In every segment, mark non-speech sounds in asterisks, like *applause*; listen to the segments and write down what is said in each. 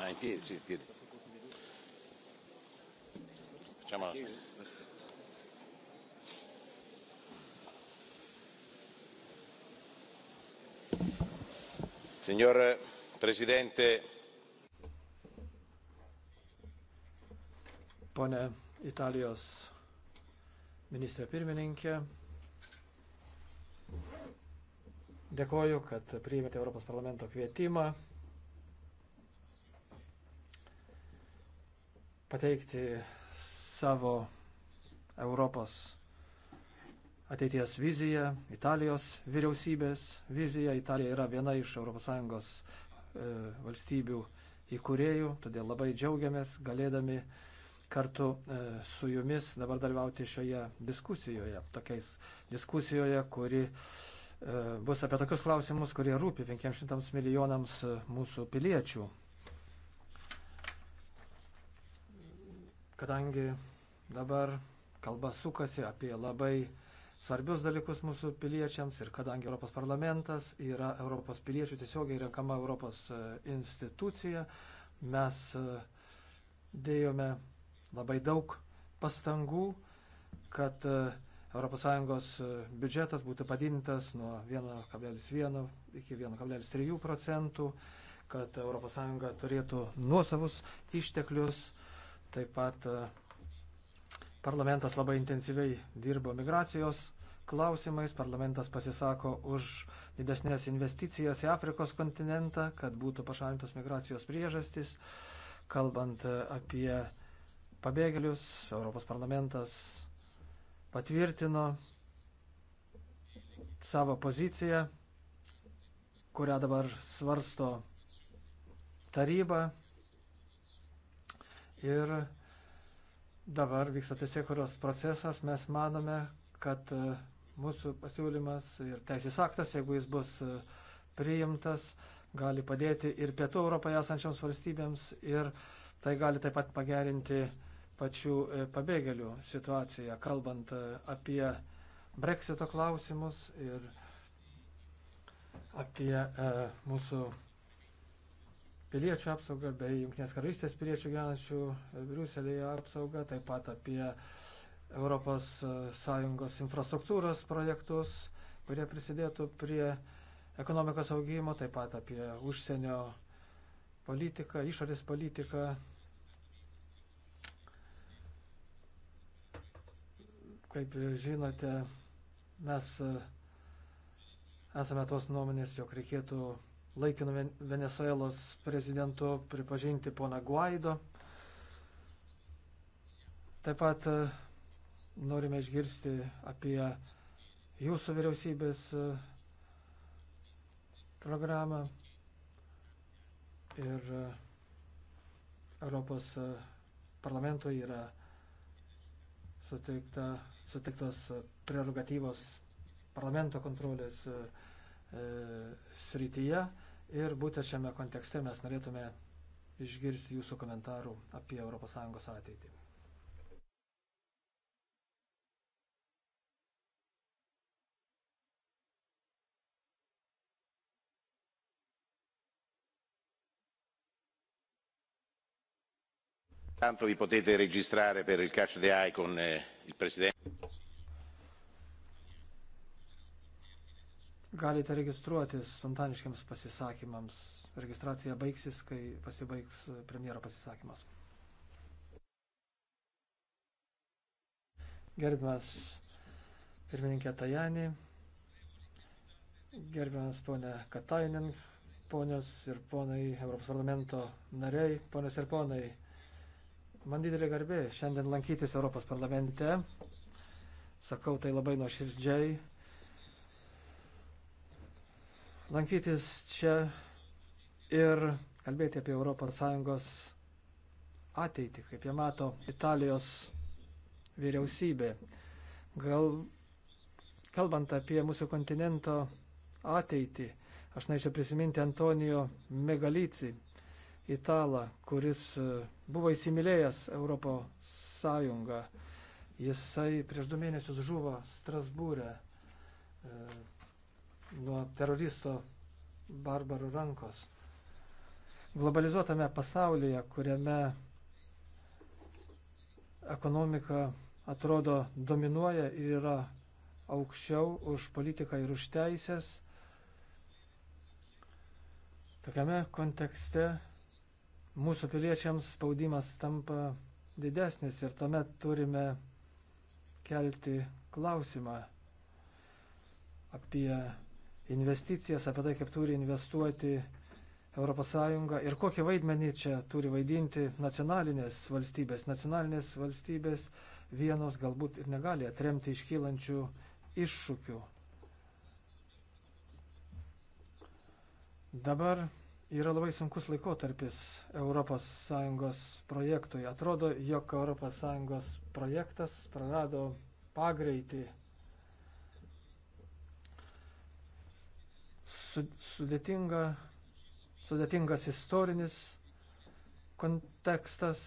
Ah, in piedi, sì, in piedi. Facciamo la... Signor Presidente. Pone Italijos ministrė pirmininkė, dėkoju, kad priėmėte Europos parlamento kvietimą. pateikti savo Europos ateities viziją, Italijos vyriausybės viziją. Italija yra viena iš ES e, valstybių įkūrėjų, todėl labai džiaugiamės galėdami kartu e, su jumis dabar dalyvauti šioje diskusijoje, tokiais diskusijoje, kuri e, bus apie tokius klausimus, kurie rūpi 500 milijonams mūsų piliečių. kadangi dabar kalba sukasi apie labai svarbius dalykus mūsų piliečiams ir kadangi Europos parlamentas yra Europos piliečių tiesiogiai renkama Europos e, institucija, mes e, dėjome labai daug pastangų, kad ES e, biudžetas būtų padintas nuo 1,1 iki 1,3 procentų, kad ES turėtų nuosavus išteklius Taip pat e, parlamentas labai intensyviai dirbo migracijos klausimais. Parlamentas pasisako už didesnės investicijas į Afrikos kontinentą, kad būtų pašalintos migracijos priežastys. Kalbant e, apie pabėgėlius, Europos parlamentas patvirtino savo poziciją, kurią dabar svarsto taryba ir dabar vyksta teisėkuros procesas, mes manome, kad e, mūsų pasiūlymas ir teisės aktas, jeigu jis bus e, priimtas, gali padėti ir pietų Europoje esančioms valstybėms ir tai gali taip pat pagerinti pačių e, pabėgėlių situaciją, kalbant apie breksito klausimus ir apie e, mūsų piliečių apsaugą bei Junktinės karalystės piliečių gyvenančių Briuselėje apsaugą, taip pat apie ES e, infrastruktūros projektus, kurie prisidėtų prie ekonomikos augimo, taip pat apie užsienio politiką, išorės politiką. Kaip žinote, mes e, esame tos nuomonės, jog reikėtų laikinu Venezuelos prezidentu pripažinti poną Guaido. Taip pat e, norime išgirsti apie jūsų vyriausybės e, programą ir e, Europos parlamento yra suteikta, suteiktos prerogatyvos parlamento kontrolės e, srityje. Ir būtent šiame kontekste mes norėtume išgirsti jūsų komentarų apie ES ateitį. Tanto vi potete registrare per il catch the eye con eh, il presidente. galite registruotis spontaniškiams pasisakymams. Registracija baigsis, kai pasibaigs premjero pasisakymas. Gerbiamas pirmininkė Tajani, gerbiamas ponė Katainen, ponios ir ponai Europos parlamento nariai, ponios ir ponai, man didelė garbė šiandien lankytis Europos parlamente. Sakau tai labai nuoširdžiai lankytis čia ir kalbėti apie ES ateitį, kaip jie mato Italijos vyriausybė. Gal kalbant apie mūsų kontinento ateitį, aš norėčiau prisiminti Antonijo Megalici, italą, kuris e, buvo įsimylėjęs Europos Sąjungą. Jisai prieš du mėnesius žuvo Strasbūrė. E, nuo teroristo barbarų rankos. Globalizuotame pasaulyje, kuriame ekonomika atrodo dominuoja ir yra aukščiau už politiką ir už teisės, tokiame kontekste mūsų piliečiams spaudimas tampa didesnis ir tuomet turime kelti klausimą apie investicijas, apie tai, kaip turi investuoti ES ir kokį vaidmenį čia turi vaidinti nacionalinės valstybės. Nacionalinės valstybės vienos galbūt ir negali atremti iškylančių iššūkių. Dabar yra labai sunkus laikotarpis ES projektui. Atrodo, jog ES projektas prarado pagreitį sudėtinga, sudėtingas istorinis kontekstas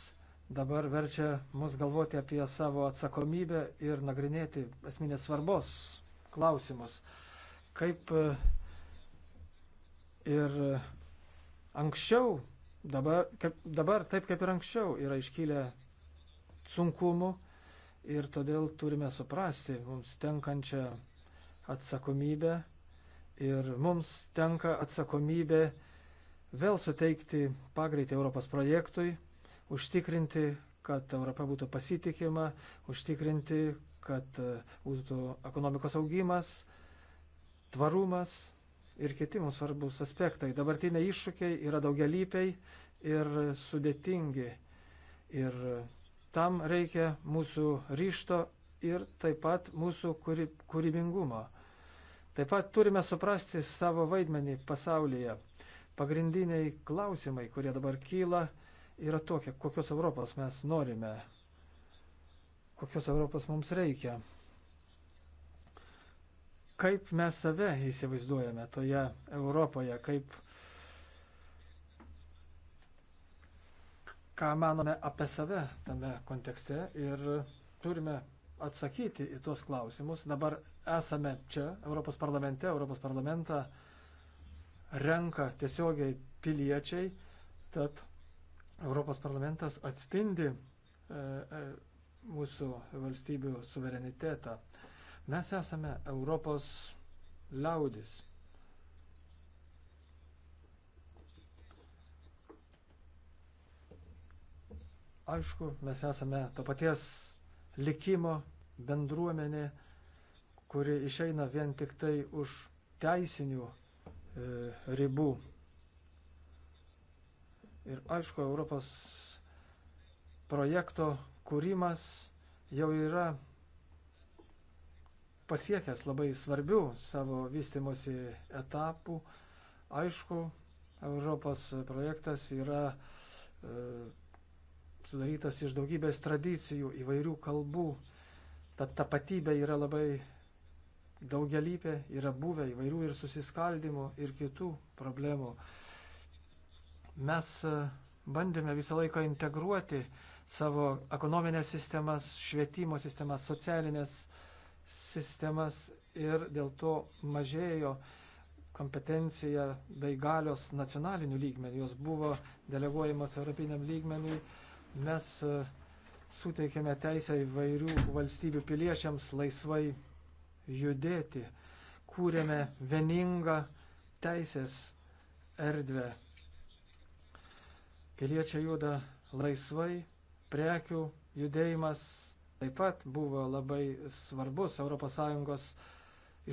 dabar verčia mus galvoti apie savo atsakomybę ir nagrinėti esminės svarbos klausimus. Kaip e, ir anksčiau, dabar, kaip, dabar taip kaip ir anksčiau yra iškilę sunkumų ir todėl turime suprasti mums tenkančią atsakomybę Ir mums tenka atsakomybė vėl suteikti pagreitį Europos projektui, užtikrinti, kad Europa būtų pasitikima, užtikrinti, kad e, būtų ekonomikos augimas, tvarumas ir kiti mums svarbus aspektai. Dabartiniai iššūkiai yra daugialypiai ir sudėtingi. Ir e, tam reikia mūsų ryšto ir taip pat mūsų kūrybingumo. Kuri, Taip pat turime suprasti savo vaidmenį pasaulyje. Pagrindiniai klausimai, kurie dabar kyla, yra tokie, kokios Europos mes norime, kokios Europos mums reikia, kaip mes save įsivaizduojame toje Europoje, kaip ką manome apie save tame kontekste ir turime atsakyti į tuos klausimus. Dabar esame čia, Europos parlamente, Europos parlamentą renka tiesiogiai piliečiai, tad Europos parlamentas atspindi e, e, mūsų valstybių suverenitetą. Mes esame Europos liaudis. Aišku, mes esame to paties likimo bendruomenė, kuri išeina vien tik tai už teisinių e, ribų. Ir aišku, Europos projekto kūrimas jau yra pasiekęs labai svarbių savo vystimosi etapų. Aišku, Europos projektas yra e, sudarytas iš daugybės tradicijų, įvairių kalbų. Ta tapatybė yra labai daugelįpė, yra buvę įvairių ir susiskaldimo, ir kitų problemų. Mes e, bandėme visą laiką integruoti savo ekonominės sistemas, švietimo sistemas, socialinės sistemas ir dėl to mažėjo kompetencija bei galios nacionalinių lygmenių, jos buvo deleguojamos europiniam lygmeniui. Mes e, suteikėme teisę įvairių valstybių piliečiams laisvai judėti. Kūrėme vieningą teisės erdvę. Piliečiai juda laisvai, prekių judėjimas taip pat buvo labai svarbus ES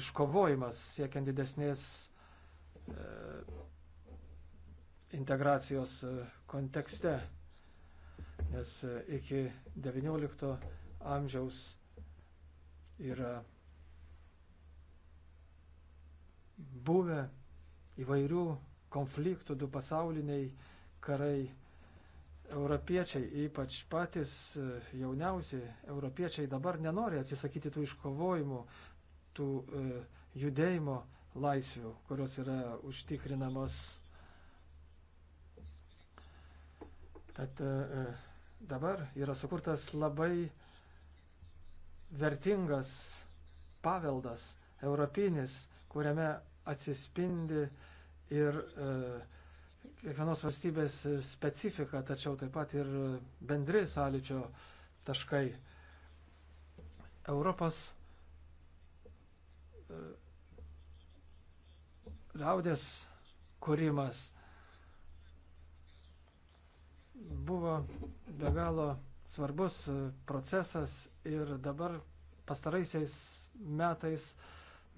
iškovojimas siekiant didesnės e, integracijos e, kontekste. Nes e, iki XIX amžiaus yra buvę įvairių konfliktų, du pasauliniai karai. Europiečiai, ypač patys e, jauniausi europiečiai dabar nenori atsisakyti tų iškovojimų, tų e, judėjimo laisvių, kurios yra užtikrinamos. Tad e, e dabar yra sukurtas labai vertingas paveldas, europinis kuriame atsispindi ir e, kiekvienos valstybės specifika, tačiau taip pat ir bendri sąlyčio taškai. Europos e, liaudės kūrimas buvo be galo svarbus procesas ir dabar pastaraisiais metais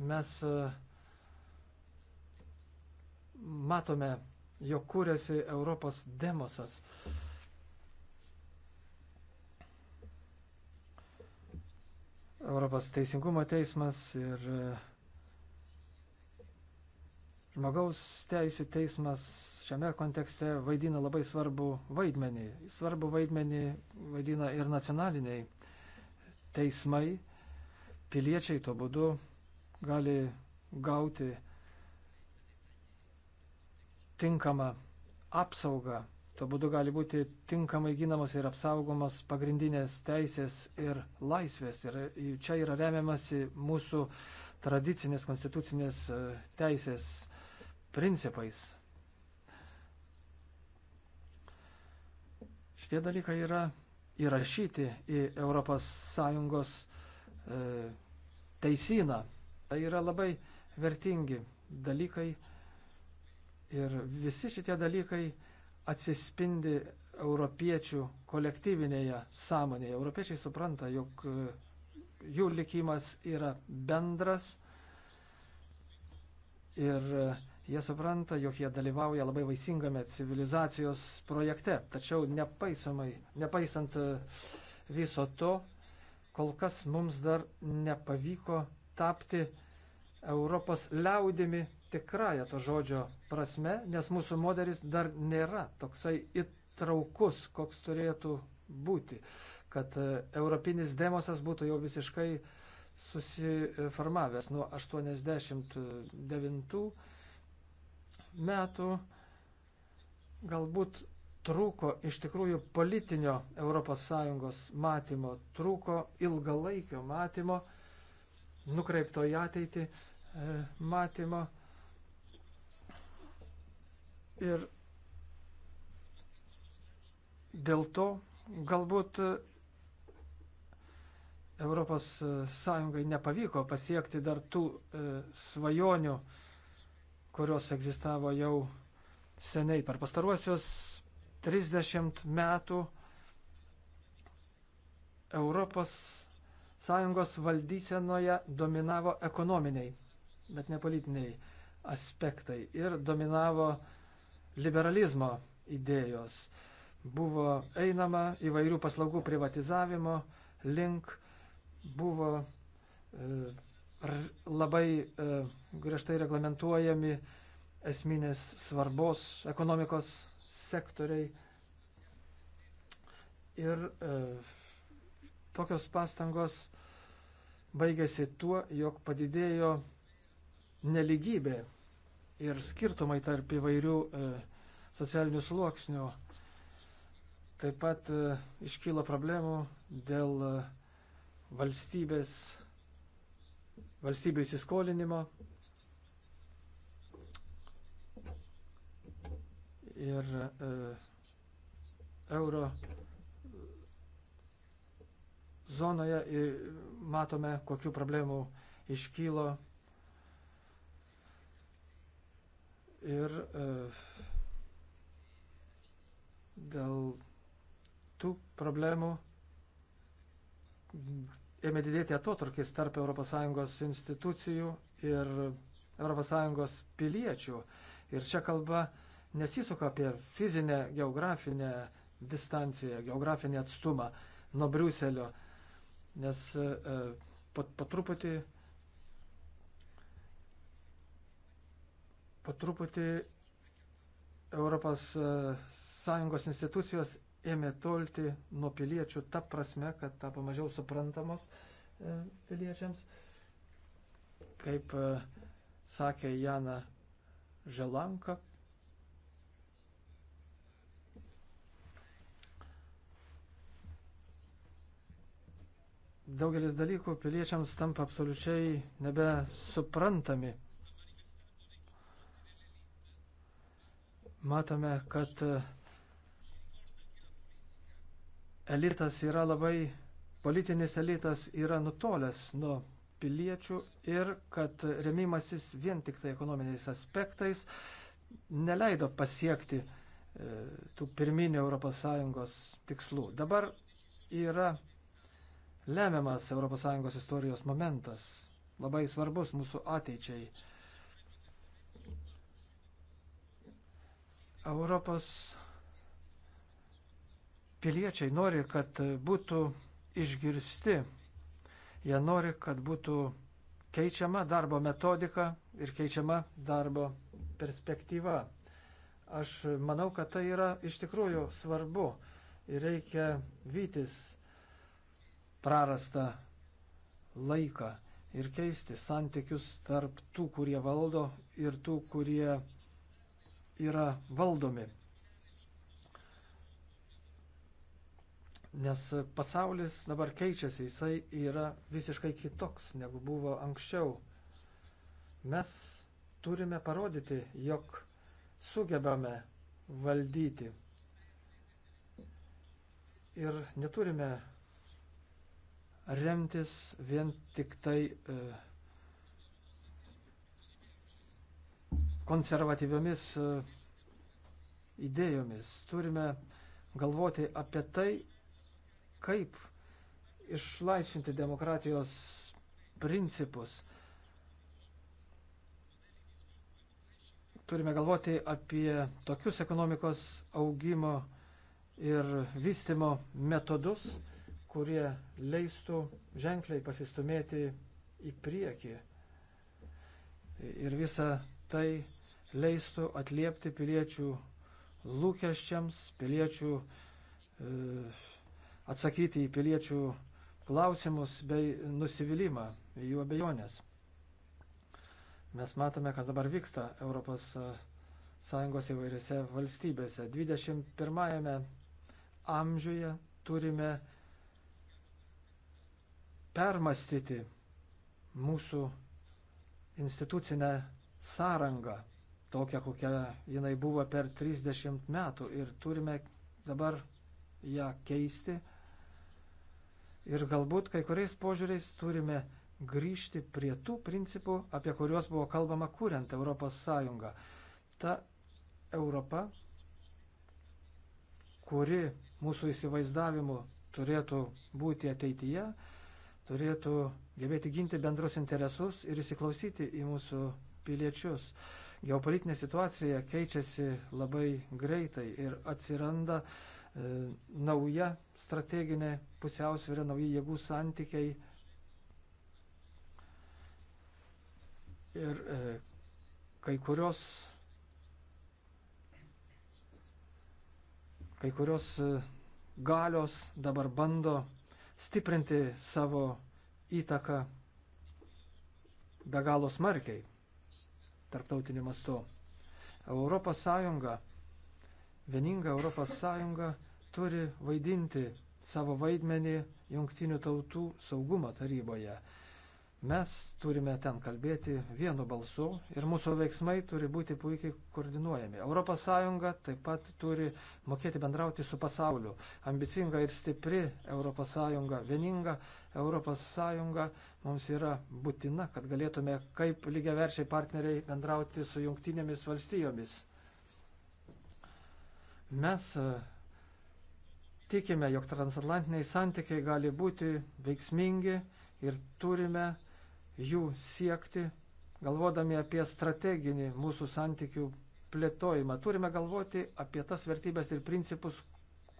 mes e, matome, jog kūrėsi Europos demosas. Europos teisingumo teismas ir e, žmogaus teisų teismas šiame kontekste vaidina labai svarbu vaidmenį. Svarbu vaidmenį vaidina ir nacionaliniai teismai. Piliečiai tuo būdu gali gauti tinkamą apsaugą. Tuo būdu gali būti tinkamai ginamos ir apsaugomos pagrindinės teisės ir laisvės. Ir čia yra remiamasi mūsų tradicinės konstitucinės e, teisės principais. Šitie dalykai yra įrašyti į ES e, teisyną. Tai yra labai vertingi dalykai ir visi šitie dalykai atsispindi europiečių kolektyvinėje sąmonėje. Europiečiai supranta, jog e, jų likimas yra bendras ir e, jie supranta, jog jie dalyvauja labai vaisingame civilizacijos projekte. Tačiau nepaisant e, viso to, kol kas mums dar nepavyko tapti Europos liaudimi tikrąją to žodžio prasme, nes mūsų modelis dar nėra toksai įtraukus, koks turėtų būti, kad e, europinis demosas būtų jau visiškai susiformavęs nuo 89 metų. Galbūt trūko iš tikrųjų politinio ES matymo, trūko ilgalaikio matymo nukreipto į ateitį E, matymo. Ir dėl to galbūt Europos Sąjungai nepavyko pasiekti dar tų e, svajonių, kurios egzistavo jau seniai. Per pastaruosius 30 metų Europos Sąjungos valdysenoje dominavo ekonominiai bet ne politiniai aspektai. Ir dominavo liberalizmo idėjos. Buvo einama įvairių paslaugų privatizavimo link, buvo e, labai e, griežtai reglamentuojami esminės svarbos ekonomikos sektoriai. Ir e, tokios pastangos baigėsi tuo, jog padidėjo neligybė ir skirtumai tarp įvairių e, socialinių sluoksnių. Taip pat e, iškyla problemų dėl e, valstybės, valstybių įsiskolinimo. Ir e, euro zonoje matome, kokiu problemu iškylo Ir e, dėl tų problemų ėmė didėti atotrukis tarp ES institucijų ir ES piliečių. Ir čia kalba nesisuka apie fizinę geografinę distanciją, geografinį atstumą nuo Briuselio, nes e, po, po truputį po truputį ES e, institucijos ėmė tolti nuo piliečių ta prasme, kad tapo mažiau suprantamos e, piliečiams. Kaip e, sakė Jana Želanka, daugelis dalykų piliečiams tampa absoliučiai nebesuprantami. matome, kad e, elitas yra labai, politinis elitas yra nutolęs nuo piliečių ir kad remimasis vien tik tai ekonominiais aspektais neleido pasiekti e, tų pirminių ES tikslų. Dabar yra lemiamas ES istorijos momentas, labai svarbus mūsų ateičiai. Europos piliečiai nori, kad būtų išgirsti, jie nori, kad būtų keičiama darbo metodika ir keičiama darbo perspektyva. Aš manau, kad tai yra iš tikrųjų svarbu ir reikia vytis prarastą laiką ir keisti santykius tarp tų, kurie valdo ir tų, kurie yra valdomi. Nes pasaulis dabar keičiasi, jisai yra visiškai kitoks negu buvo anksčiau. Mes turime parodyti, jog sugebame valdyti. Ir neturime remtis vien tik tai e, konservatyviomis e, idėjomis. Turime galvoti apie tai, kaip išlaisvinti demokratijos principus. Turime galvoti apie tokius ekonomikos augimo ir vystimo metodus, kurie leistų ženkliai pasistumėti į priekį. Ir visa tai leistų atliepti piliečių lūkesčiams, piliečių, e, atsakyti į piliečių klausimus bei nusivylimą, jų abejonės. Mes matome, kas dabar vyksta Europos e, Sąjungos įvairiose valstybėse. 21 amžiuje turime permastyti mūsų institucinę sąrangą tokią, kokią jinai buvo per 30 metų ir turime dabar ją keisti. Ir galbūt kai kuriais požiūriais turime grįžti prie tų principų, apie kuriuos buvo kalbama kuriant Europos Sąjungą. Ta Europa, kuri mūsų įsivaizdavimu turėtų būti ateityje, turėtų gebėti ginti bendrus interesus ir įsiklausyti į mūsų piliečius. Geopolitinė situacija keičiasi labai greitai ir atsiranda e, nauja strateginė pusiausvyrė, nauji jėgų santykiai. Ir e, kai kurios, kai kurios e, galios dabar bando stiprinti savo įtaką be galo smarkiai tarptautiniu mastu. Europos Sąjunga, vieninga Europos Sąjunga turi vaidinti savo vaidmenį Junktinių tautų saugumo taryboje. Mes turime ten kalbėti vienu balsu ir mūsų veiksmai turi būti puikiai koordinuojami. ES taip pat turi mokėti bendrauti su pasauliu. Ambicinga ir stipri ES, vieninga ES mums yra būtina, kad galėtume kaip lygiaverčiai partneriai bendrauti su jungtinėmis valstijomis. Mes e, tikime, jog transatlantiniai santykiai gali būti veiksmingi ir turime jų siekti, galvodami apie strateginį mūsų santykių plėtojimą. Turime galvoti apie tas vertybės ir principus,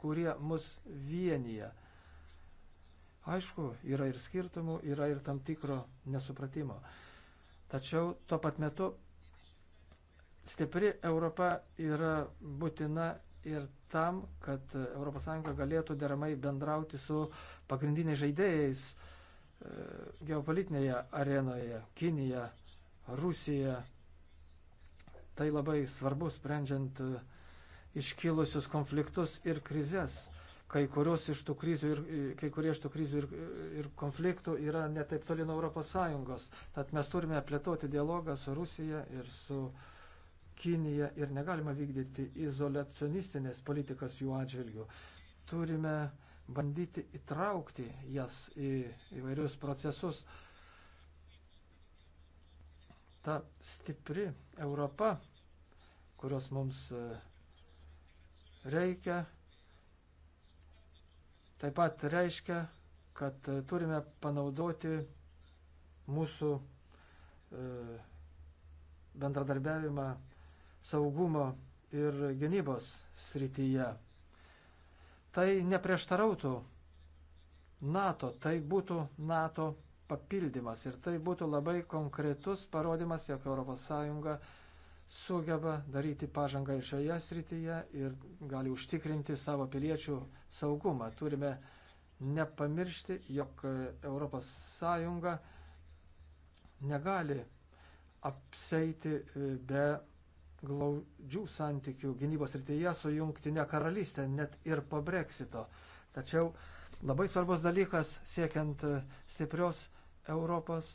kurie mus vienyje. Aišku, yra ir skirtumų, yra ir tam tikro nesupratimo. Tačiau tuo pat metu stipri Europa yra būtina ir tam, kad ES galėtų deramai bendrauti su pagrindiniais žaidėjais e, geopolitinėje arenoje - Kinija, Rusija. Tai labai svarbu sprendžiant e, iškilusius konfliktus ir krizės kai kurios iš tų krizių ir kai kurie iš tų krizių ir, ir konfliktų yra netaip toli nuo Europos Sąjungos. Tad mes turime plėtoti dialogą su Rusija ir su Kinija ir negalima vykdyti izolacionistinės politikas jų atžvilgių. Turime bandyti įtraukti jas į įvairius procesus. Ta stipri Europa, kurios mums e, reikia, taip pat reiškia, kad e, turime panaudoti mūsų e, bendradarbiavimą saugumo ir gynybos srityje. Tai neprieštarautų NATO, tai būtų NATO papildymas ir tai būtų labai konkretus parodymas, jog ES sugeba daryti pažangą ir šioje srityje ir gali užtikrinti savo piliečių saugumą. Turime nepamiršti, jog ES negali apseiti e, be glaudžių santykių gynybos rytyje su jungtinė karalystė, net ir po breksito. Tačiau labai svarbus dalykas siekiant e, stiprios Europos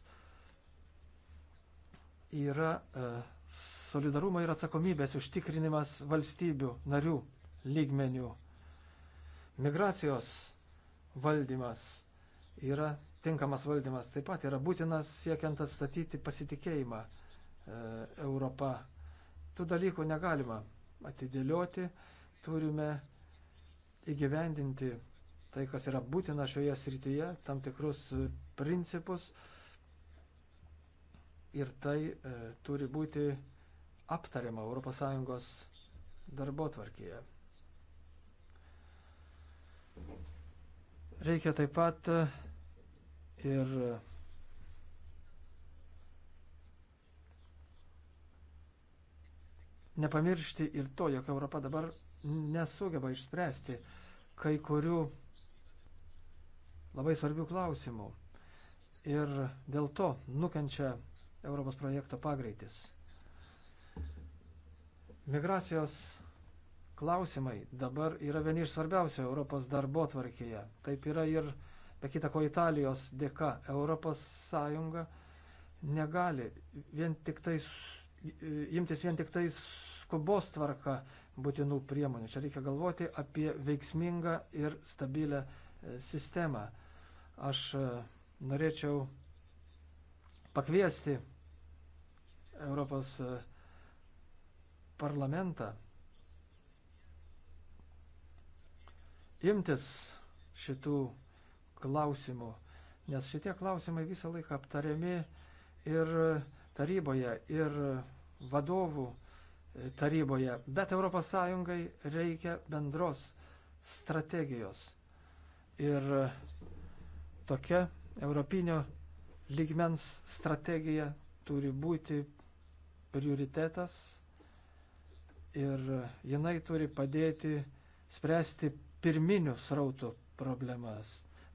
yra uh, solidarumo ir atsakomybės užtikrinimas valstybių narių lygmenių. Migracijos valdymas yra tinkamas valdymas, taip pat yra būtinas siekiant atstatyti pasitikėjimą e, Europą. Tų dalykų negalima atidėlioti, turime įgyvendinti tai, kas yra būtina šioje srityje, tam tikrus principus, e, ir tai e, turi būti aptariama ES darbo tvarkėje. Reikia taip pat e, ir nepamiršti ir to, jog Europa dabar nesugeba išspręsti kai kurių labai svarbių klausimų. Ir dėl to nukenčia Europos projekto pagreitis. Migracijos klausimai dabar yra vieni iš svarbiausių Europos darbo tvarkėje. Taip yra ir, be kita ko, Italijos dėka. Europos Sąjunga negali vien tik tai, imtis vien tik tai skubos tvarka būtinų priemonių. Čia reikia galvoti apie veiksmingą ir stabilę e, sistemą. Aš e, norėčiau pakviesti Europos e, parlamentą imtis šitų klausimų, nes šitie klausimai visą laiką aptariami ir taryboje, ir vadovų e, taryboje, bet ES reikia bendros strategijos. Ir e, tokia europinio lygmens strategija turi būti prioritetas ir jinai turi padėti spręsti pirminių srautų problemas.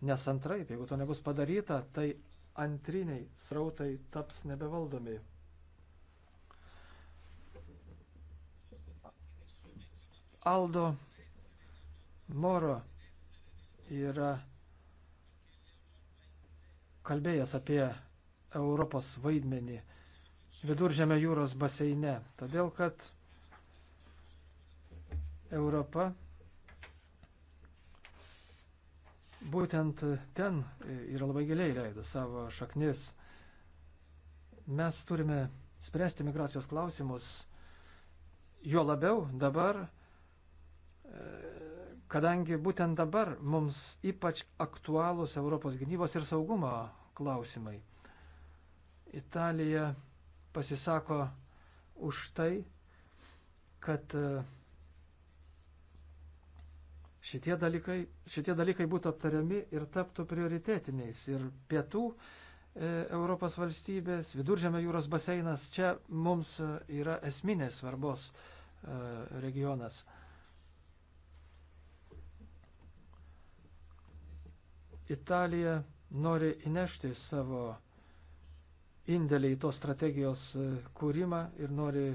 Nes antraip, jeigu to nebus padaryta, tai antriniai srautai taps nebevaldomi. Aldo Moro yra kalbėjęs apie Europos vaidmenį viduržėme jūros baseine. Todėl, kad Europa būtent ten yra labai giliai leido savo šaknis. Mes turime spręsti migracijos klausimus, jo labiau dabar, kadangi būtent dabar mums ypač aktualūs Europos gynybos ir saugumo klausimai. Italija pasisako už tai, kad e, šitie dalykai, šitie dalykai būtų aptariami ir taptų prioritetiniais. Ir pietų e, Europos valstybės, viduržėme jūros baseinas, čia mums e, yra esminės svarbos e, regionas. Italija nori įnešti savo indėlį į tos strategijos e, kūrimą ir nori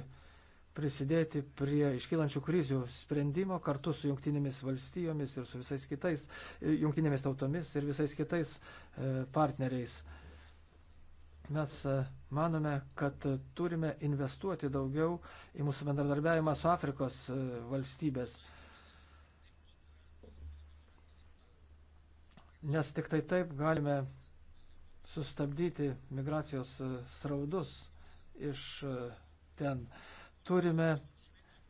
prisidėti prie iškylančių krizių sprendimo kartu su jungtinėmis valstijomis ir su visais kitais, e, jungtinėmis tautomis ir visais kitais e, partneriais. Mes manome, kad turime investuoti daugiau į mūsų bendradarbiavimą su Afrikos valstybės. Nes tik tai taip galime sustabdyti migracijos e, sraudus iš e, ten. Turime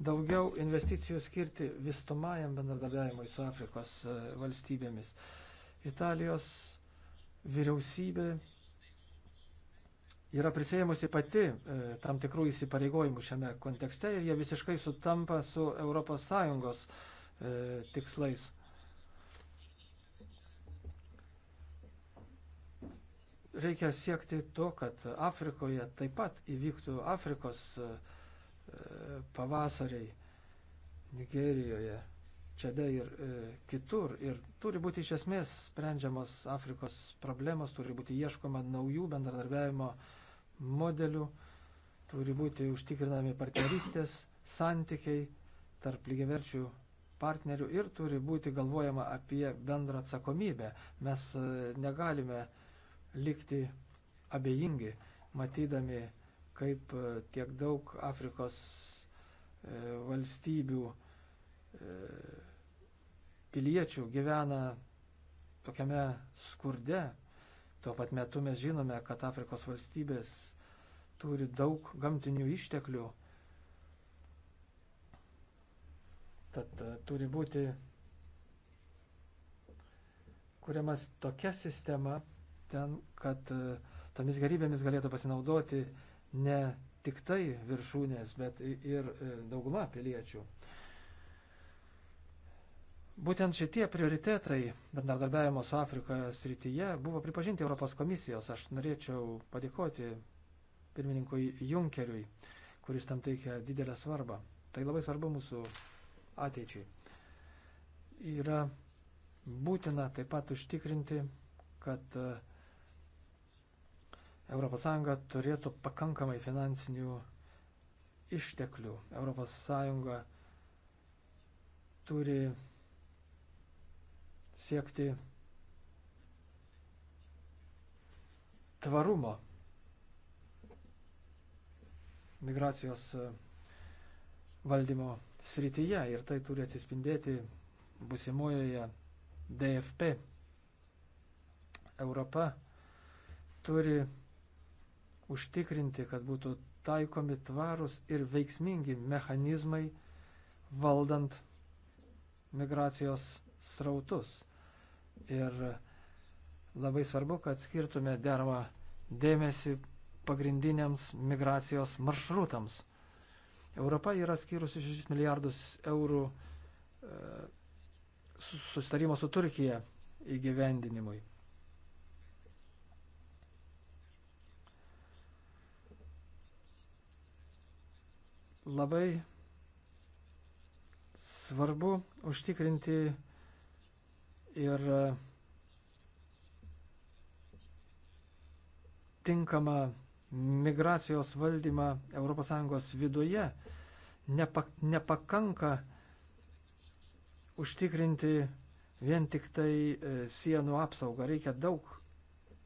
daugiau investicijų skirti vystomajam bendradarbiavimui su Afrikos e, valstybėmis. Italijos vyriausybė yra prisėjimusi pati e, tam tikrų įsipareigojimų šiame kontekste ir jie visiškai sutampa su ES e, tikslais. reikia siekti to, kad Afrikoje taip pat įvyktų Afrikos e, e, pavasariai Nigerijoje, Čede ir e, kitur. Ir turi būti iš esmės sprendžiamos Afrikos problemos, turi būti ieškoma naujų bendradarbiavimo modelių, turi būti užtikrinami partnerystės, santykiai tarp lygiaverčių partnerių ir turi būti galvojama apie bendrą atsakomybę. Mes e, negalime e, likti abejingi, matydami, kaip e, tiek daug Afrikos e, valstybių e, piliečių gyvena tokiame skurde. Tuo pat metu mes žinome, kad Afrikos valstybės turi daug gamtinių išteklių. Tad turi būti kuriamas tokia sistema, ten, kad e, tomis gerybėmis galėtų pasinaudoti ne tik tai viršūnės, bet ir e, dauguma piliečių. Būtent šitie prioritetai bendradarbiavimo su Afrika srityje buvo pripažinti Europos komisijos. Aš norėčiau padėkoti pirmininkui Junkeriui, kuris tam teikia didelę svarbą. Tai labai svarbu mūsų ateičiai. Yra būtina taip pat užtikrinti, kad uh, ES turėtų pakankamai finansinių išteklių. ES turi siekti tvarumo migracijos e, valdymo srityje ir tai turi atsispindėti busimojoje DFP. Europa turi užtikrinti, kad būtų taikomi tvarus ir veiksmingi mechanizmai valdant migracijos srautus. Ir labai svarbu, kad skirtume deramą dėmesį pagrindiniams migracijos maršrutams. Europa yra skyrusi 6 milijardus eurų e, susitarimo su Turkija įgyvendinimui. labai svarbu užtikrinti ir tinkamą migracijos valdymą ES viduje. Nepak nepakanka užtikrinti vien tik tai e, sienų apsaugą, reikia daug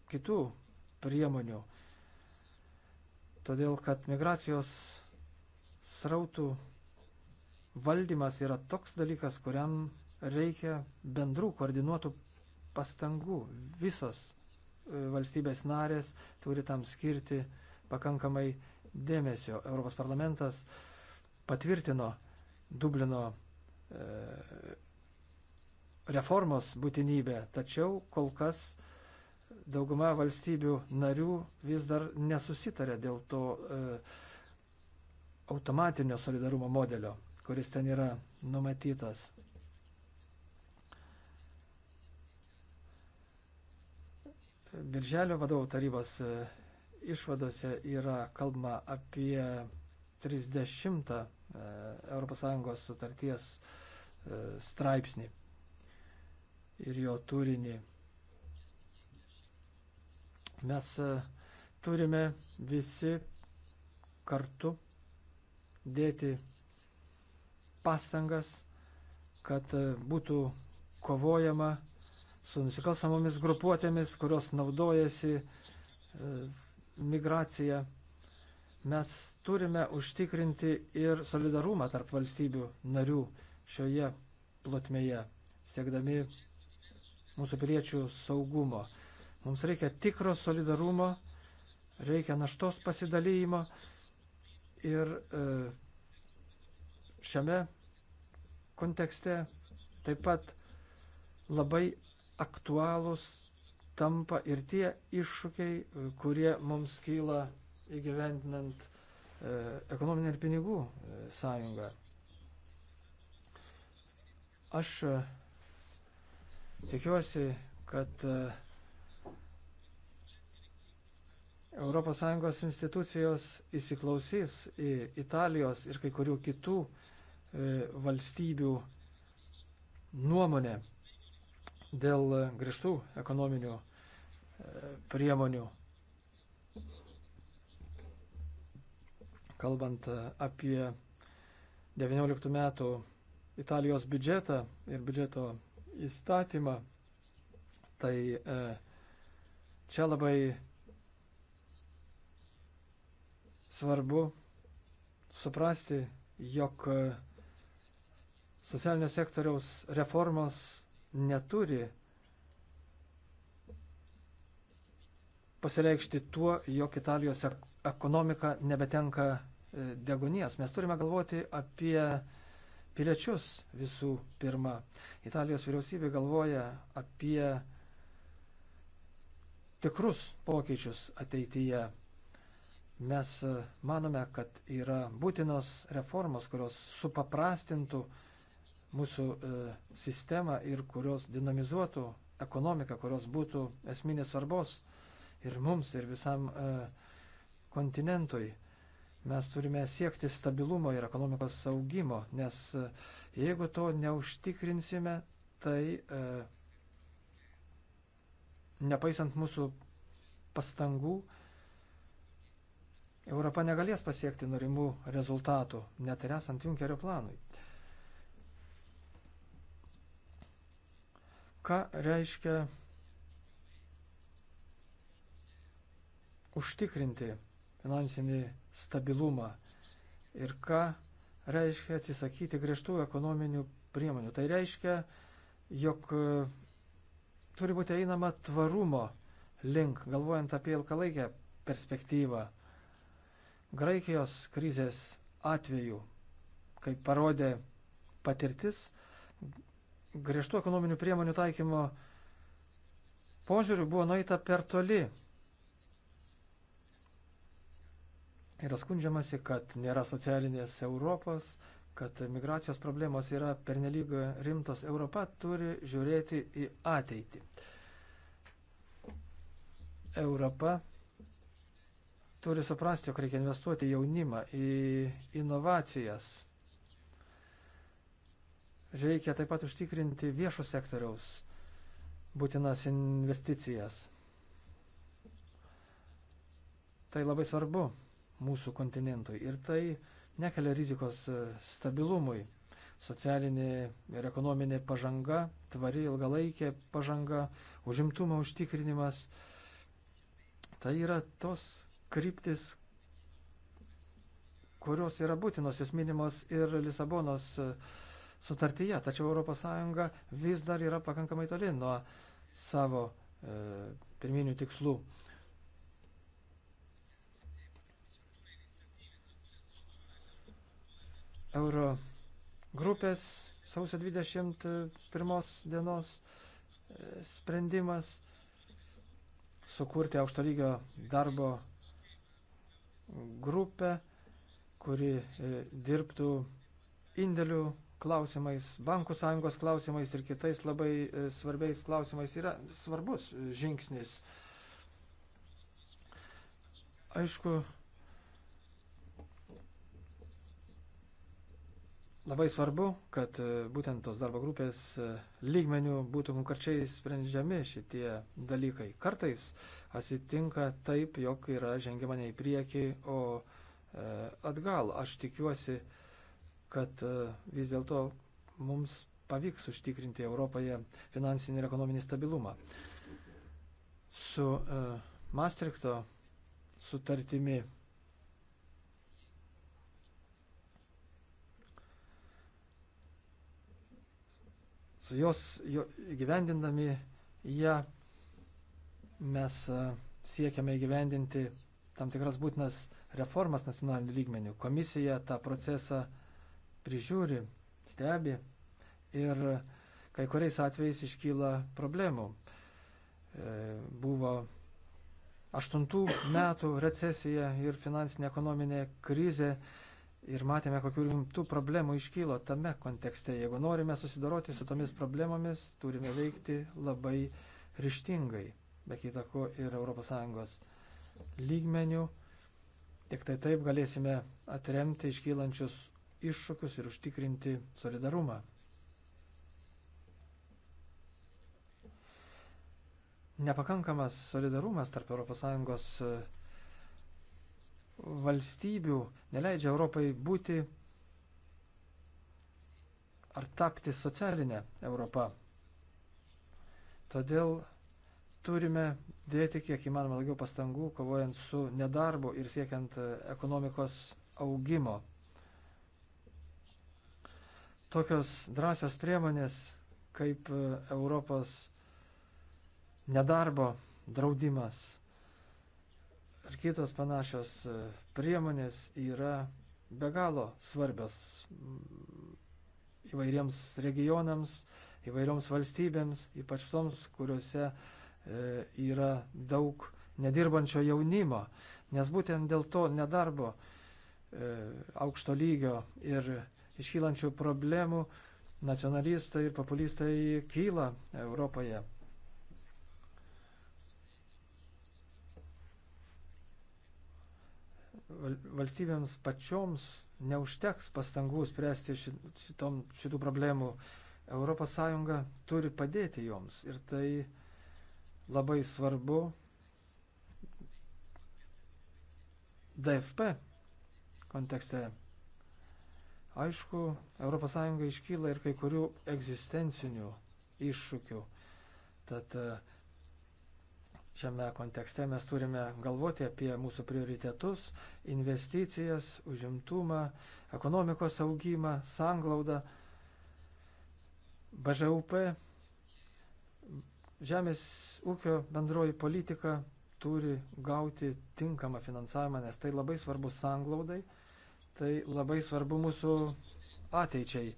kitų priemonių. Todėl, kad migracijos srautų valdymas yra toks dalykas, kuriam reikia bendrų koordinuotų pastangų. Visos e, valstybės narės turi tam skirti pakankamai dėmesio. Europos parlamentas patvirtino Dublino e, reformos būtinybę, tačiau kol kas dauguma valstybių narių vis dar nesusitarė dėl to e, automatinio solidarumo modelio, kuris ten yra numatytas. Birželio vadovų tarybos e, išvadose yra kalbama apie 30 e, ES sutarties e, straipsnį ir jo turinį. Mes turime visi kartu dėti pastangas, kad e, būtų kovojama su nusikalstamomis grupuotėmis, kurios naudojasi e, migracija. Mes turime užtikrinti ir solidarumą tarp valstybių narių šioje plotmėje, siekdami mūsų piliečių saugumo. Mums reikia tikro solidarumo, reikia naštos pasidalymo, Ir e, šiame kontekste taip pat labai aktualūs tampa ir tie iššūkiai, e, kurie mums kyla įgyvendinant e, ekonominę ir pinigų sąjungą. Aš tikiuosi, kad uh, ES institucijos įsiklausys į Italijos ir kai kurių kitų e, valstybių nuomonę dėl grįžtų ekonominių e, priemonių. Kalbant e, apie 19 metų Italijos biudžetą ir biudžeto įstatymą, tai čia labai svarbu suprasti, jog e, socialinio sektoriaus reformos neturi pasireikšti tuo, jog Italijos ekonomika nebetenka e, degonies. Mes turime galvoti apie piliečius visų pirma. Italijos vyriausybė galvoja apie tikrus pokyčius ateityje. Mes e, manome, kad yra būtinos reformos, kurios supaprastintų mūsų e, sistemą ir kurios dinamizuotų ekonomiką, kurios būtų esminės svarbos ir mums, ir visam e, kontinentui. Mes turime siekti stabilumo ir ekonomikos saugimo, nes jeigu to neužtikrinsime, tai e, nepaisant mūsų pastangų, e, Europa negalės pasiekti norimų rezultatų, net ir esant Junkerio planui. Ką reiškia užtikrinti finansinį stabilumą ir ką reiškia atsisakyti griežtų ekonominių priemonių. Tai reiškia, jog e, turi būti einama tvarumo link, galvojant apie ilgalaikę perspektyvą. Graikijos krizės atveju, kaip parodė patirtis, griežtų ekonominių priemonių taikymo požiūrių buvo nueita per toli. Yra skundžiamasi, kad nėra socialinės Europos, kad migracijos problemos yra pernelyg rimtos. Europa turi žiūrėti į ateitį. Europa turi suprasti, jog reikia investuoti į jaunimą, į inovacijas. Reikia taip pat užtikrinti viešo sektoriaus būtinas investicijas. Tai labai svarbu mūsų kontinentui ir tai nekelia rizikos e, stabilumui. Socialinė ir ekonominė pažanga, tvari ilgalaikė pažanga, užimtumo užtikrinimas. Tai yra tos kryptis, kurios yra būtinos, jos minimos ir Lisabonos e, sutartyje. Tačiau ES vis dar yra pakankamai toli nuo savo e, pirminių tikslų. Euro grupės sausio 21 dienos e, sprendimas sukurti aukšto lygio darbo grupę, kuri e, dirbtų indėlių klausimais, bankų sąjungos klausimais ir kitais labai e, svarbiais klausimais yra svarbus žingsnis. Aišku, labai svarbu, kad e, būtent tos darbo grupės lygmenių būtų konkrečiai sprendžiami šitie dalykai. Kartais uh, atsitinka taip, jog yra žengiama ne į priekį, o e, atgal. Aš tikiuosi, kad e, vis dėlto mums pavyks užtikrinti Europoje finansinį ir ekonominį stabilumą. Su e, Maastrichto sutartimi su jos jo, gyvendindami ją ja, mes e, siekiame įgyvendinti tam tikras būtinas reformas nacionalinių lygmenių. Komisija tą procesą prižiūri, stebi ir kai kuriais atvejais iškyla problemų. E, buvo aštuntų metų recesija ir finansinė ekonominė krizė ir matėme, kokių rimtų problemų iškylo tame kontekste. Jeigu norime susidoroti su tomis problemomis, turime veikti labai ryštingai be kitako ir ES lygmenių. Tik tai taip galėsime atremti iškylančius iššūkius ir užtikrinti solidarumą. Nepakankamas solidarumas tarp ES e, valstybių neleidžia Europai būti ar tapti socialinę Europą. Todėl Turime dėti kiek įmanoma daugiau pastangų, kovojant su nedarbu ir siekiant e, ekonomikos augimo. Tokios drąsios priemonės kaip e, Europos nedarbo draudimas ar kitos panašios e, priemonės yra be galo svarbios įvairiems regionams, įvairioms valstybėms, ypač toms, kuriuose uh, E, yra daug nedirbančio jaunimo, nes būtent dėl to nedarbo e, aukšto lygio ir iškylančių problemų nacionalistai ir populistai kyla Europoje. valstybėms pačioms neužteks pastangų spręsti šitom, šitų problemų. ES turi padėti joms ir tai labai svarbu DFP kontekste. Aišku, ES iškyla ir kai kurių egzistencinių iššūkių. Tad e, šiame kontekste mes turime galvoti apie mūsų prioritetus, investicijas, užimtumą, ekonomikos augimą, sanglaudą, BŽUP Žemės ūkio bendroji politika turi gauti tinkamą finansavimą, nes tai labai svarbu sanglaudai, tai labai svarbu mūsų ateičiai.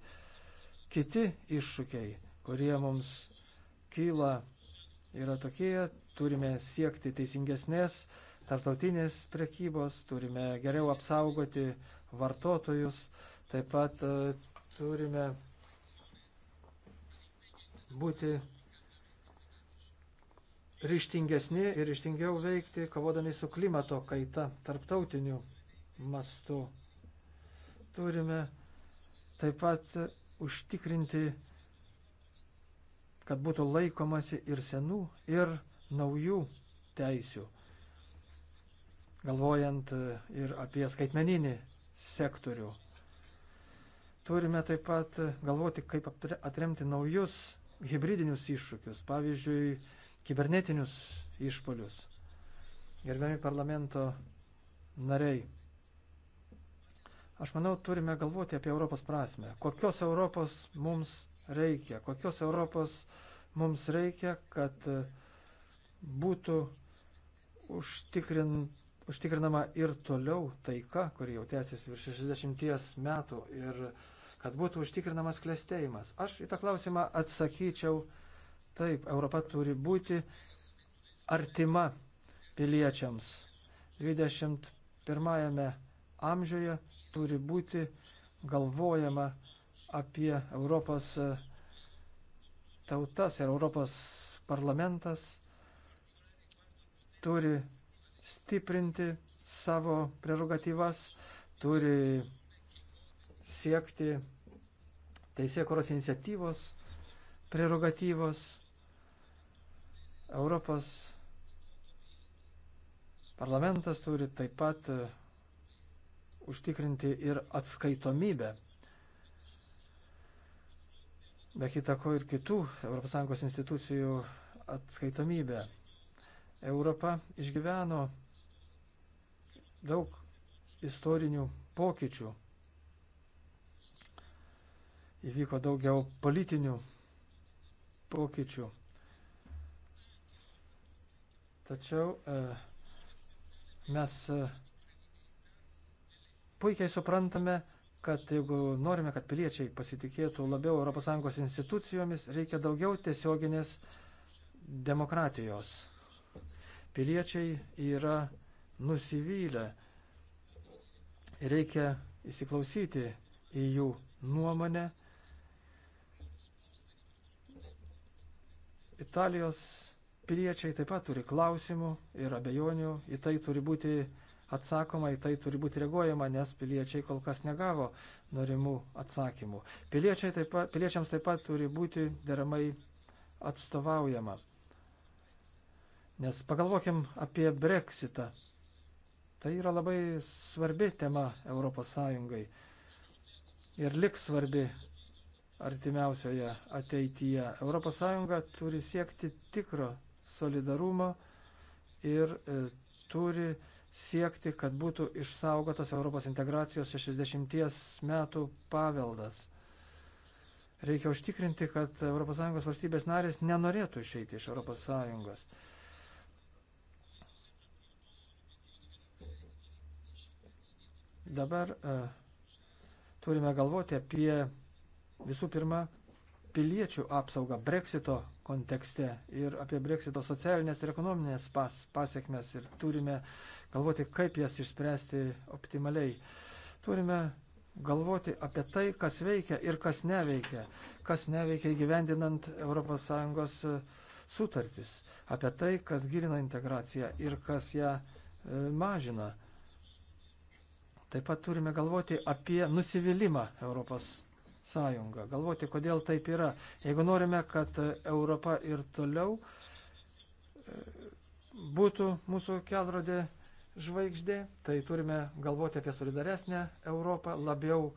Kiti iššūkiai, kurie mums kyla, yra tokie, turime siekti teisingesnės tartautinės prekybos, turime geriau apsaugoti vartotojus, taip pat e, turime būti ryštingesni ir ryštingiau veikti, kovodami su klimato kaita tarptautiniu mastu. Turime taip pat užtikrinti, kad būtų laikomasi ir senų, ir naujų teisių, galvojant e, ir apie skaitmeninį sektorių. Turime taip pat galvoti, kaip atremti naujus hybridinius iššūkius, pavyzdžiui, kibernetinius išpolius. Gerbiami parlamento nariai, aš manau, turime galvoti apie Europos prasme. Kokios Europos mums reikia? Kokios Europos mums reikia, kad e, būtų užtikrin, užtikrinama ir toliau taika, kuri jau tęsiasi virš 60 metų ir kad būtų užtikrinamas klėstėjimas. Aš į tą klausimą atsakyčiau Taip, Europa turi būti artima piliečiams. 21 amžiuje turi būti galvojama apie Europos e, tautas ir Europos parlamentas turi stiprinti savo prerogatyvas, turi siekti teisėkoros iniciatyvos prerogatyvos Europos parlamentas turi taip pat e, užtikrinti ir atskaitomybę. Be kitako ir kitų ES institucijų atskaitomybę. Europa išgyveno daug istorinių pokyčių. Įvyko daugiau politinių pokyčių. Tačiau e, mes e, puikiai suprantame, kad jeigu norime, kad piliečiai pasitikėtų labiau ES institucijomis, reikia daugiau tiesioginės demokratijos. Piliečiai yra nusivylę. Reikia įsiklausyti į jų nuomonę. Italijos Piliečiai taip pat turi klausimų ir abejonių, į tai turi būti atsakoma, į tai turi būti reaguojama, nes piliečiai kol kas negavo norimų atsakymų. Taip pat, piliečiams taip pat turi būti deramai atstovaujama. Nes pagalvokim apie breksitą. Tai yra labai svarbi tema ES ir liks svarbi artimiausioje ateityje. ES turi siekti tikro solidarumo ir e, turi siekti, kad būtų išsaugotas Europos integracijos 60 metų paveldas. Reikia užtikrinti, kad ES valstybės narės nenorėtų išeiti iš ES. Dabar e, turime galvoti apie visų pirma piliečių apsaugą Brexito kontekste ir apie Brexito socialinės ir ekonominės pas, pasiekmes ir turime galvoti, kaip jas išspręsti optimaliai. Turime galvoti apie tai, kas veikia ir kas neveikia, kas neveikia įgyvendinant ES sutartis, apie tai, kas gilina integraciją ir kas ją e, mažina. Taip pat turime galvoti apie nusivylimą Europos sąjungą. Galvoti, kodėl taip yra. Jeigu norime, kad Europa ir toliau e, būtų mūsų kelrodė žvaigždė, tai turime galvoti apie solidaresnę Europą, labiau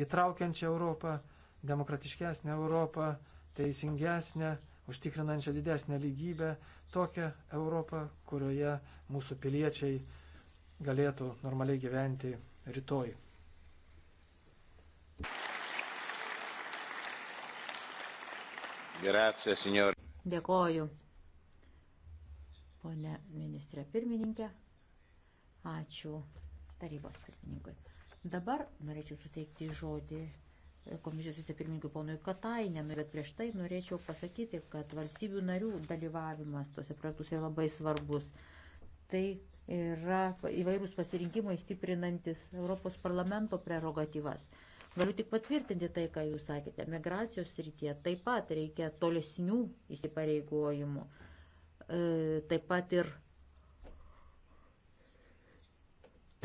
įtraukiančią Europą, demokratiškesnę Europą, teisingesnę, užtikrinančią didesnę lygybę, tokią Europą, kurioje mūsų piliečiai galėtų normaliai gyventi rytoj. Grazie, signor. Dėkoju. Pone ministrė pirmininkė, ačiū tarybos pirmininkui. Dabar norėčiau suteikti žodį komisijos vicepirmininkui ponui Katainenui, bet prieš tai norėčiau pasakyti, kad valstybių narių dalyvavimas tose projektuose yra labai svarbus. Tai yra įvairūs pasirinkimai stiprinantis Europos parlamento prerogatyvas. Galiu tik patvirtinti tai, ką jūs sakėte. Migracijos rytie taip pat reikia tolesnių įsipareigojimų. E, taip pat ir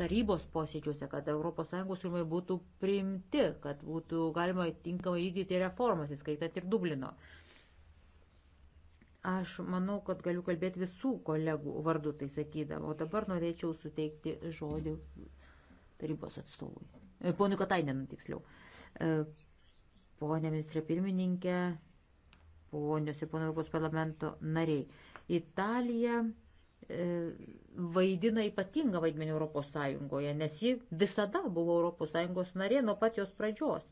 tarybos posėdžiuose, kad ES siūlymai būtų priimti, kad būtų galima tinkamai įgyti reformas, įskaitant ir Dublino. Aš manau, kad galiu kalbėti visų kolegų vardu tai sakydama, o dabar norėčiau suteikti žodį tarybos atstovui. E, ponui Katainenui tiksliau. E, Pone ministrė pirmininkė, ponios ir ponai Europos parlamento nariai. Italija e, vaidina ypatingą vaidmenį Europos Sąjungoje, nes ji visada buvo Europos Sąjungos narė nuo pat jos pradžios.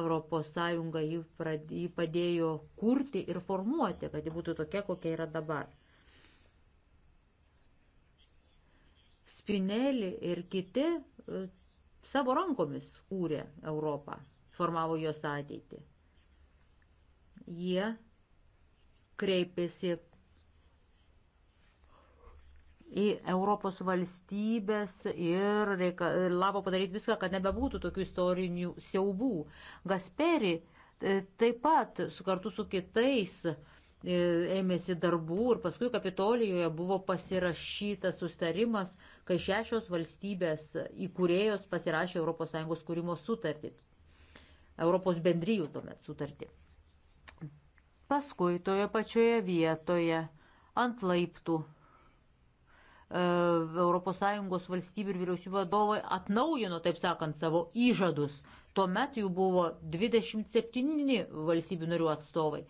Europos Sąjunga jį, prad, jį padėjo kurti ir formuoti, kad ji būtų tokia, kokia yra dabar. Spinelį ir kiti savo rankomis kūrė Europą, formavo jos ateitį. Jie kreipėsi į Europos valstybės ir reikalavo padaryti viską, kad nebebūtų tokių istorinių siaubų. Gasperi e, taip pat kartu su kitais uh, E, ėmėsi darbų ir paskui Kapitolijoje buvo pasirašytas sustarimas, kai šešios valstybės įkūrėjos pasirašė ES kūrimo sutartį. Europos bendryjų tuomet sutartį. Paskui toje pačioje vietoje ant laiptų ES valstybių ir vyriausybių vadovai atnaujino, taip sakant, savo įžadus. Tuomet jų buvo 27 valstybių narių atstovai.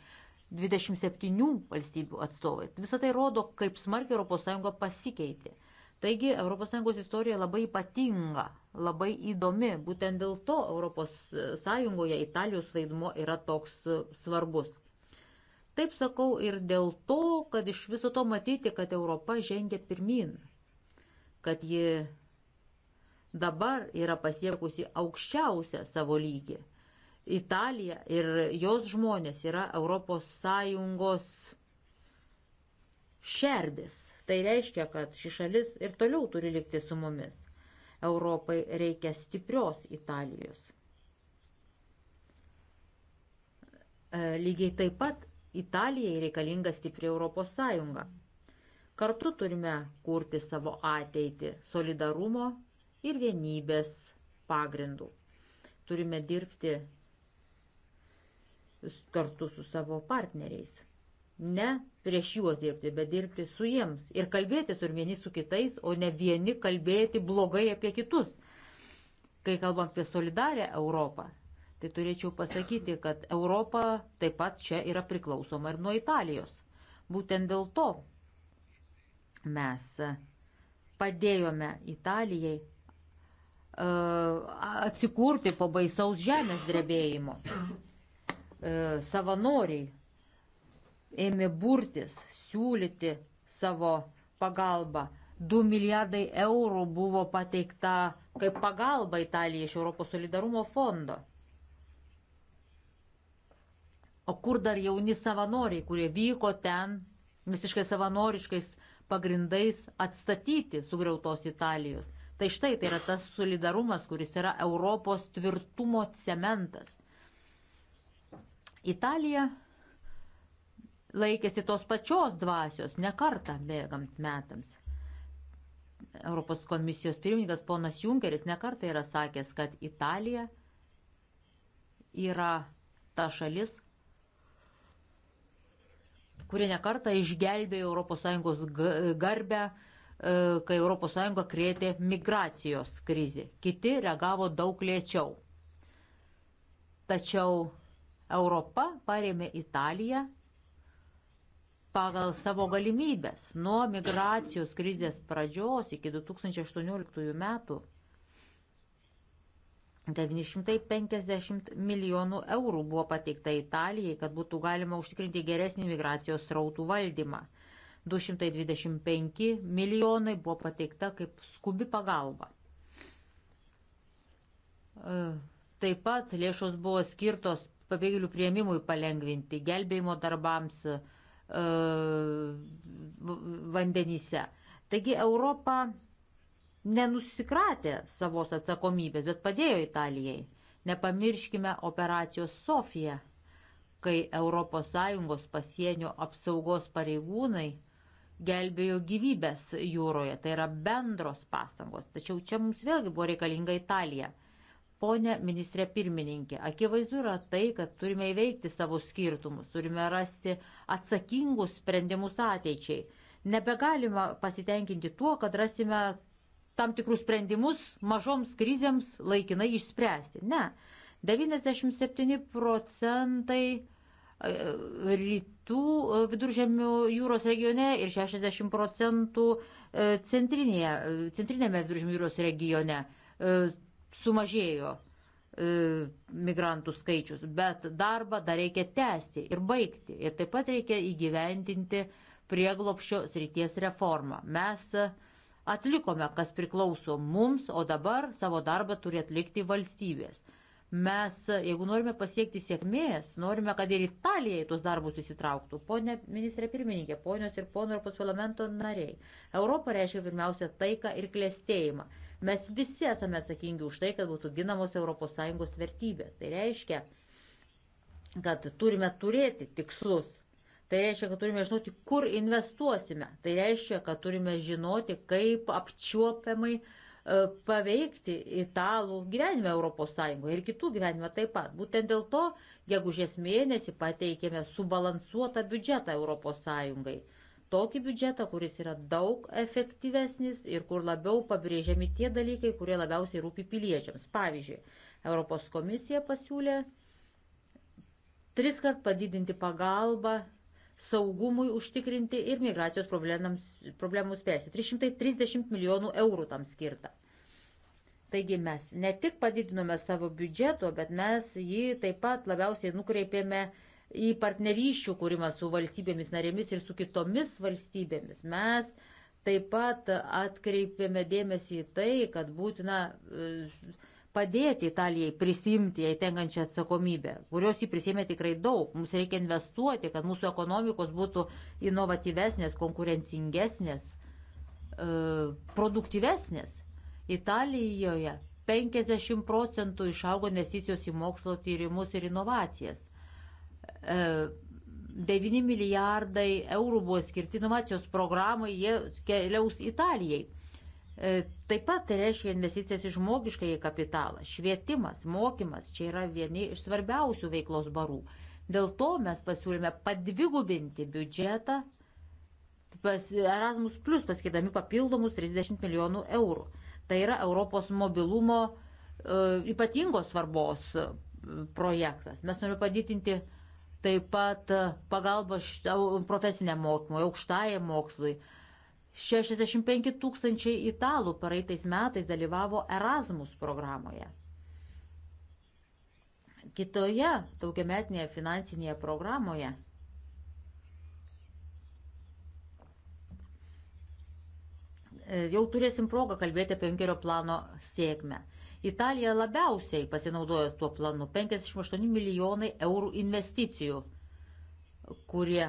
27 valstybių atstovai. Visą tai rodo, kaip smarkiai ES pasikeitė. Taigi ES istorija labai ypatinga, labai įdomi. Būtent dėl to ES Italijos vaidmo yra toks svarbus. Taip sakau ir dėl to, kad iš viso to matyti, kad Europa žengia pirmin, kad ji dabar yra pasiekusi aukščiausią savo lygį Italija ir jos žmonės yra ES šerdis. Tai reiškia, kad ši šalis ir toliau turi likti su mumis. Europai reikia stiprios Italijos. E, lygiai taip pat Italijai reikalinga stipri Europos Sąjunga. Kartu turime kurti savo ateitį solidarumo ir vienybės pagrindų. Turime dirbti kartu su savo partneriais. Ne prieš juos dirbti, bet dirbti su jiems. Ir kalbėti su vieni su kitais, o ne vieni kalbėti blogai apie kitus. Kai kalbam apie solidarę Europą, tai turėčiau pasakyti, kad Europa taip pat čia yra priklausoma ir nuo Italijos. Būtent dėl to mes padėjome Italijai e, atsikurti po baisaus žemės drebėjimo. E, savanoriai ėmė burtis, siūlyti savo pagalbą. 2 milijardai eurų buvo pateikta kaip pagalba Italijai iš Europos solidarumo fondo. O kur dar jauni savanoriai, kurie vyko ten visiškai savanoriškais pagrindais atstatyti sugriautos Italijos. Tai štai tai yra tas solidarumas, kuris yra Europos tvirtumo cementas. Italija laikėsi tos pačios dvasios, ne kartą bėgant metams. Europos komisijos pirmininkas ponas Junkeris nekartą yra sakęs, kad Italija yra ta šalis, kuri nekartą išgelbėjo ES garbę, e, kai ES krėtė migracijos krizį. Kiti reagavo daug lėčiau. Tačiau Europa paremė Italiją pagal savo galimybės. Nuo migracijos krizės pradžios iki 2018 metų 950 milijonų eurų buvo pateikta Italijai, kad būtų galima užtikrinti geresnį migracijos srautų valdymą. 225 milijonai buvo pateikta kaip skubi pagalba. E, taip pat lėšos buvo skirtos pabėgėlių prieimimui palengvinti, gelbėjimo darbams e, vandenyse. Taigi Europa nenusikratė savos atsakomybės, bet padėjo Italijai. Nepamirškime operacijos Sofija, kai ES pasienio apsaugos pareigūnai gelbėjo gyvybės jūroje. Tai yra bendros pastangos. Tačiau čia mums vėlgi buvo reikalinga Italija. Pone ministrė pirmininkė, akivaizdu yra tai, kad turime įveikti savo skirtumus, turime rasti atsakingus sprendimus ateičiai. Nebegalima pasitenkinti tuo, kad rasime tam tikrus sprendimus mažoms krizėms laikinai išspręsti. Ne. 97 procentai e, rytų viduržėmių jūros regione ir 60 procentų e, centrinėje, centrinėme viduržėmių jūros regione e, sumažėjo e, migrantų skaičius, bet darbą dar reikia tęsti ir baigti. Ir taip pat reikia įgyvendinti prieglopščio srities reformą. Mes atlikome, kas priklauso mums, o dabar savo darbą turi atlikti valstybės. Mes, jeigu norime pasiekti sėkmės, norime, kad ir Italija į tuos darbus įsitrauktų. Pone ministrė pirmininkė, ponios ir ponų Europos parlamento nariai. Europa reiškia pirmiausia taiką ir klėstėjimą. Mes visi esame atsakingi už tai, kad būtų ginamos ES vertybės. Tai reiškia, kad turime turėti tikslus. Tai reiškia, kad turime žinoti, kur investuosime. Tai reiškia, kad turime žinoti, kaip apčiuopiamai e, paveikti italų gyvenimą ES ir kitų gyvenimą taip pat. Būtent dėl to, gegužės mėnesį pateikėme subalansuotą biudžetą ES tokį biudžetą, kuris yra daug efektyvesnis ir kur labiau pabrėžiami tie dalykai, kurie labiausiai rūpi piliečiams. Pavyzdžiui, Europos komisija pasiūlė tris kart padidinti pagalbą saugumui užtikrinti ir migracijos problemų spręsti. 330 milijonų eurų tam skirta. Taigi mes ne tik padidinome savo biudžeto, bet mes jį taip pat labiausiai nukreipėme uh, į partnerysčių kūrimą su valstybėmis narėmis ir su kitomis valstybėmis. Mes taip pat atkreipėme dėmesį į tai, kad būtina e, padėti Italijai prisimti jai tenkančią atsakomybę, kurios jį prisėmė tikrai daug. Mums reikia investuoti, kad mūsų ekonomikos būtų inovatyvesnės, konkurencingesnės, e, produktyvesnės. Italijoje 50 procentų išaugo investicijos į mokslo tyrimus ir inovacijas. 9 e, milijardai eurų buvo skirti inovacijos programai, jie keliaus Italijai. E, taip pat tai reiškia investicijas į žmogiškai kapitalą. Švietimas, mokymas čia yra vieni iš svarbiausių veiklos barų. Dėl to mes pasiūlėme padvigubinti biudžetą pas Erasmus, plus, paskidami papildomus 30 milijonų eurų. Tai yra Europos mobilumo e, ypatingos svarbos projektas. Mes norime padidinti taip pat e, pagalba profesiniam mokymui, aukštajam mokslui. 65 tūkstančiai italų praeitais metais dalyvavo Erasmus programoje. Kitoje daugiametinėje finansinėje programoje e, jau turėsim progą kalbėti apie Junkerio plano sėkmę. Italija labiausiai pasinaudojo tuo planu - 58 milijonai eurų investicijų, kurie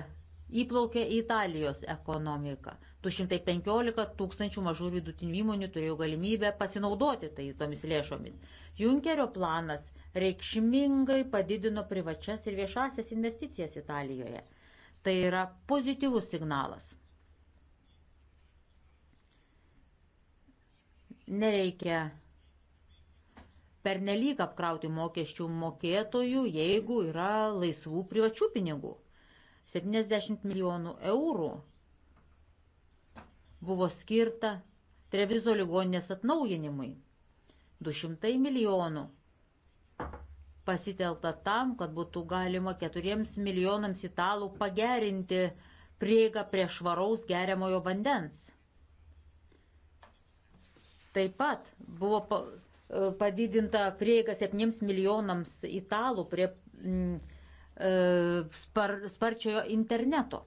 įplaukė į Italijos ekonomiką. 215 tūkstančių mažų vidutinių įmonių turėjo galimybę pasinaudoti tai tomis lėšomis. Junkerio planas reikšmingai padidino privačias ir viešasias investicijas Italijoje. Tai yra pozityvus signalas. Nereikia pernelyg apkrauti mokesčių mokėtojų, jeigu yra laisvų privačių pinigų. 70 milijonų eurų buvo skirta Trevizo ligoninės atnaujinimui. 200 milijonų pasitelta tam, kad būtų galima 4 milijonams italų pagerinti prieigą prie švaraus geriamojo vandens. Taip pat buvo padidinta prieiga 7 milijonams italų prie mm, e, spar, sparčiojo interneto.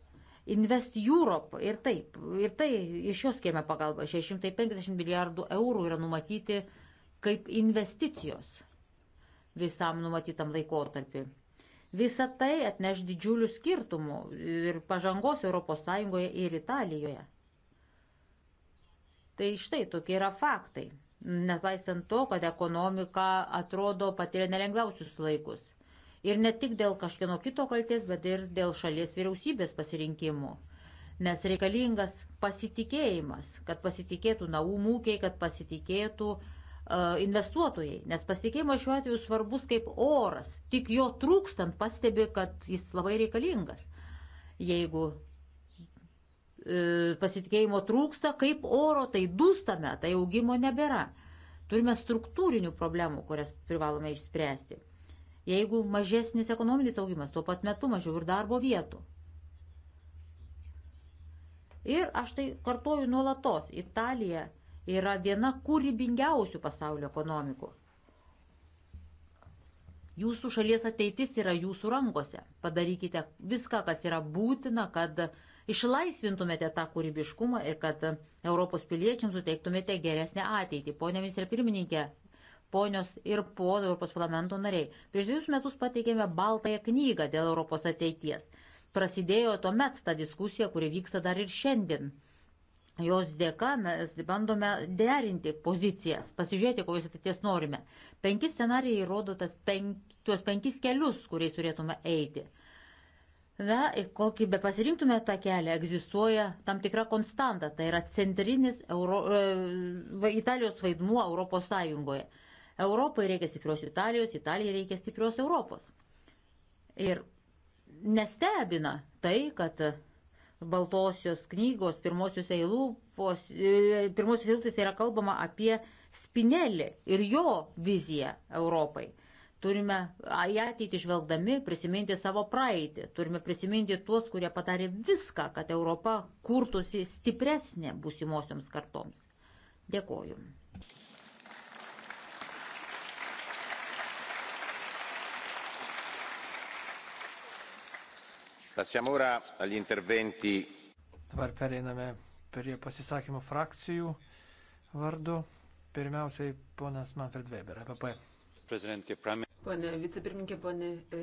Invest Europe ir taip, ir tai iš jos skėmė pagalba. 650 milijardų eurų yra numatyti kaip investicijos visam numatytam laikotarpiu. Visa tai atneš didžiulių skirtumų ir pažangos ES ir Italijoje. Tai štai tokie yra faktai nepaisant to, kad ekonomika atrodo patiria nelengviausius laikus. Ir ne tik dėl kažkieno kito kalties, bet ir dėl šalies vyriausybės pasirinkimų. Nes reikalingas pasitikėjimas, kad pasitikėtų naumų ūkiai, kad pasitikėtų uh, investuotojai. Nes pasitikėjimas šiuo atveju svarbus kaip oras. Tik jo trūkstant pastebi, kad jis labai reikalingas. Jeigu E, pasitikėjimo trūksta, kaip oro, tai dūstame, tai augimo nebėra. Turime struktūrinių problemų, kurias privalome išspręsti. Jeigu mažesnis ekonominis augimas, tuo pat metu mažiau ir darbo vietų. Ir aš tai kartuoju nuolatos, Italija yra viena kūrybingiausių pasaulio ekonomikų. Jūsų šalies ateitis yra jūsų rankose. Padarykite viską, kas yra būtina, kad uh, išlaisvintumėte tą kūrybiškumą ir kad Europos piliečiams suteiktumėte geresnę ateitį. Pone ministrė pirmininkė, ponios ir pono Europos parlamento nariai, prieš dviejus metus pateikėme baltąją knygą dėl Europos ateities. Prasidėjo tuomet ta diskusija, kuri vyksta dar ir šiandien. Jos dėka mes bandome derinti pozicijas, pasižiūrėti, kokios ateities norime. Penki scenarijai rodo tas penk, tuos penkis kelius, kuriais turėtume eiti. Ve, kokį be pasirinktume tą kelią, egzistuoja tam tikra konstanta, tai yra centrinis Euro, e, Italijos vaidmuo Europos Sąjungoje. Europai reikia stiprios Italijos, Italijai reikia stiprios Europos. Ir nestebina tai, kad Baltosios knygos pirmosios e, eilutės eilūpos, yra kalbama apie Spinelį ir jo viziją Europai. Turime į ateitį žvelgdami prisiminti savo praeitį, turime prisiminti tuos, kurie padarė viską, kad Europa kurtųsi stipresnė būsimosioms kartoms. Dėkoju. Passiamo ora agli interventi. Dabar pereiname prie pasisakymų frakcijų vardu. Pirmiausiai ponas Manfred Weber, APP. Presidente, Prime Pane vicepirmininkė, pane e,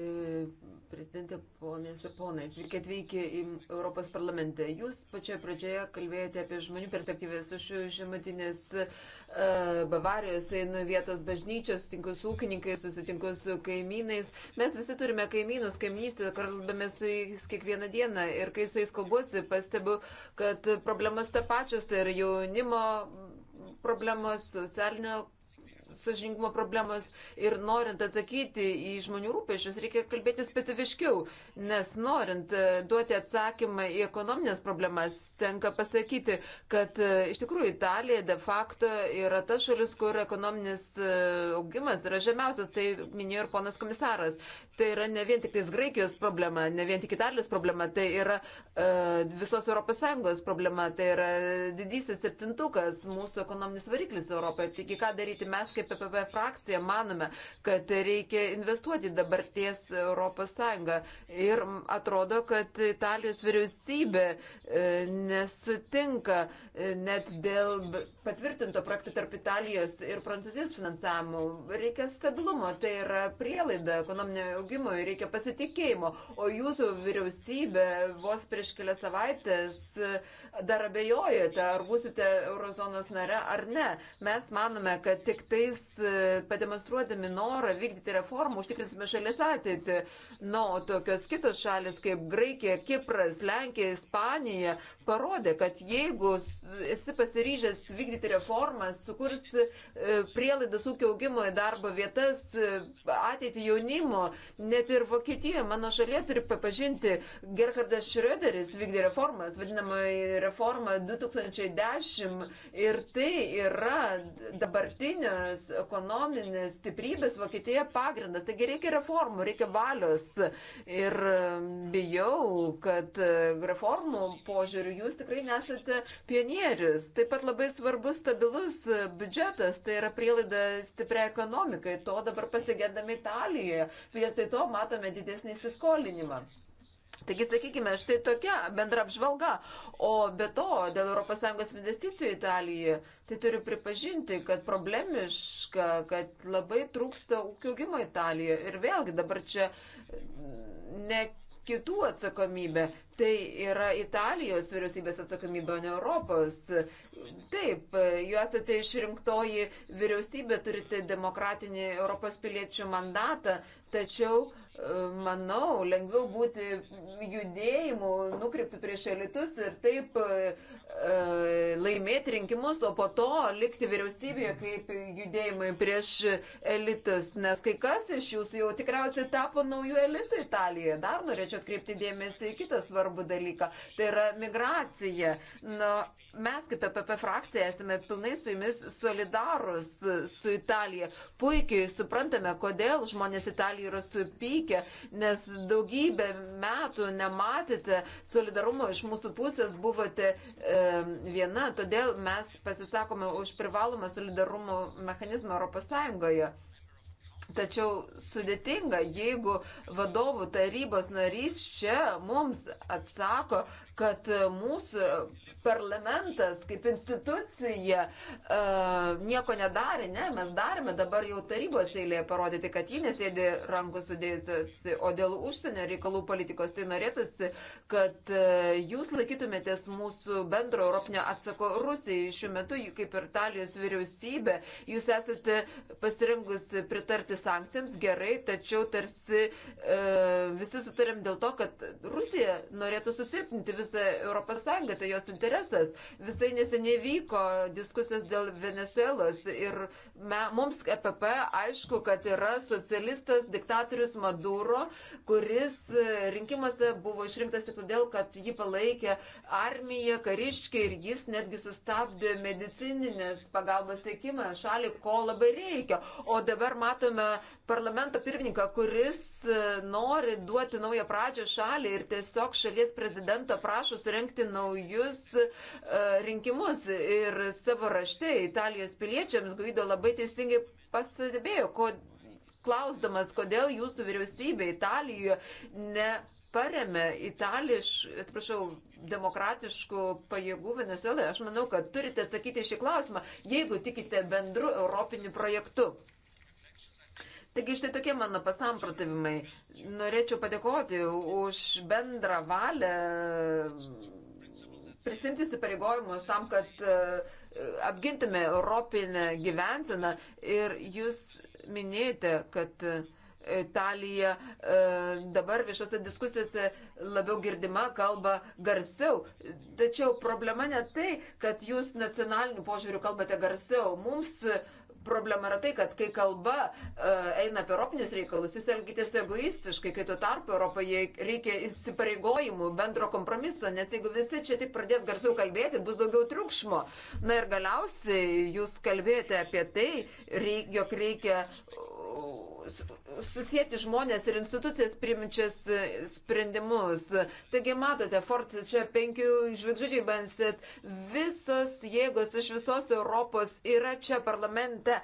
prezidentė, ponės ir ponai, sveiki atvykę į Europos parlamentą. Jūs pačioje pradžioje kalbėjote apie žmonių perspektyvės iš žematinės e, Bavarijos, einu vietos bažnyčios, sutinku su ūkininkais, susitinku su kaimynais. Mes visi turime kaimynus, kaimynystę, kalbame su jais kiekvieną dieną ir kai su jais kalbuosi, pastebiu, kad problemas ta pačios, tai yra jaunimo problemos, socialinio sažiningumo problemos ir norint atsakyti į žmonių rūpešius, reikia kalbėti specifiškiau, nes norint e, duoti atsakymą į ekonominės problemas, tenka pasakyti, kad e, iš tikrųjų Italija de facto yra ta šalis, kur ekonominis e, augimas yra žemiausias, tai minėjo ir ponas komisaras. Tai yra ne vien tik Graikijos problema, ne vien tik Italijos problema, tai yra e, visos ES problema, tai yra didysis septintukas mūsų ekonominis variklis Europoje. Taigi ką daryti mes kaip kaip EPP frakcija manome, kad reikia investuoti dabarties ES. Ir atrodo, kad Italijos vyriausybė e, nesutinka e, net dėl patvirtinto projekto tarp Italijos ir Prancūzijos finansavimo. Reikia stabilumo, tai yra prielaida ekonominio augimo, reikia pasitikėjimo. O jūsų vyriausybė vos prieš kelias savaitės dar abejojate, ar būsite eurozonos nare ar ne. Mes manome, kad tik tais e, pademonstruodami norą vykdyti reformą užtikrinsime šalies ateitį. Na, no, tokios kitos šalis kaip Graikija, Kipras, Lenkija, Ispanija parodė, kad jeigu esi pasiryžęs vykdyti reformas, sukursi e, prielaidas ūkio augimo į darbo vietas, e, ateitį jaunimo, net ir Vokietijoje, mano šalyje turi papažinti, Gerhardas Šröderis vykdė reformas, vadinamai reforma 2010 ir tai yra dabartinės ekonominės stiprybės Vokietijoje pagrindas. Taigi reikia reformų, reikia valios ir bijau, kad reformų požiūrių jūs tikrai nesate pionierius. Taip pat labai svarbus stabilus biudžetas, tai yra prielaida stipriai ekonomikai. To dabar pasigėdame Italijoje. Vietoj to matome didesnį įsiskolinimą. Taigi, sakykime, štai tokia bendra apžvalga. O be to, dėl ES investicijų Italijoje, tai turiu pripažinti, kad problemiška, kad labai trūksta ūkio augimo Italijoje. Ir vėlgi dabar čia mm, ne kitų atsakomybė. Tai yra Italijos vyriausybės atsakomybė, o ne Europos. Taip, jūs esate išrinktoji vyriausybė, turite demokratinį Europos piliečių mandatą, tačiau manau, lengviau būti judėjimu nukreipti prieš elitus ir taip e, e, laimėti rinkimus, o po to likti vyriausybėje kaip judėjimai prieš elitus. Nes kai kas iš jūsų jau tikriausiai tapo naujų elitų Italijoje. Dar norėčiau atkreipti dėmesį į kitą svarbų dalyką. Tai yra migracija. Na, nu, Mes kaip PPP frakcija esame pilnai su jumis solidarus su Italija. Puikiai suprantame, kodėl žmonės Italijoje yra supykę, nes daugybę metų nematėte solidarumo iš mūsų pusės, buvote e, viena, todėl mes pasisakome už privalomą solidarumo mechanizmą ES. Tačiau sudėtinga, jeigu vadovų tarybos narys čia mums atsako, kad mūsų parlamentas kaip institucija e, nieko nedarė, ne, mes darėme, dabar jau tarybos eilėje parodyti, kad ji nesėdi rankų sudėjusi, o dėl užsienio reikalų politikos tai norėtųsi, kad e, jūs laikytumėtės mūsų bendro europinio atsako Rusijai. Šiuo metu, kaip ir Italijos vyriausybė, jūs esate pasirengusi pritarti sankcijams gerai, tačiau tarsi e, visi sutarėm dėl to, kad Rusija norėtų susilpninti vis visą ES, tai jos interesas. Visai neseniai vyko diskusijos dėl Venezuelos ir me, mums EPP aišku, kad yra socialistas diktatorius Maduro, kuris e, rinkimuose buvo išrinktas tik todėl, kad jį palaikė armija, kariškiai ir jis netgi sustabdė medicininės pagalbos teikimą šalį, ko labai reikia. O dabar matome parlamento pirmininką, kuris e, nori duoti naują pradžią šaliai ir tiesiog šalies prezidento prašymą prašo surenkti naujus e, rinkimus ir savo rašte Italijos piliečiams Guido labai teisingai pasidabėjo, ko, klausdamas, kodėl jūsų vyriausybė Italijoje neparemė itališ, atsiprašau, demokratiškų pajėgų Venezuelai. Aš manau, kad turite atsakyti šį klausimą, jeigu tikite bendru europiniu projektu. Taigi štai tokie mano pasamprotavimai. Norėčiau padėkoti už bendrą valią prisimti įsipareigojimus tam, kad e, apgintume Europinę gyvenciną. Ir jūs minėjote, kad e, Italija e, dabar viešose diskusijose labiau girdima kalba garsiau. Tačiau problema ne tai, kad jūs nacionaliniu požiūriu kalbate garsiau. Mums uh, problema yra tai, kad kai kalba e, eina apie europinius reikalus, jūs elgitės egoistiškai, kai tuo tarpu Europoje reikia įsipareigojimų, bendro kompromiso, nes jeigu visi čia tik pradės garsiau kalbėti, bus daugiau triukšmo. Na ir galiausiai jūs kalbėjote apie tai, jog reikia susijęti žmonės ir institucijas priimčias e, sprendimus. Taigi matote, Forza čia penkių žvaigždžių bansit, visos jėgos iš visos Europos yra čia parlamente.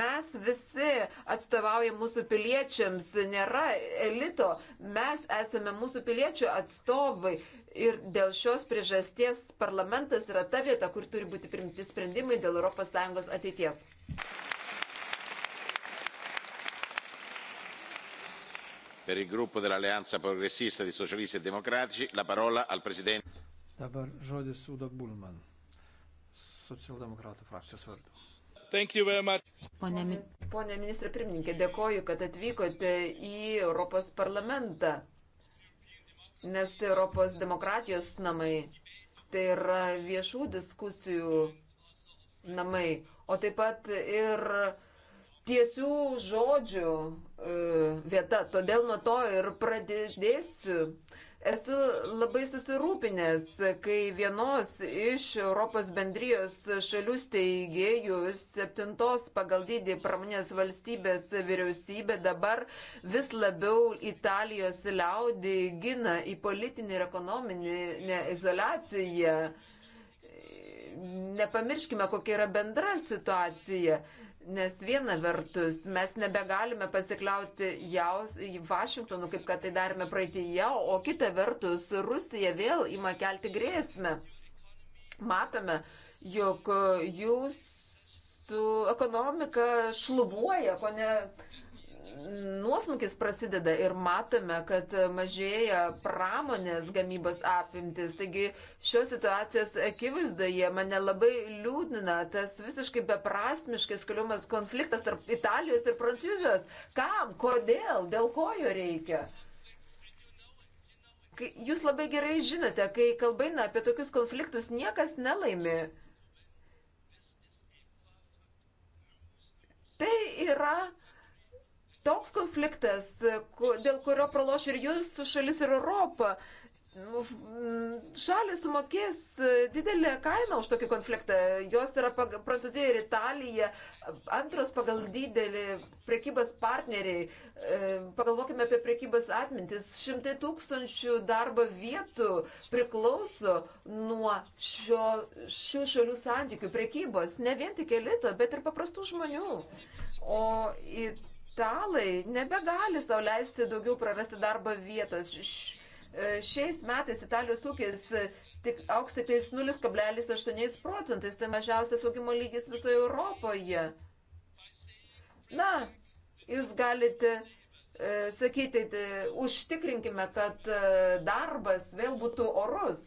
Mes visi atstovaujam mūsų piliečiams, nėra elito, mes esame mūsų piliečių atstovai. Ir dėl šios priežasties parlamentas yra ta vieta, kur turi būti primti sprendimai dėl ES ateities. per il gruppo dell'alleanza progressista di socialisti e democratici la parola al presidente. Dabar žodis Udo Bulman, socialdemokratų frakcijos vardu. Pone, Pone ministrė pirmininkė, dėkoju, kad atvykote į Europos parlamentą, nes tai Europos demokratijos namai, tai yra viešų diskusijų namai, o taip pat ir uh, tiesių žodžių e, vieta, todėl nuo to ir pradėsiu. Esu labai susirūpinęs, kai vienos iš Europos bendrijos šalių steigėjų septintos pagal dydį pramonės valstybės vyriausybė dabar vis labiau Italijos liaudį gina į politinį ir ekonominį izolaciją nepamirškime, kokia yra bendra situacija. Nes viena vertus mes nebegalime pasikliauti jaus, Vašingtonu, kaip kad tai darėme praeitįje, o kita vertus Rusija vėl ima kelti grėsmę. Matome, jog jūsų ekonomika šlubuoja, ko ne nuosmukis prasideda ir matome, kad mažėja pramonės gamybos apimtis. Taigi šios situacijos akivaizdoje mane labai liūdina tas visiškai beprasmiškai skaliumas konfliktas tarp Italijos ir Prancūzijos. Kam, kodėl, dėl ko jo reikia? Jūs labai gerai žinote, kai kalbaina apie tokius konfliktus, niekas nelaimi. Tai yra toks konfliktas, dėl kurio praloš ir jūsų šalis ir Europą. Mm, šalis sumokės e, didelę kainą už tokį konfliktą. Jos yra pagal, Prancūzija ir Italija, antros pagal didelį priekybos partneriai. E, pagalvokime apie priekybos atmintis. Šimtai tūkstančių darbo vietų priklauso nuo šio, šių šalių santykių priekybos. Ne vien tik elito, bet ir paprastų žmonių. O į italai nebegali sauliaisti daugiau prarasti darbo vietos. E, šiais metais Italijos ūkis tik auks tik 0,8 procentais, tai mažiausias augimo lygis visoje Europoje. Na, jūs galite e, sakyti, tai užtikrinkime, kad e, darbas vėl būtų orus.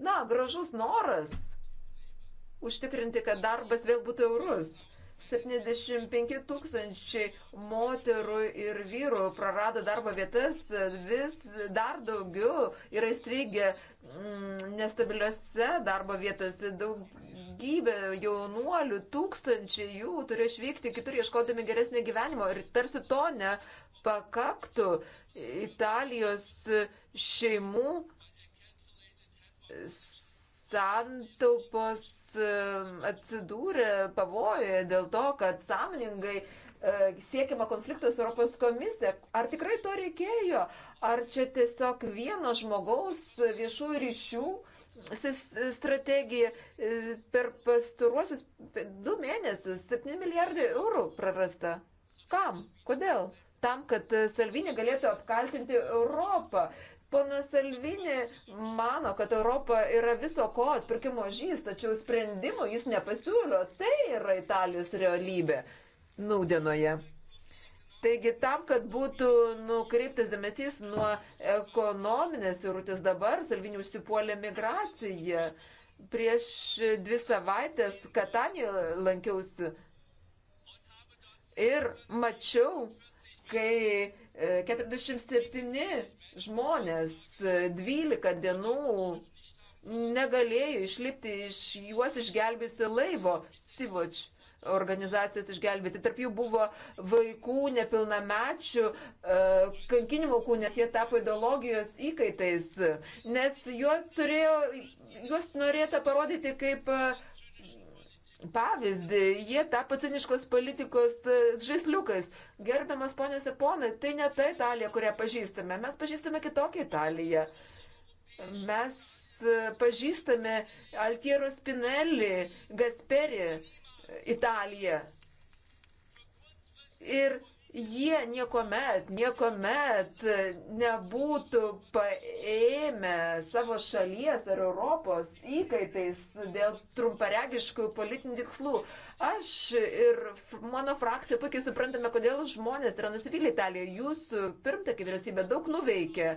Na, gražus noras užtikrinti, kad darbas vėl būtų eurus. 75 tūkstančiai moterų ir vyrų prarado darbo vietas, vis dar daugiau yra įstrigę mm, nestabiliuose darbo vietose. Daugybė jaunuolių, tūkstančiai jų turi išvykti kitur ieškodami geresnio gyvenimo ir tarsi to nepakaktų Italijos šeimų santaupos E, atsidūrė pavojoje dėl to, kad sąmoningai e, siekiama konflikto su Europos komisija. Ar tikrai to reikėjo? Ar čia tiesiog vieno žmogaus viešų ryšių strategija e, per pastaruosius du mėnesius 7 milijardai eurų prarasta? Kam? Kodėl? Tam, kad Salvinė galėtų apkaltinti Europą, Ponas Salvini mano, kad Europa yra viso ko atpirkimo žys, tačiau sprendimų jis nepasiūlio. Tai yra Italijos realybė naudienoje. Taigi tam, kad būtų nukreiptas dėmesys nuo ekonominės rūtis dabar, Salvini užsipuolė migraciją. Prieš dvi savaitės Katanijoje lankiausi ir mačiau, kai 47 e, žmonės 12 e, dienų negalėjo išlipti iš juos išgelbėjusio laivo Sivoč organizacijos išgelbėti. Tarp jų buvo vaikų, nepilnamečių, e, kankinimo aukų, nes jie tapo ideologijos įkaitais, nes juos, turėjo, juos norėta parodyti kaip e, pavyzdį, jie tapo ciniškos politikos e, žaisliukais. Gerbiamas ponios ir ponai, tai ne ta Italija, kurią pažįstame. Mes pažįstame kitokią Italiją. Mes e, pažįstame Altiero Spinelli, Gasperi, e, Italiją. Ir jie niekuomet, niekuomet nebūtų paėmę savo šalies ar Europos įkaitais dėl trumparegiškų politinių tikslų. Aš ir mano frakcija puikiai suprantame, kodėl žmonės yra nusivylę Italiją. Jūsų pirmtakė vyriausybė daug nuveikė.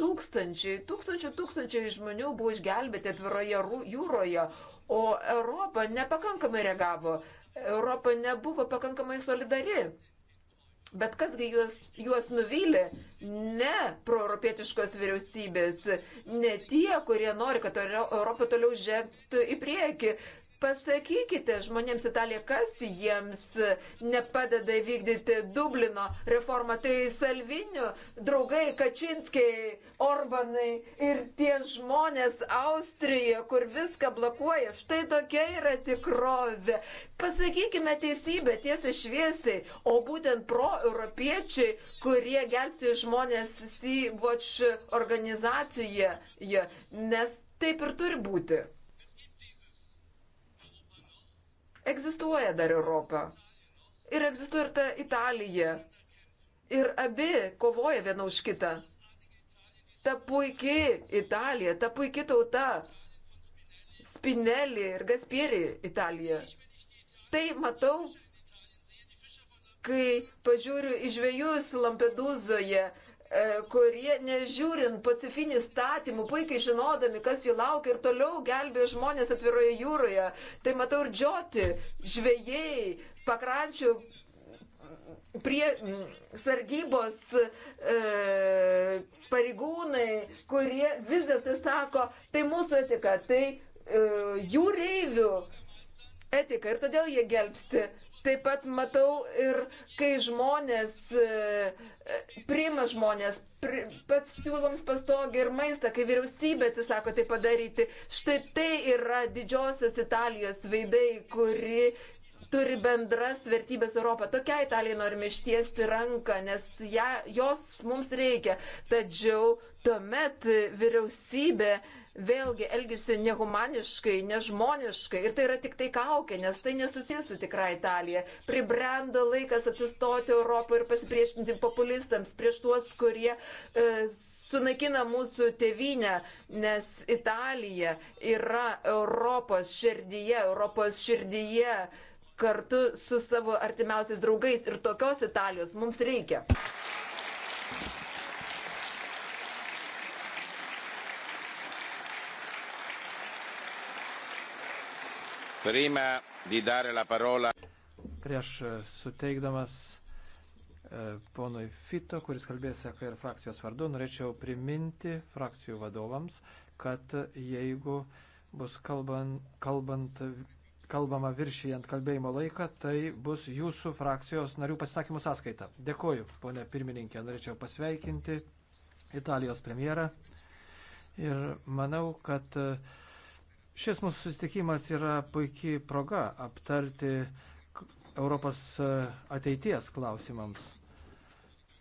Tūkstančiai, tūkstančių, tūkstančiai žmonių buvo išgelbėti atviroje jūroje, o Europa nepakankamai reagavo. Europa nebuvo pakankamai solidari. Bet kasgi juos, juos nuvylė? Ne proeuropietiškos vyriausybės, ne tie, kurie nori, kad Europa toliau žengtų į priekį. Pasakykite žmonėms Italija, kas jiems nepadeda įvykdyti Dublino reformą. Tai Salvinių draugai Kačinskiai, Orbanai ir tie žmonės Austrijoje, kur viską blokuoja. Štai tokia yra tikrovė. Pasakykime teisybę tiesiai šviesiai, o būtent pro-europiečiai, kurie gelbsti žmonės Sea Watch organizacijoje, nes taip ir turi būti. Egzistuoja dar Europa. Ir egzistuoja ir ta Italija. Ir abi kovoja viena už kitą. Ta puikiai Italija, ta puikiai tauta. Spinelli ir Gaspieri Italija. Tai matau, kai pažiūriu į žvėjus Lampedūzoje, E, kurie nežiūrint pacifinį statymų, puikiai žinodami, kas jų laukia ir toliau gelbėjo žmonės atviroje jūroje. Tai matau ir džioti, žvėjai, pakrančių prie mm, sargybos e, pareigūnai, kurie vis dėlto tai sako, tai mūsų etika, tai e, jūreivių etika ir todėl jie gelbsti Taip pat matau ir kai žmonės e, e, priima žmonės, pri, pats siūloms pastogį ir maistą, kai vyriausybė atsisako tai padaryti. Štai tai yra didžiosios Italijos veidai, kuri turi bendras vertybės Europą. Tokia Italija norime ištiesti ranką, nes ja, jos mums reikia. Tačiau tuomet vyriausybė vėlgi elgesi nehumaniškai, nežmoniškai ir tai yra tik tai kaukė, nes tai nesusijęs su tikra Italija. Pribrendo laikas atsistoti Europoje ir pasipriešinti populistams prieš tuos, kurie e, sunaikina mūsų tevinę, nes Italija yra Europos širdyje, Europos širdyje kartu su savo artimiausiais draugais ir tokios Italijos mums reikia. Prieš e, suteikdamas e, ponui Fito, kuris kalbės seka ir frakcijos vardu, norėčiau priminti frakcijų vadovams, kad jeigu bus kalbant, kalbant, kalbama viršijant kalbėjimo laiką, tai bus jūsų frakcijos narių pasisakymų sąskaita. Dėkoju, ponė pirmininkė, norėčiau pasveikinti Italijos premjerą ir manau, kad uh, Šis mūsų susitikimas yra puikiai proga aptarti Europos e, ateities klausimams.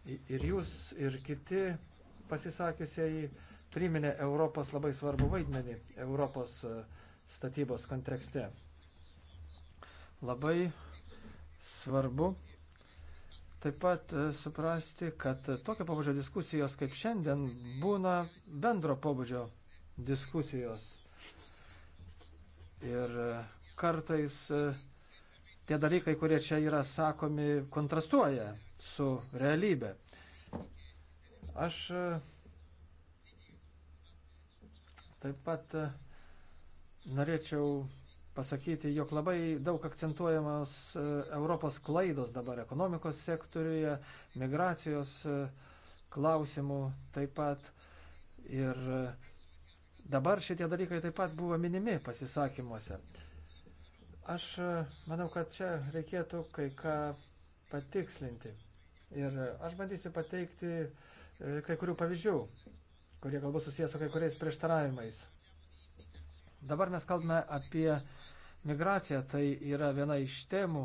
Ir jūs, ir kiti pasisakysiai priminė Europos labai svarbu vaidmenį Europos e, statybos kontekste. Labai svarbu taip pat e, suprasti, kad tokio pobūdžio diskusijos kaip šiandien būna bendro pobūdžio diskusijos Ir e, kartais e, tie dalykai, kurie čia yra sakomi, kontrastuoja su realybė. Aš e, taip pat norėčiau pasakyti, jog labai daug akcentuojamos Europos klaidos dabar ekonomikos sektoriuje, migracijos klausimų taip pat. Ir Dabar šitie dalykai taip pat buvo minimi pasisakymuose. Aš e, manau, kad čia reikėtų kai ką patikslinti. Ir aš bandysiu pateikti e, kai kurių pavyzdžių, kurie galbūt susijęs su kai kuriais prieštaravimais. Dabar mes kalbame apie migraciją, tai yra viena iš temų,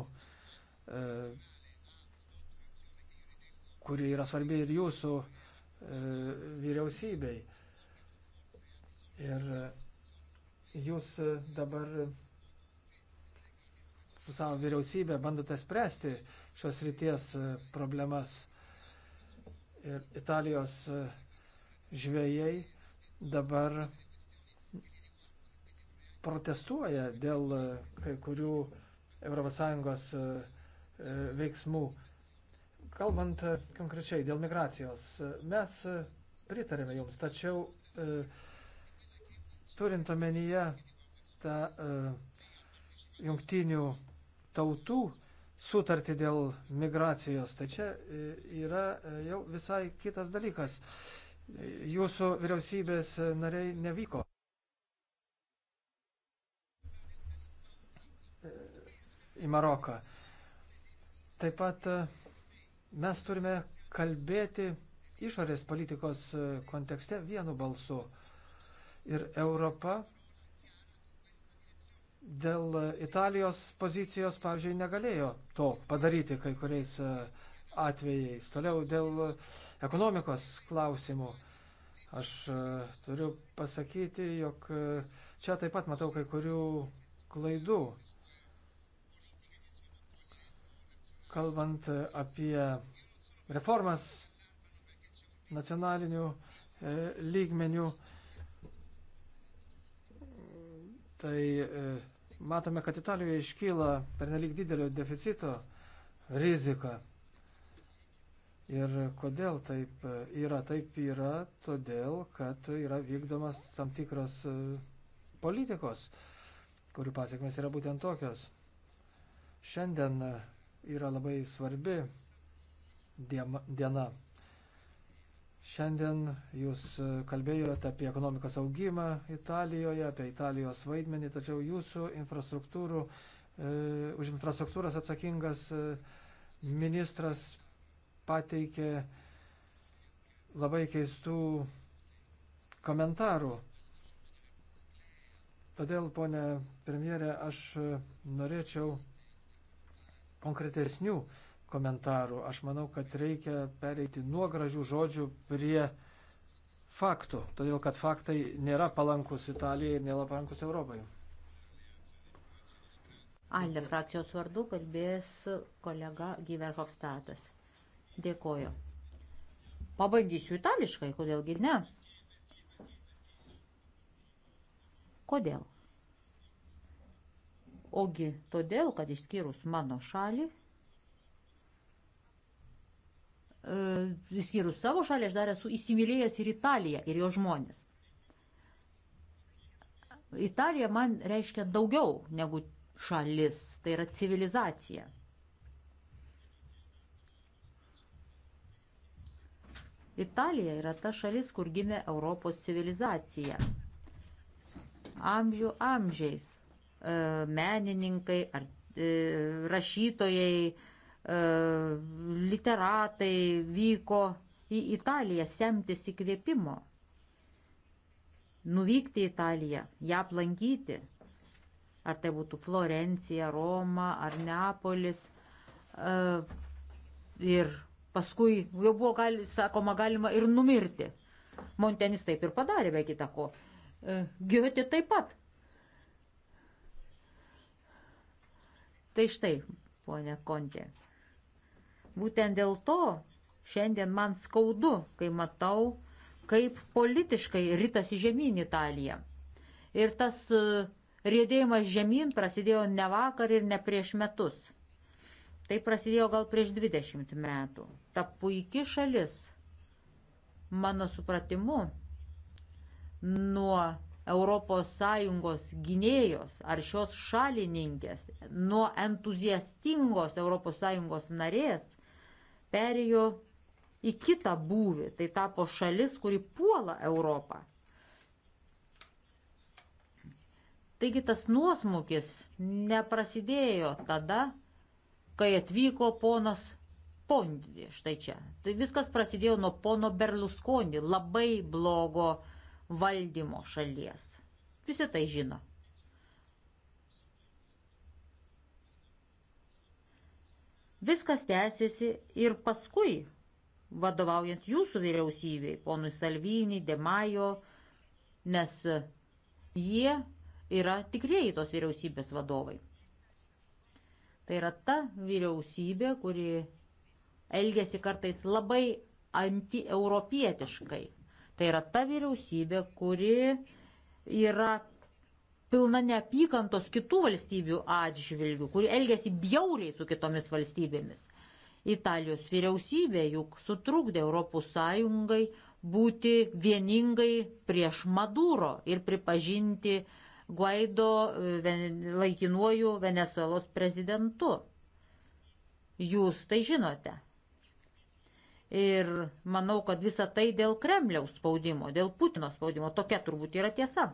e, kuri yra svarbi ir jūsų vyriausybei. Ir e, jūs e, dabar su savo vyriausybė bandote spręsti šios ryties e, problemas. Ir Italijos žvėjai dabar protestuoja dėl kai kurių ES veiksmų. Kalbant konkrečiai dėl migracijos, mes pritarėme jums, tačiau turint omenyje tą e, jungtinių tautų sutartį dėl migracijos, tai čia e, yra e, jau visai kitas dalykas. Jūsų vyriausybės nariai nevyko. E, į Maroką. Taip pat mes turime kalbėti išorės politikos kontekste vienu balsu ir Europa dėl Italijos pozicijos, pavyzdžiui, negalėjo to padaryti kai kuriais e, atvejais. Toliau dėl ekonomikos klausimų. Aš e, turiu pasakyti, jog e, čia taip pat matau kai kurių klaidų. Kalbant apie reformas nacionalinių lygmenių, tai e, matome, kad Italijoje iškyla pernelyg didelio deficito rizika. Ir kodėl taip e, yra? Taip yra todėl, kad yra vykdomas tam tikros e, politikos, kurių pasiekmes yra būtent tokios. Šiandien yra labai svarbi diena Šiandien jūs e, kalbėjote apie ekonomikos augimą Italijoje, apie Italijos vaidmenį, tačiau jūsų infrastruktūrų, e, už infrastruktūras atsakingas e, ministras pateikė labai keistų komentarų. Todėl, ponė premjerė, aš e, norėčiau konkretesnių komentarų. Aš manau, kad reikia pereiti nuo gražių žodžių prie faktų, todėl kad faktai nėra palankus Italijai ir nėra palankus Europai. Alde frakcijos vardu kalbės kolega Giverhofstatas. Dėkoju. Pabandysiu itališkai, kodėlgi ne? Kodėl? Ogi todėl, kad išskyrus mano šalį E, išskyrus savo šalį, aš dar esu įsimylėjęs ir Italiją ir jo žmonės. Italija man reiškia daugiau negu šalis, tai yra civilizacija. Italija yra ta šalis, kur gimė Europos civilizacija. Amžių amžiais e, menininkai, ar, e, rašytojai, E, literatai vyko į Italiją semtis įkvėpimo, nuvykti į Italiją, ją aplankyti. Ar tai būtų Florencija, Roma ar Neapolis. E, ir paskui jau buvo, gali, sakoma, galima ir numirti. Montenis taip ir padarė be kita ko. E, Gioti taip pat. Tai štai, ponė Kontė. Būtent dėl to šiandien man skaudu, kai matau, kaip politiškai rytasi žemyn Italija. Ir tas e, rėdėjimas žemyn prasidėjo ne vakar ir ne prieš metus. Tai prasidėjo gal prieš 20 metų. Ta puikia šalis, mano supratimu, nuo ES gynėjos ar šios šalininkės, nuo entuziastingos ES narės perėjo į kitą būvį, tai tapo šalis, kuri puola Europą. Taigi tas nuosmukis neprasidėjo tada, kai atvyko ponas Pondi štai čia. Tai viskas prasidėjo nuo pono Berlusconi, labai blogo valdymo šalies. Visi tai žino. Viskas tęsiasi ir paskui, vadovaujant jūsų vyriausybei, ponui Salvini, Demajo, nes jie yra tikrieji tos vyriausybės vadovai. Tai yra ta vyriausybė, kuri elgesi kartais labai antieuropietiškai. Tai yra ta vyriausybė, kuri yra pilna neapykantos kitų valstybių atžvilgių, kuri elgesi bjauriai su kitomis valstybėmis. Italijos vyriausybė juk sutrukdė ES būti vieningai prieš Maduro ir pripažinti Guaido e, laikinuoju Venezuelos prezidentu. Jūs tai žinote. Ir manau, kad visa tai dėl Kremliaus spaudimo, dėl Putino spaudimo, tokia turbūt yra tiesa.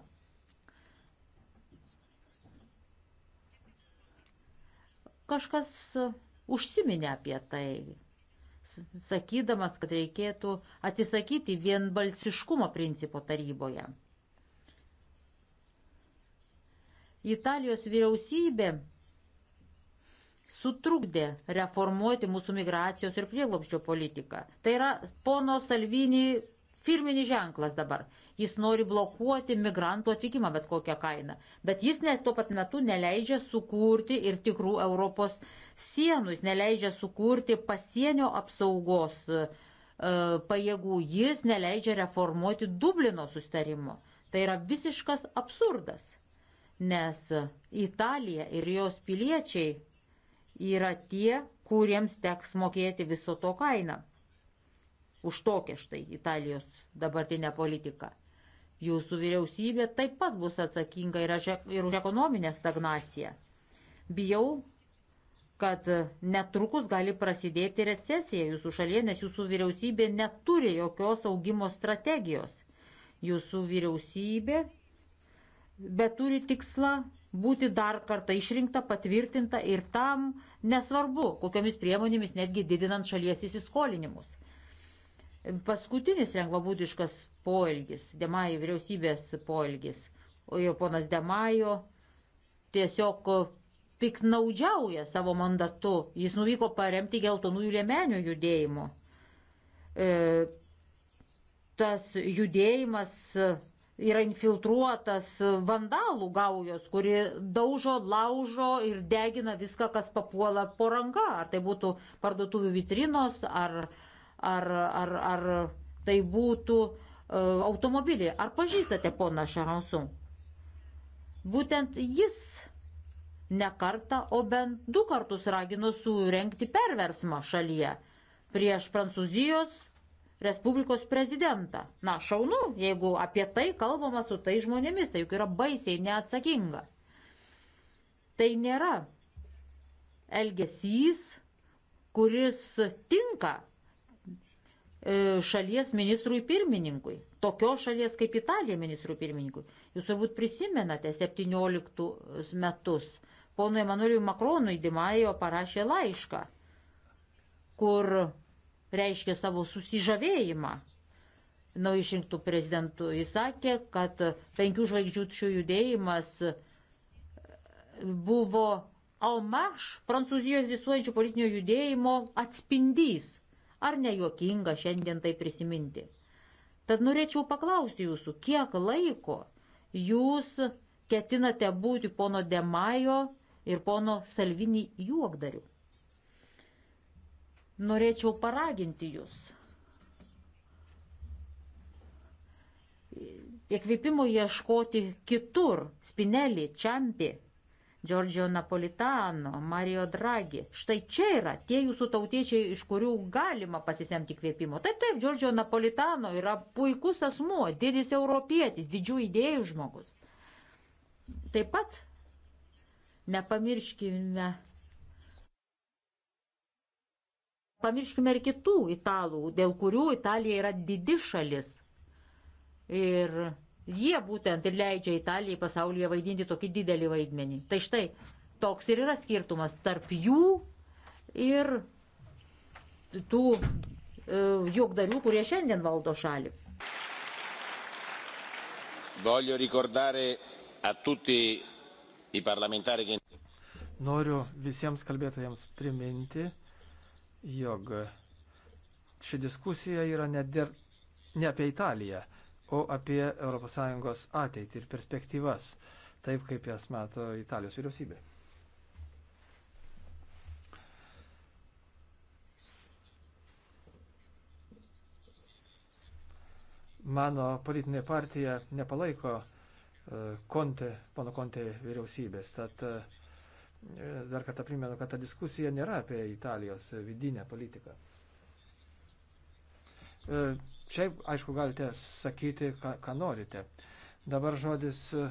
kažkas e, užsiminė apie tai, sakydamas, kad reikėtų atsisakyti vienbalsiškumo principo taryboje. Italijos vyriausybė sutrukdė reformuoti mūsų migracijos ir prieglobščio politiką. Tai yra pono Salvini firminis ženklas dabar. Jis nori blokuoti migrantų atvykimą bet kokią kainą. Bet jis net tuo pat metu neleidžia sukurti ir tikrų Europos sienų. Jis neleidžia sukurti pasienio apsaugos e, pajėgų. Jis neleidžia reformuoti Dublino sustarimo. Tai yra visiškas absurdas. Nes Italija ir jos piliečiai yra tie, kuriems teks mokėti viso to kainą. Už tokią štai Italijos dabartinę politiką. Jūsų vyriausybė taip pat bus atsakinga ir už ekonominę stagnaciją. Bijau, kad netrukus gali prasidėti recesija jūsų šalyje, nes jūsų vyriausybė neturi jokios augimo strategijos. Jūsų vyriausybė bet turi tikslą būti dar kartą išrinkta, patvirtinta ir tam nesvarbu, kokiamis priemonėmis netgi didinant šalies įsiskolinimus. Paskutinis lengvabūdiškas poelgis, Demai vyriausybės poelgis, o ir ponas Demajo tiesiog piknaudžiauja savo mandatu, jis nuvyko paremti geltonųjų lėmenių judėjimo. E, tas judėjimas yra infiltruotas vandalų gaujos, kuri daužo, laužo ir degina viską, kas papuola po ranka, ar tai būtų parduotuvių vitrinos, ar uh, ar, ar, ar tai būtų e, automobilį. Ar pažįstate poną Šaransų? Būtent jis ne kartą, o bent du kartus ragino surenkti perversmą šalyje prieš Prancūzijos Respublikos prezidentą. Na, šaunu, jeigu apie tai kalbama su tai žmonėmis, tai juk yra baisiai neatsakinga. Tai nėra elgesys, kuris tinka E, šalies ministrui pirmininkui, tokios šalies kaip Italija ministrui pirmininkui. Jūs turbūt prisimenate 17 metus. Pono Emanueliu Makronui Dimajo parašė laišką, kur reiškė savo susižavėjimą naujišrinktų prezidentų. Jis sakė, kad penkių žvaigždžių šių judėjimas buvo aumarš prancūzijoje egzistuojančio politinio judėjimo atspindys. Ar nejuokinga šiandien tai prisiminti? Tad norėčiau paklausti jūsų, kiek laiko jūs ketinate būti pono Demajo ir pono Salvini juokdariu? Norėčiau paraginti jūs. Įkvėpimo ieškoti kitur, spinelį, čiampi, Giorgio Napolitano, Mario Draghi. Štai čia yra tie jūsų tautiečiai, iš kurių galima pasisemti kvėpimo. Taip, taip, Giorgio Napolitano yra puikus asmuo, didis europietis, didžių idėjų žmogus. Taip pat nepamirškime. Pamirškime ir kitų italų, dėl kurių Italija yra didi šalis. Ir Jie būtent ir leidžia Italijai pasaulyje vaidinti tokį didelį vaidmenį. Tai štai toks ir yra skirtumas tarp jų ir tų e, jogdarių, kurie šiandien valdo šalį. Voglio ricordare a tutti i parlamentari che... Noriu visiems kalbėtojams priminti, jog ši diskusija yra ne, der, ne apie Italiją o apie ES ateitį ir perspektyvas, taip kaip jas mato Italijos vyriausybė. Mano politinė partija nepalaiko Konte, e, pono Konte vyriausybės. Tad e, dar kartą primenu, kad ta diskusija nėra apie Italijos vidinę politiką e, Šiaip, aišku, galite sakyti, ką, ką norite. Dabar žodis e,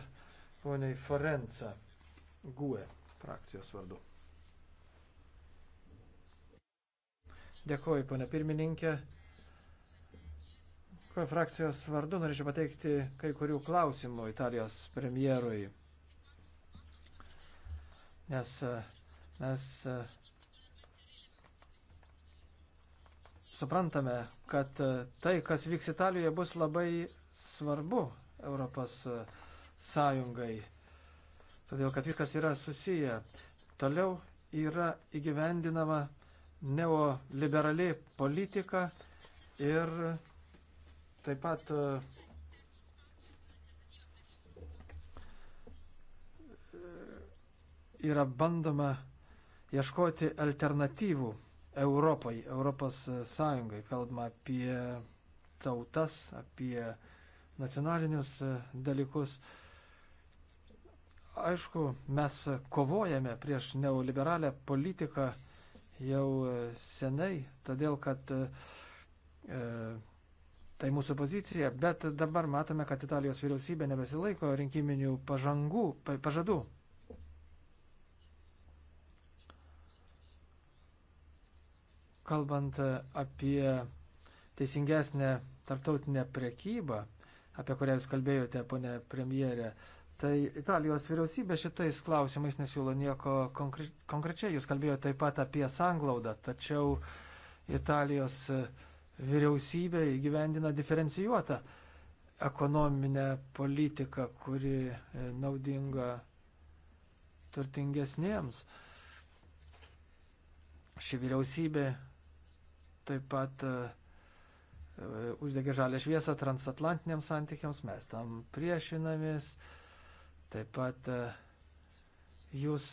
poniai Forenca Gue frakcijos vardu. Dėkuoju, ponia pirmininkė. Kuo frakcijos vardu norėčiau pateikti kai kurių klausimų Italijos premjerui. Nes e, mes e, suprantame, kad e, tai, kas vyks Italijoje, bus labai svarbu Europos e, Sąjungai, todėl kad viskas yra susiję. Toliau yra įgyvendinama neoliberali politika ir taip pat e, yra bandoma ieškoti alternatyvų Europai, Europos Sąjungai. Kalbama apie tautas, apie nacionalinius dalykus. Aišku, mes kovojame prieš neoliberalią politiką jau senai, todėl kad e, Tai mūsų pozicija, bet dabar matome, kad Italijos vyriausybė nebesilaiko rinkiminių pažangų, pažadų. kalbant e, apie teisingesnę tarptautinę prekybą, apie kurią jūs kalbėjote, ponė premjerė, tai Italijos vyriausybė šitais klausimais nesiūlo nieko konkre konkrečiai. Jūs kalbėjote taip pat apie sanglaudą, tačiau Italijos e, vyriausybė įgyvendina diferencijuotą ekonominę politiką, kuri e, naudinga turtingesniems. Ši vyriausybė taip pat e, e, uždegė žalę šviesą transatlantiniams santykiams, mes tam priešinamės. Taip pat e, jūs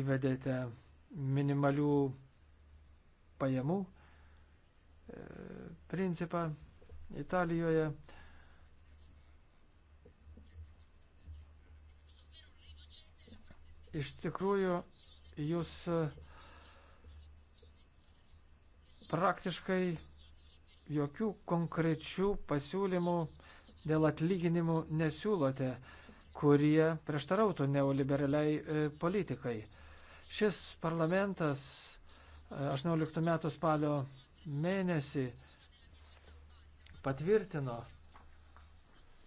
įvedėte minimalių pajamų principą Italijoje. Iš tikrųjų, jūs uh, praktiškai jokių konkrečių pasiūlymų dėl atlyginimų nesiūlote, kurie prieštarautų neoliberaliai e, politikai. Šis parlamentas 18 e, metų spalio mėnesį patvirtino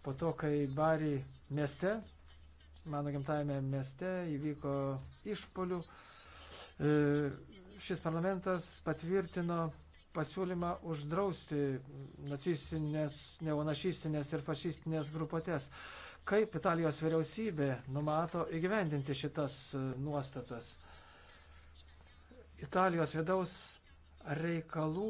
po to, kai Bari mieste, mano gimtajame mieste įvyko išpolių, e, šis parlamentas patvirtino pasiūlymą uždrausti nacistinės, neonašistinės ir fašistinės grupuotės. Kaip Italijos vyriausybė numato įgyvendinti šitas e, nuostatas? Italijos vidaus reikalų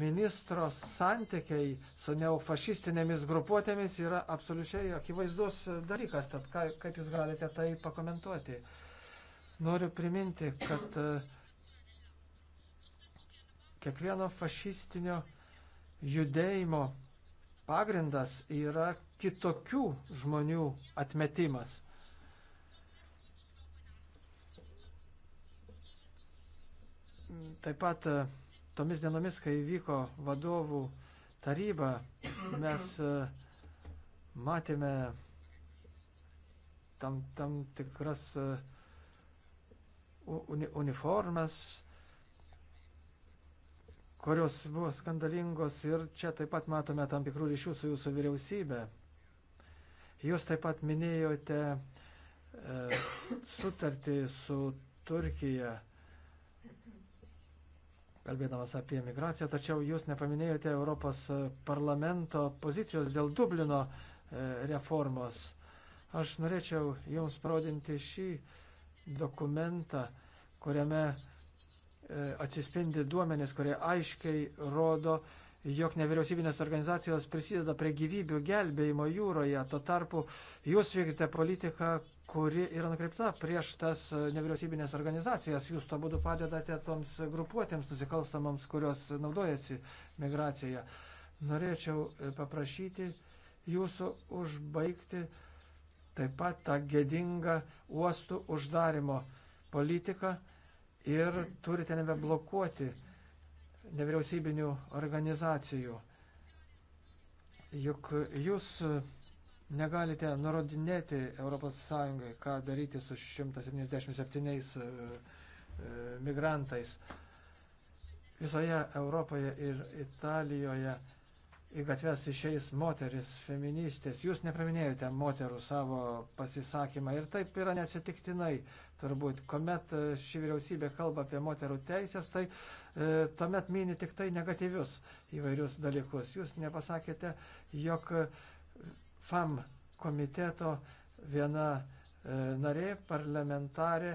ministro santykiai su neofašistinėmis grupuotėmis yra absoliučiai akivaizdus e, dalykas, tad kaip jūs galite tai pakomentuoti? Noriu priminti, kad uh, Kiekvieno fašistinio judėjimo pagrindas yra kitokių žmonių atmetimas. Taip pat e, tomis dienomis, kai vyko vadovų taryba, mes e, matėme tam, tam tikras e, uniformas, kurios buvo skandalingos ir čia taip pat matome tam tikrų ryšių su jūsų vyriausybė. Jūs taip pat minėjote e, sutartį su Turkija, kalbėdamas apie migraciją, tačiau jūs nepaminėjote Europos parlamento pozicijos dėl Dublino e, reformos. Aš norėčiau jums parodinti šį dokumentą, kuriame E, atsispindi duomenys, kurie aiškiai rodo, jog nevyriausybinės organizacijos prisideda prie gyvybių gelbėjimo jūroje. Tuo tarpu jūs vykdite politiką, kuri yra nukreipta prieš tas e, nevyriausybinės organizacijas. Jūs to būdu padedate toms grupuotėms nusikalstamoms, kurios naudojasi migracija. Norėčiau e, paprašyti jūsų užbaigti taip pat tą gedingą uostų uždarimo politiką ir turite nebeblokuoti nevyriausybinių organizacijų. Juk jūs negalite nurodinėti ES, ką daryti su 177 e, e, migrantais. Visoje Europoje ir Italijoje į gatves išeis moteris, feministės. Jūs nepraminėjote moterų savo pasisakymą ir taip yra neatsitiktinai turbūt, kuomet e, ši vyriausybė kalba apie moterų teisės, tai e, tuomet mini tik tai negatyvius įvairius dalykus. Jūs nepasakėte, jog FAM komiteto viena e, narė, parlamentarė,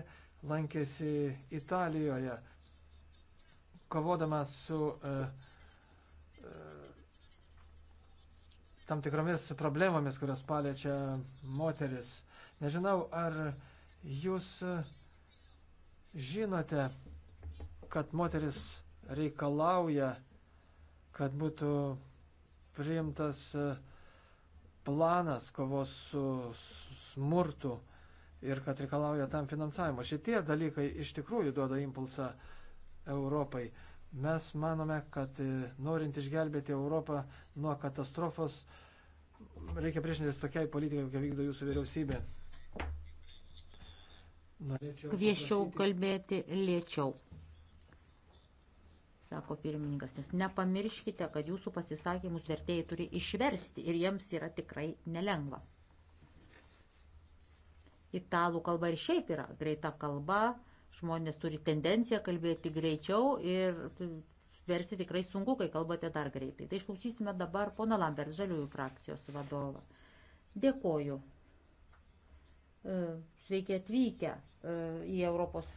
lankėsi Italijoje, kovodama su e, e, tam tikromis problemomis, kurios paliečia moteris. Nežinau, ar e, Jūs e, žinote, kad moteris reikalauja, kad būtų priimtas e, planas kovos su smurtu ir kad reikalauja tam finansavimo. Šitie dalykai iš tikrųjų duoda impulsą Europai. Mes manome, kad e, norint išgelbėti Europą nuo katastrofos, reikia priešintis tokiai politikai, kokią vykdo jūsų vyriausybė. Norėčiau Kvieščiau paprasyti. kalbėti lėčiau, sako pirmininkas, nes nepamirškite, kad jūsų pasisakymus vertėjai turi išversti ir jiems yra tikrai nelengva. Italų kalba ir šiaip yra greita kalba, žmonės turi tendenciją kalbėti greičiau ir versti tikrai sunku, kai kalbate dar greitai. Tai išklausysime dabar pono Lambert, žaliųjų frakcijos vadovą. Dėkoju, E, sveiki atvykę e, į Europos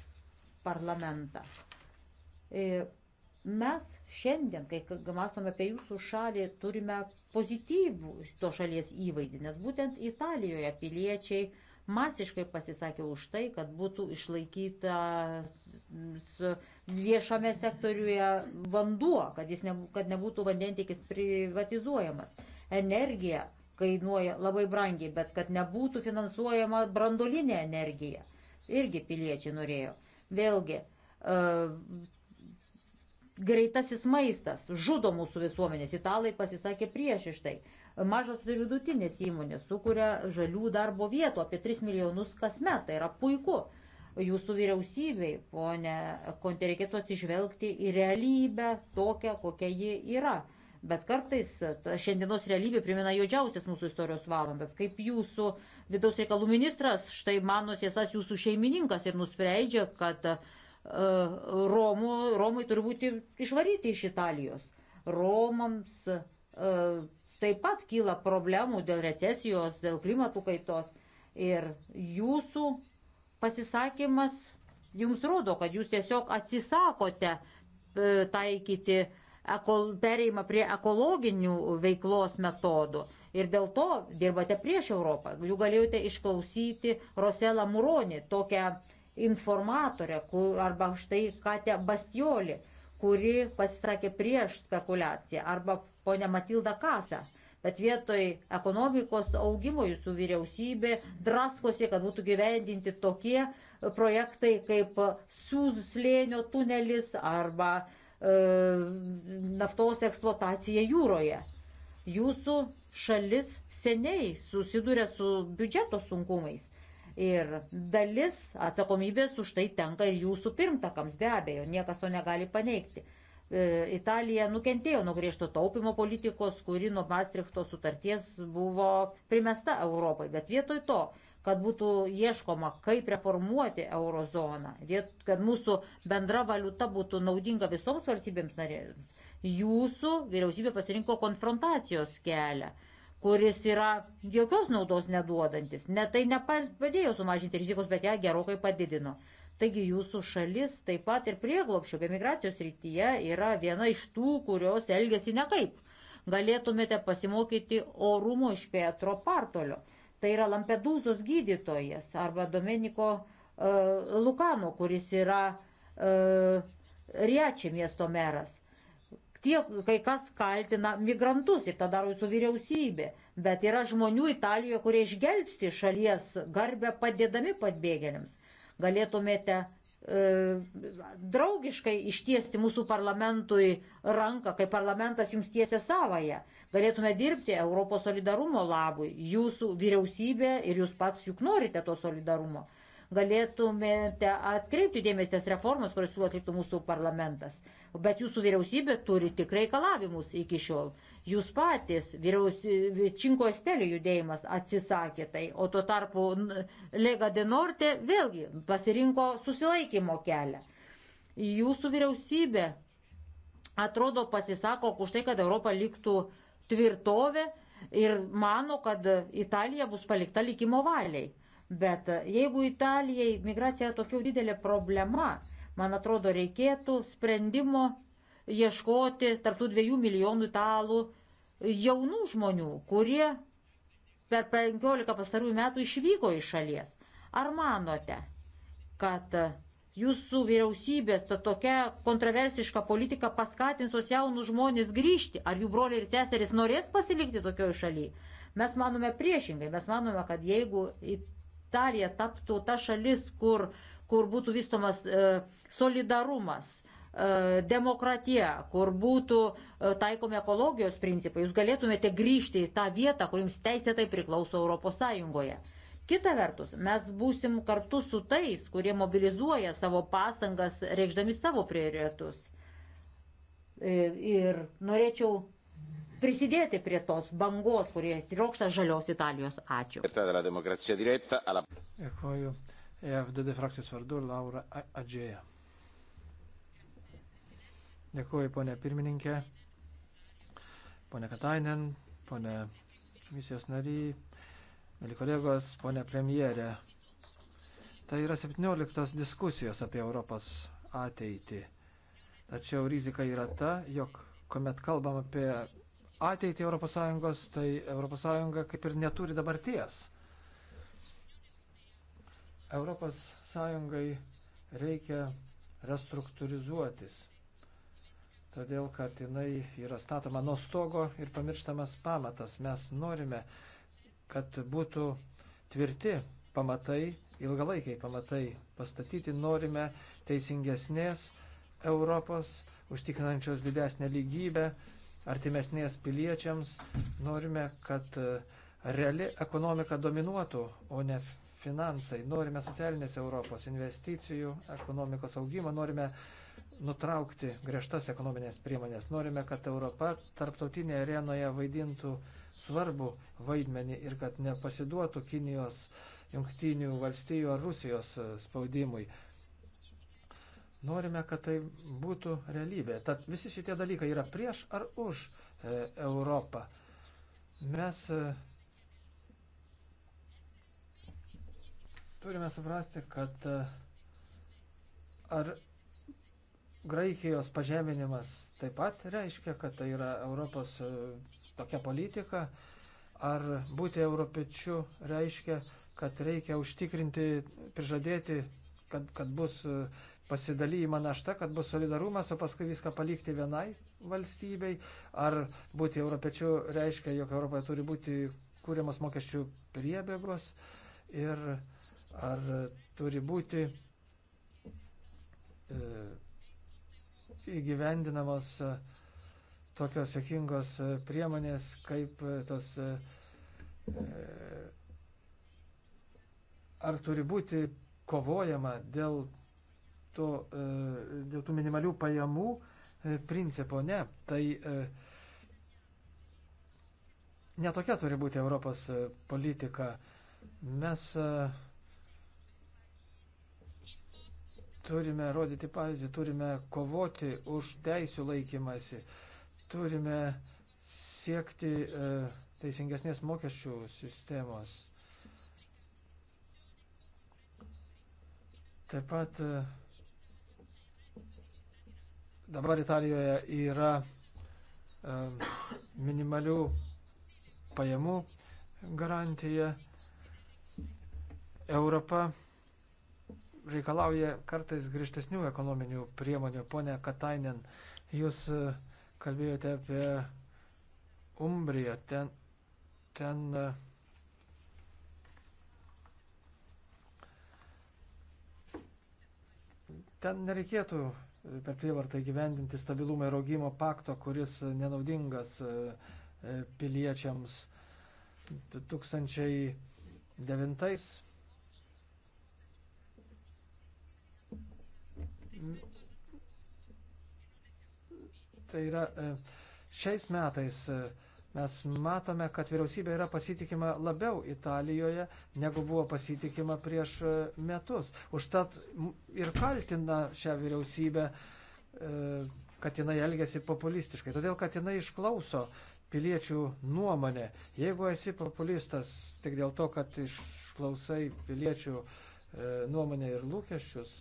parlamentą. E, mes šiandien, kai mąstome apie jūsų šalį, turime pozityvų to šalies įvaizdį, nes būtent Italijoje piliečiai masiškai pasisakė už tai, kad būtų išlaikyta viešame sektoriuje vanduo, kad, ne, kad nebūtų vandentiekis privatizuojamas. Energija kainuoja labai brangiai, bet kad nebūtų finansuojama brandolinė energija. Irgi piliečiai norėjo. Vėlgi, e, greitasis maistas žudo mūsų visuomenės. Italai pasisakė prieš iš tai. Mažos ir vidutinės įmonės sukuria žalių darbo vietų apie 3 milijonus kasmet. Tai yra puiku. Jūsų vyriausybei, ponė, kontė reikėtų atsižvelgti į realybę tokią, kokia ji yra Bet kartais e, šiandienos realybė primena juodžiausias mūsų istorijos valandas, kaip jūsų vidaus reikalų ministras, štai mano siesas jūsų šeimininkas ir nusprendžia, kad uh, Romų, Romai turi būti išvaryti iš Italijos. Romams uh, taip pat kyla problemų dėl recesijos, dėl klimatų kaitos. Ir jūsų pasisakymas jums rodo, kad jūs tiesiog atsisakote uh, taikyti uh, pereima prie ekologinių veiklos metodų. Ir dėl to dirbate prieš Europą. Jų galėjote išklausyti Roselą Muronį, tokią informatorę, kur, arba štai Katę Bastiolį, kuri pasisakė prieš spekulaciją, arba ponę Matildą Kasą. Bet vietoj ekonomikos augimo jūsų vyriausybė draskosi, kad būtų gyvendinti tokie projektai kaip Sūzų slėnio tunelis arba uh, E, naftos eksploataciją jūroje. Jūsų šalis seniai susiduria su biudžeto sunkumais ir dalis atsakomybės už tai tenka ir jūsų pirmtakams, be abejo, niekas to negali paneigti. E, Italija nukentėjo nuo griežto taupimo politikos, kuri nuo Maastrichto sutarties buvo primesta Europai, bet vietoj to kad būtų ieškoma, kaip reformuoti eurozoną, kad mūsų bendra valiuta būtų naudinga visoms valstybėms narėms. Jūsų vyriausybė pasirinko konfrontacijos kelią, kuris yra jokios naudos neduodantis. Net tai nepadėjo sumažinti rizikos, bet ją gerokai padidino. Taigi jūsų šalis taip pat ir prieglopšio bei migracijos rytyje yra viena iš tų, kurios elgesi nekaip. Galėtumėte pasimokyti orumo iš Petro Partolio Tai yra Lampedūzos gydytojas arba Domeniko uh, e, Lukano, kuris yra uh, e, Riečio miesto meras. Tie, kai kas kaltina migrantus ir tą daro jūsų vyriausybė, bet yra žmonių Italijoje, kurie išgelbsti šalies garbę padėdami patbėgėliams. Galėtumėte E, draugiškai ištiesti mūsų parlamentui ranką, kai parlamentas jums tiesia savoje. Galėtume dirbti Europos solidarumo labui. Jūsų vyriausybė ir jūs pats juk norite to solidarumo galėtumėte atkreipti dėmesį tas reformas, kurias siūlo atlikti mūsų parlamentas. Bet jūsų vyriausybė turi tik reikalavimus iki šiol. Jūs patys, vyriausybė, Činko Estelio judėjimas atsisakė tai, o tuo tarpu Lega Denorte vėlgi pasirinko susilaikymo kelią. Jūsų vyriausybė atrodo pasisako už tai, kad Europa liktų tvirtovė ir mano, kad Italija bus palikta likimo valiai. Bet e, jeigu Italijai migracija yra tokia didelė problema, man atrodo, reikėtų sprendimo ieškoti tarptų dviejų milijonų italų jaunų žmonių, kurie per 15 pastarųjų metų išvyko iš šalies. Ar manote, kad e, jūsų vyriausybės to tokia kontroversiška politika paskatins tos jaunus žmonės grįžti? Ar jų broliai ir seserys norės pasilikti tokioje šalyje? Mes manome priešingai, mes manome, kad jeigu Italija taptų ta šalis, kur, kur būtų vystomas e, solidarumas, e, demokratija, kur būtų e, taikomi ekologijos principai, jūs galėtumėte grįžti į tą vietą, kur jums teisėtai priklauso ES. Kita vertus, mes būsim kartu su tais, kurie mobilizuoja savo pasangas, reikšdami savo prioritetus. Ir norėčiau prisidėti prie tos bangos, kurie trokšta žalios Italijos. Ačiū. Dėkuoju. E FDD frakcijos vardu Laura Adžėja. Dėkuoju, ponė pirmininkė, ponė Katainen, ponė misijos nariai, mėly kolegos, ponė premjerė. Tai yra 17 diskusijos apie Europos ateitį. Tačiau rizika yra ta, jog kuomet kalbam apie ateitį ES, tai ES kaip ir neturi dabarties. ES reikia restruktūrizuotis, todėl kad jinai yra statoma nuo stogo ir pamirštamas pamatas. Mes norime, kad būtų tvirti pamatai, ilgalaikiai pamatai pastatyti, norime teisingesnės Europos, užtikrinančios didesnę lygybę artimesnės piliečiams, norime, kad e, reali ekonomika dominuotų, o ne finansai. Norime socialinės Europos investicijų, ekonomikos augimą, norime nutraukti griežtas ekonominės priemonės. Norime, kad Europa tarptautinėje arenoje vaidintų svarbu vaidmenį ir kad nepasiduotų Kinijos, Junktinių valstijų ar Rusijos e, spaudimui. Norime, kad tai būtų realybė. Tad visi šitie dalykai yra prieš ar už e, Europą. Mes e, turime suprasti, kad e, ar Graikijos pažeminimas taip pat reiškia, kad tai yra Europos e, tokia politika, ar būti europiečiu reiškia, kad reikia užtikrinti, prižadėti, kad, kad bus. E, pasidalyjimą naštą, kad bus solidarumas, o paskui viską palikti vienai valstybei, ar būti europiečiu reiškia, jog Europoje turi būti kūriamas mokesčių priebėgos ir ar turi būti e, įgyvendinamos e, tokios jokingos e, priemonės, kaip tos. Ar turi būti kovojama dėl to, e, dėl tų minimalių pajamų e, principo. Ne, tai e, netokia turi būti Europos politika. Mes turime rodyti pavyzdį, turime kovoti už teisų laikymasi, turime siekti teisingesnės mokesčių sistemos. Taip pat Dabar Italijoje yra minimalių pajamų garantija. Europa reikalauja kartais grįžtesnių ekonominių priemonių. Pone Katainen, jūs e, kalbėjote apie Umbriją. Ten, ten e, ten nereikėtų per prievartą įgyvendinti stabilumo ir augimo pakto, kuris nenaudingas e, e, piliečiams 2009. Tai yra e, šiais metais mes matome, kad vyriausybė yra pasitikima labiau Italijoje, negu buvo pasitikima prieš e, metus. Užtat ir kaltina šią vyriausybę, e, kad jinai elgesi populistiškai. Todėl, kad jinai išklauso piliečių nuomonę. Jeigu esi populistas tik dėl to, kad išklausai piliečių e, nuomonę ir lūkesčius,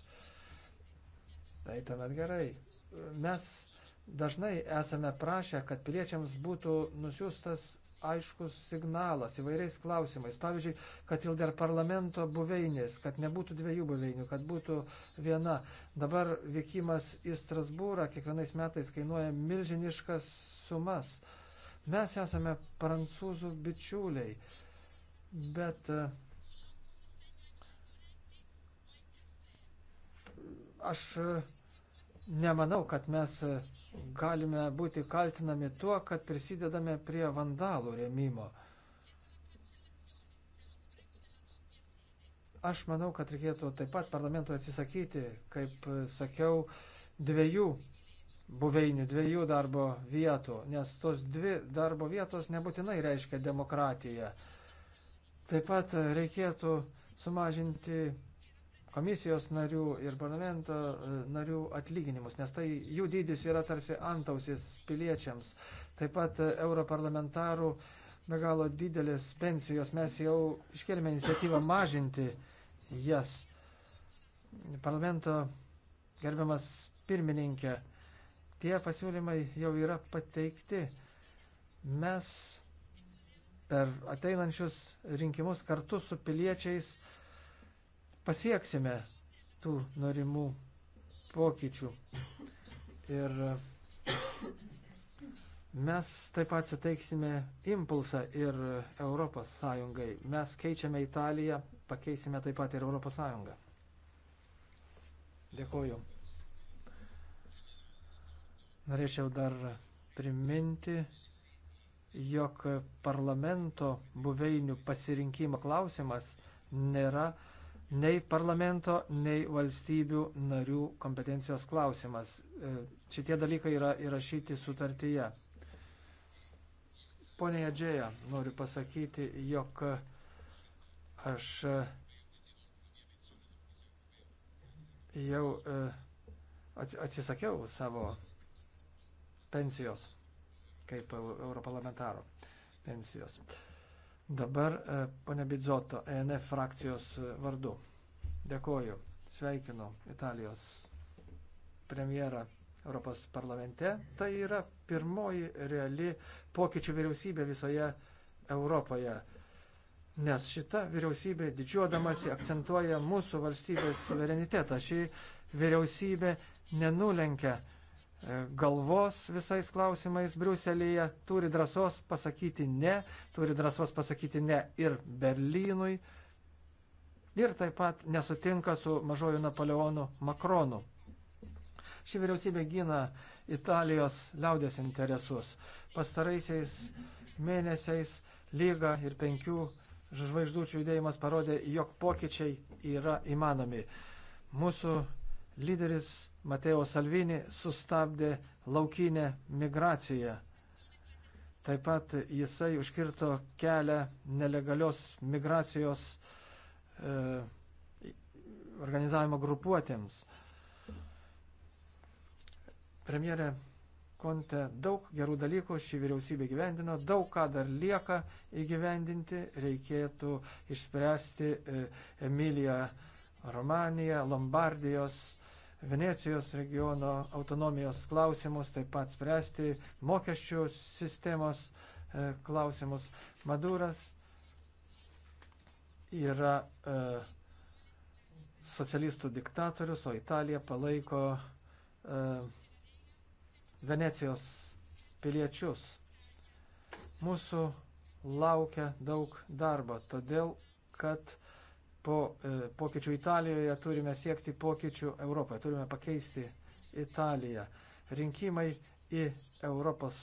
tai tuomet gerai. Mes Dažnai esame prašę, kad piliečiams būtų nusiųstas aiškus signalas įvairiais klausimais. Pavyzdžiui, kad il dar parlamento buveinės, kad nebūtų dviejų buveinių, kad būtų viena. Dabar vykimas į Strasbūrą kiekvienais metais kainuoja milžiniškas sumas. Mes esame prancūzų bičiuliai, bet e, aš nemanau, kad mes e, galime būti kaltinami tuo, kad prisidedame prie vandalų rėmimo. Aš manau, kad reikėtų taip pat parlamentui atsisakyti, kaip sakiau, dviejų buveinių, dviejų darbo vietų, nes tos dvi darbo vietos nebūtinai reiškia demokratiją. Taip pat reikėtų sumažinti komisijos narių ir parlamento e, narių atlyginimus, nes tai jų dydis yra tarsi antausis piliečiams. Taip pat e, europarlamentarų be galo didelės pensijos, mes jau iškelime iniciatyvą mažinti jas. Parlamento gerbiamas pirmininkė, tie pasiūlymai jau yra pateikti. Mes per ateinančius rinkimus kartu su piliečiais pasieksime tų norimų pokyčių. Ir mes taip pat suteiksime impulsą ir Europos Sąjungai. Mes keičiame Italiją, pakeisime taip pat ir Europos Sąjungą. Dėkoju. Norėčiau dar priminti, jog parlamento buveinių pasirinkimo klausimas nėra nei parlamento, nei valstybių narių kompetencijos klausimas. E, šitie dalykai yra įrašyti sutartyje. Pone Jadžėja, noriu pasakyti, jog aš e, jau e, atsisakiau savo pensijos kaip europarlamentaro pensijos. Dabar e, ponė Bidzoto, ENF frakcijos e, vardu. Dėkoju, sveikinu Italijos premjerą Europos parlamente. Tai yra pirmoji reali pokyčių vyriausybė visoje Europoje. Nes šita vyriausybė didžiuodamasi akcentuoja mūsų valstybės suverenitetą. Ši vyriausybė nenulenkia E, galvos visais klausimais Briuselėje, turi drąsos pasakyti ne, turi drąsos pasakyti ne ir Berlynui, ir taip pat nesutinka su mažoju Napoleonu Makronu. Ši vyriausybė gina Italijos liaudės interesus. Pastaraisiais mėnesiais lyga ir penkių žvaigždučių judėjimas parodė, jog pokyčiai yra įmanomi. Mūsų lyderis Mateo Salvini sustabdė laukinę migraciją. Taip pat jisai užkirto kelią nelegalios migracijos e, organizavimo grupuotėms. Premjerė Konte daug gerų dalykų šį vyriausybę gyvendino, daug ką dar lieka įgyvendinti, reikėtų išspręsti e, Emiliją Romaniją, Lombardijos Venecijos regiono autonomijos klausimus, taip pat spręsti mokesčių sistemos e, klausimus. Maduras yra e, socialistų diktatorius, o Italija palaiko e, Venecijos piliečius. Mūsų laukia daug darbo, todėl kad po e, pokyčių Italijoje turime siekti pokyčių Europoje, turime pakeisti Italiją. Rinkimai į Europos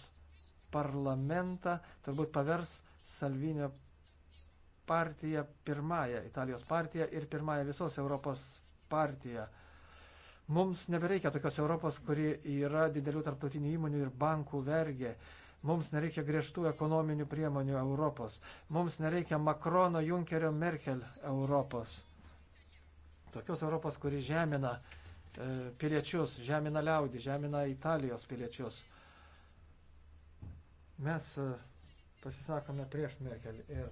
parlamentą turbūt pavers Salvinio partiją pirmąją Italijos partiją ir pirmąją visos Europos partiją. Mums nebereikia tokios Europos, kuri yra didelių tarptautinių įmonių ir bankų vergė. Mums nereikia griežtų ekonominių priemonių Europos. Mums nereikia Makrono, Junkerio, Merkel Europos. Tokios Europos, kuri žemina e, piliečius, žemina liaudį, žemina Italijos piliečius. Mes e, pasisakome prieš Merkel ir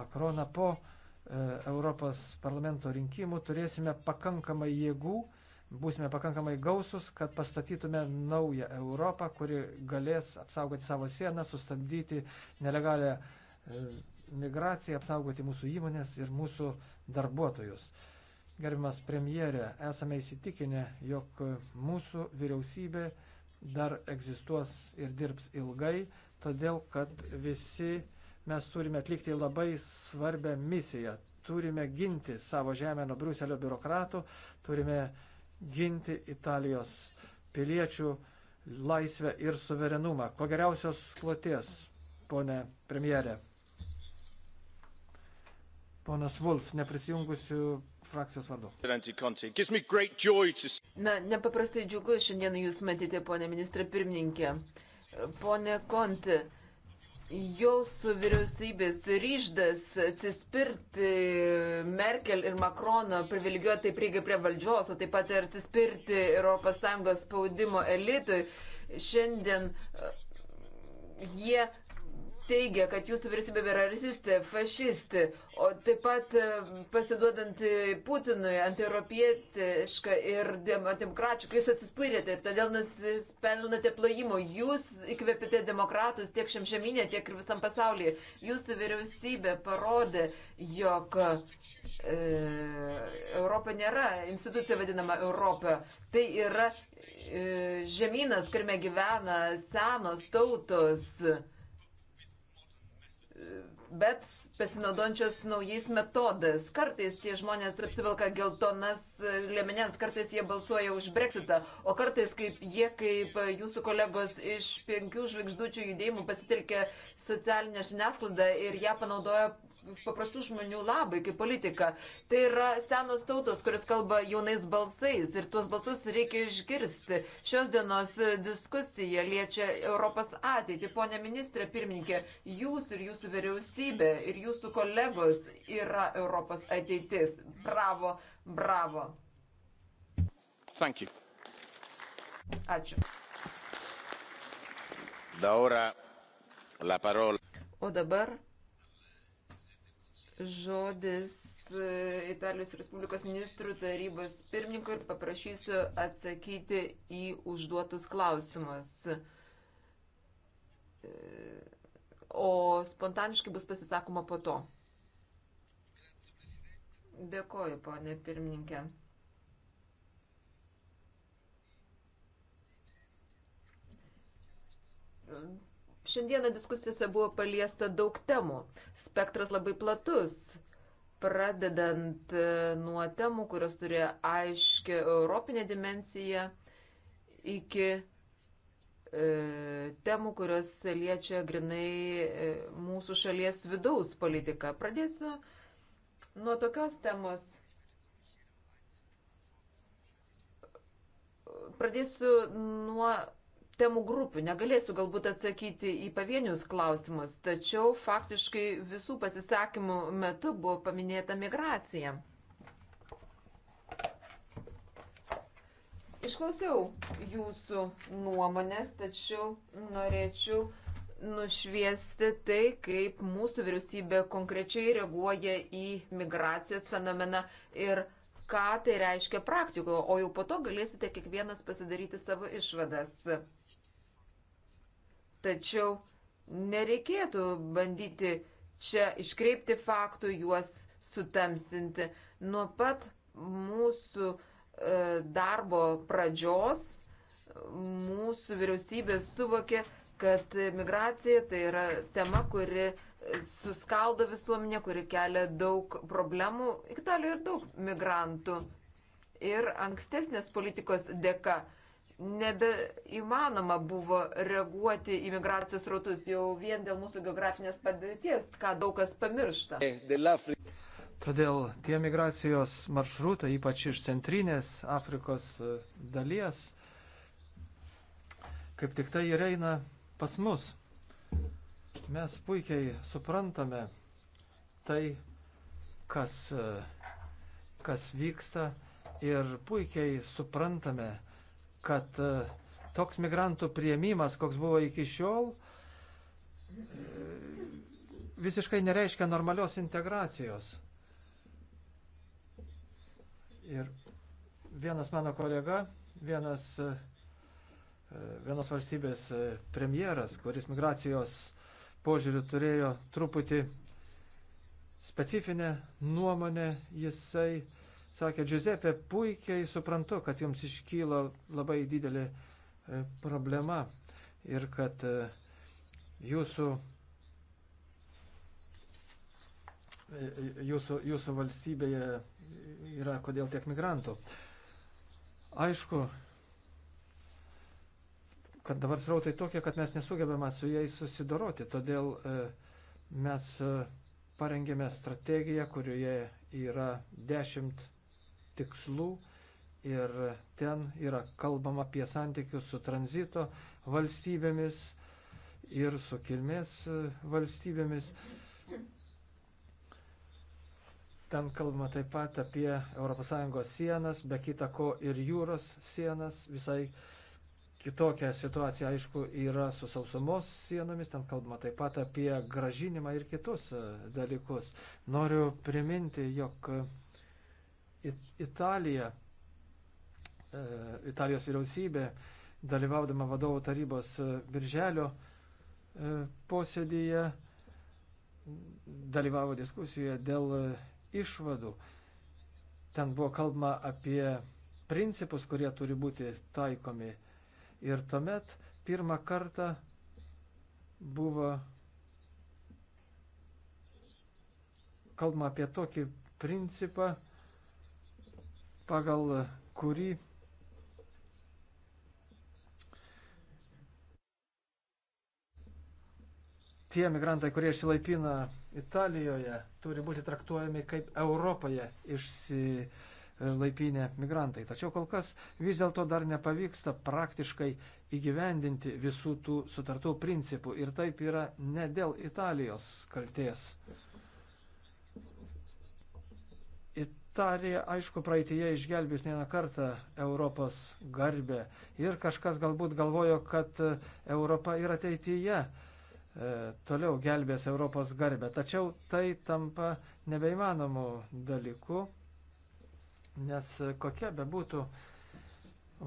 Makroną po e, Europos parlamento rinkimų turėsime pakankamai jėgų, būsime pakankamai gausus, kad pastatytume naują Europą, kuri galės apsaugoti savo sieną, sustabdyti nelegalę e, migraciją, apsaugoti mūsų įmonės ir mūsų darbuotojus. Gerbimas premjerė, esame įsitikinę, jog mūsų vyriausybė dar egzistuos ir dirbs ilgai, todėl kad visi mes turime atlikti labai svarbią misiją. Turime ginti savo žemę nuo Bruselio biurokratų, turime uh, ginti Italijos piliečių laisvę ir suverenumą. Ko geriausios kloties, ponė premjerė. Ponas Wolf, neprisijungusių frakcijos vardu. Na, nepaprastai džiugu šiandien jūs matyti, ponė ministrė pirmininkė. Pone Konti, jūsų vyriausybės ryždas atsispirti Merkel ir Makrono privilegijuotai prieigai prie valdžios, o taip pat ir atsispirti ES spaudimo elitui, šiandien e, jie teigia, kad jūsų vyriausybė yra rasistė, fašistė, o taip pat e, pasiduodanti Putinui, antieuropietiška ir demokratiška, jūs atsispyrėte ir todėl nusipelnote plojimo. Jūs įkvėpite demokratus tiek šiam žemynė, tiek ir visam pasaulyje. Jūsų vyriausybė parodė, jog e, Europa nėra institucija vadinama Europa. Tai yra e, žemynas, kuriame gyvena senos tautos bet pasinaudojančios naujais metodais. Kartais tie žmonės apsivilka geltonas liemenens, kartais jie balsuoja už breksitą, o kartais kaip jie, kaip jūsų kolegos iš penkių žvaigždučių judėjimų pasitelkia socialinę žiniasklaidą ir ją panaudoja paprastų žmonių labai, kaip politika. Tai yra senos tautos, kuris kalba jaunais balsais ir tuos balsus reikia išgirsti. Šios dienos diskusija liečia Europos ateitį. Pone ministrė, pirmininkė, jūs ir jūsų vyriausybė ir jūsų kolegos yra Europos ateitis. Bravo, bravo. Thank you. Ačiū. Da ora la parola. O dabar žodis e, Italijos Respublikos ministrų tarybos pirmininkui ir paprašysiu atsakyti į užduotus klausimus. E, o spontaniškai bus pasisakoma po to. Dėkoju, ponė pirmininkė. Šiandieną diskusijose buvo paliesta daug temų. Spektras labai platus. Pradedant e, nuo temų, kurios turi aiškę europinę dimenciją, iki e, temų, kurios liečia grinai e, mūsų šalies vidaus politiką. Pradėsiu nuo tokios temos. Pradėsiu nuo temų grupių. Negalėsiu galbūt atsakyti į pavienius klausimus, tačiau faktiškai visų pasisakymų metu buvo paminėta migracija. Išklausiau jūsų nuomonės, tačiau norėčiau nušviesti tai, kaip mūsų vyriausybė konkrečiai reaguoja į migracijos fenomeną ir ką tai reiškia praktikoje, o jau po to galėsite kiekvienas pasidaryti savo išvadas. Tačiau nereikėtų bandyti čia iškreipti faktų, juos sutamsinti. Nuo pat mūsų e, darbo pradžios mūsų vyriausybė suvokė, kad migracija tai yra tema, kuri suskaldo visuomenę, kuri kelia daug problemų. Italijoje ir daug migrantų. Ir ankstesnės politikos dėka nebeįmanoma buvo reaguoti į migracijos rautus jau vien dėl mūsų geografinės padėties, ką daug kas pamiršta. Todėl tie migracijos maršrutai, ypač iš centrinės Afrikos e, dalies, kaip tik tai ir eina pas mus. Mes puikiai suprantame tai, kas, e, kas vyksta ir puikiai suprantame, kad e, toks migrantų prieimimas, koks buvo iki šiol, e, visiškai nereiškia normalios integracijos. Ir vienas mano kolega, vienas, e, vienos valstybės premjeras, kuris migracijos požiūriu turėjo truputį specifinę nuomonę, jisai sakė, Giuseppe, puikiai suprantu, kad jums iškylo labai didelė e, problema ir kad e, jūsų, e, jūsų, jūsų valstybėje yra kodėl tiek migrantų. Aišku, kad dabar srautai tokie, kad mes nesugebame su jais susidoroti, todėl mes parengėme strategiją, kurioje yra dešimt tikslų ir ten yra kalbama apie santykius su tranzito valstybėmis ir su kilmės e, valstybėmis. Ten kalbama taip pat apie ES sienas, be kita ko ir jūros sienas. Visai kitokia situacija, aišku, yra su sausumos sienomis. Ten kalbama taip pat apie gražinimą ir kitus e, dalykus. Noriu priminti, jog It Italija, e, Italijos vyriausybė, dalyvaudama vadovų tarybos e, birželio e, posėdėje, dalyvavo diskusijoje dėl e, išvadų. Ten buvo kalbama apie principus, kurie turi būti taikomi. Ir tuomet pirmą kartą buvo kalbama apie tokį principą, pagal kurį tie migrantai, kurie išsilaipina Italijoje, turi būti traktuojami kaip Europoje išsilaipinę migrantai. Tačiau kol kas vis dėlto dar nepavyksta praktiškai įgyvendinti visų tų sutartų principų. Ir taip yra ne dėl Italijos kalties. Italija, aišku, praeitie išgelbės vieną kartą Europos garbę ir kažkas galbūt galvojo, kad e, Europa ir ateityje e, toliau gelbės Europos garbę. Tačiau tai tampa nebeįmanomu dalyku, nes kokia bebūtų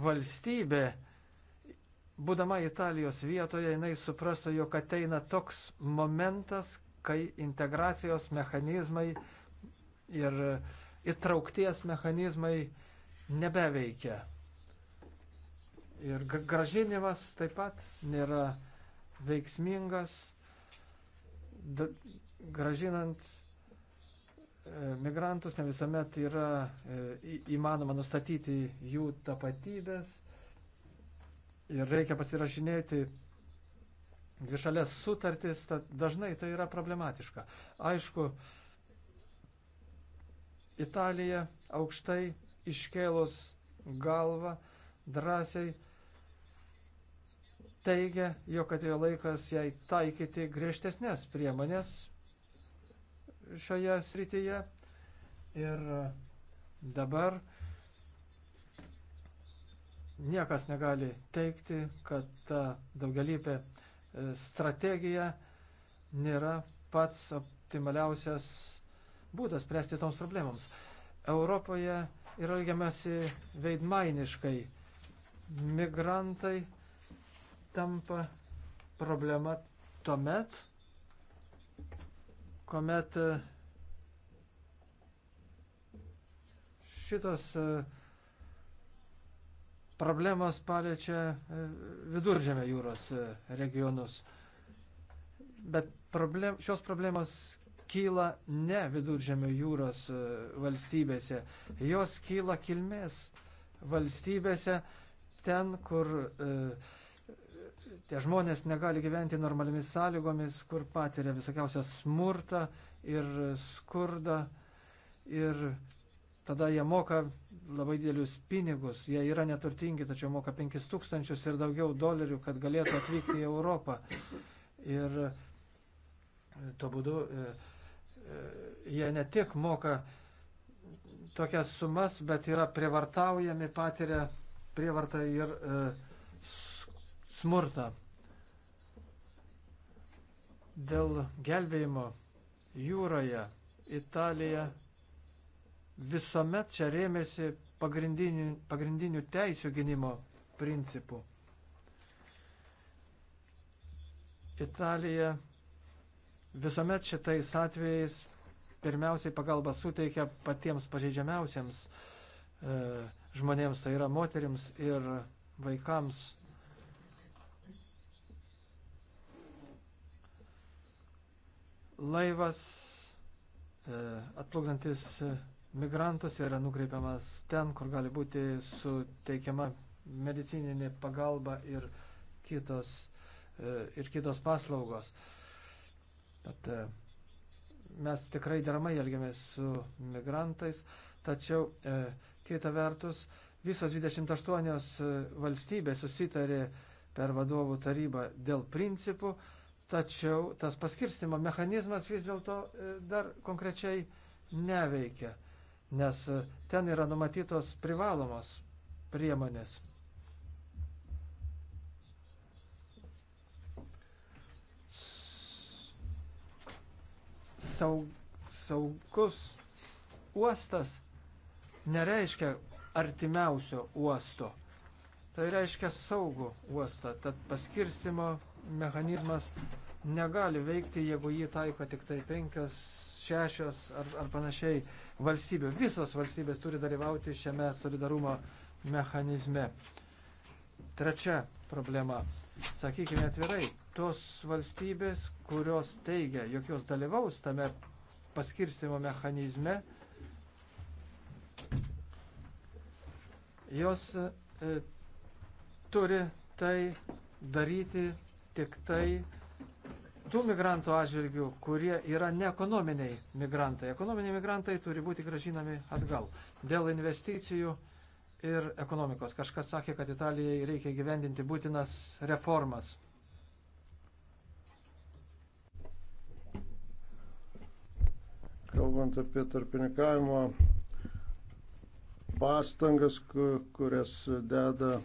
valstybė, būdama Italijos vietoje, jinai suprastų, jog ateina toks momentas, kai integracijos mechanizmai ir e, įtraukties mechanizmai nebeveikia. Ir gražinimas taip pat nėra veiksmingas, da, gražinant e, migrantus ne visuomet yra e, įmanoma nustatyti jų tapatybės ir reikia pasirašinėti dvišalės sutartis, dažnai tai yra problematiška. Aišku, Italija aukštai iškėlus galvą drąsiai teigia, jog atėjo laikas jai taikyti griežtesnės priemonės šioje srityje. Ir dabar niekas negali teikti, kad ta daugelįpė e, strategija nėra pats optimaliausias būdas spręsti toms problemams. Europoje yra elgiamasi veidmainiškai. Migrantai tampa problema tuomet, kuomet e, šitos e, problemos paliečia e, viduržėme jūros regionus. Bet problem, šios problemos kyla ne viduržėmio jūros e, valstybėse, jos kyla kilmės valstybėse, ten, kur e, tie žmonės negali gyventi normaliomis sąlygomis, kur patiria visokiausią smurtą ir skurdą. Ir tada jie moka labai didelius pinigus, jie yra neturtingi, tačiau moka 5000 ir daugiau dolerių, kad galėtų atvykti į Europą. Ir tuo būdu e, jie ne tik moka tokias sumas, bet yra prievartaujami, patiria prievartą ir e, smurtą. Dėl gelbėjimo jūroje Italija visuomet čia rėmėsi pagrindinių, pagrindinių teisų gynimo principų. Italija Visuomet šitais atvejais pirmiausiai pagalba suteikia patiems pažeidžiamiausiems e, žmonėms, tai yra moteriams ir vaikams. Laivas e, atplukdantis migrantus yra nukreipiamas ten, kur gali būti suteikiama medicininė pagalba ir kitos, e, ir kitos paslaugos. E, Tad e, mes tikrai deramai elgiamės su migrantais, tačiau e, kita vertus visos 28 e, valstybės susitarė per vadovų tarybą dėl principų, tačiau tas paskirstimo mechanizmas vis dėlto e, dar konkrečiai neveikia, nes e, ten yra numatytos privalomos priemonės saug, saugus uostas nereiškia artimiausio uosto. Tai reiškia saugų uostą. Tad paskirstimo mechanizmas negali veikti, jeigu jį taiko tik tai penkios, šešios ar, ar panašiai valstybių. Visos valstybės turi dalyvauti šiame solidarumo mechanizme. Trečia problema. Sakykime atvirai, tos valstybės, kurios teigia, jog jos dalyvaus tame paskirstimo mechanizme, jos e, turi tai daryti tik tai tų migrantų atžvilgių, kurie yra ne ekonominiai migrantai. Ekonominiai migrantai turi būti gražinami atgal. Dėl investicijų ir ekonomikos. Kažkas sakė, kad Italijai reikia gyvendinti būtinas reformas. kalbant apie tarpininkavimo pastangas, kurias deda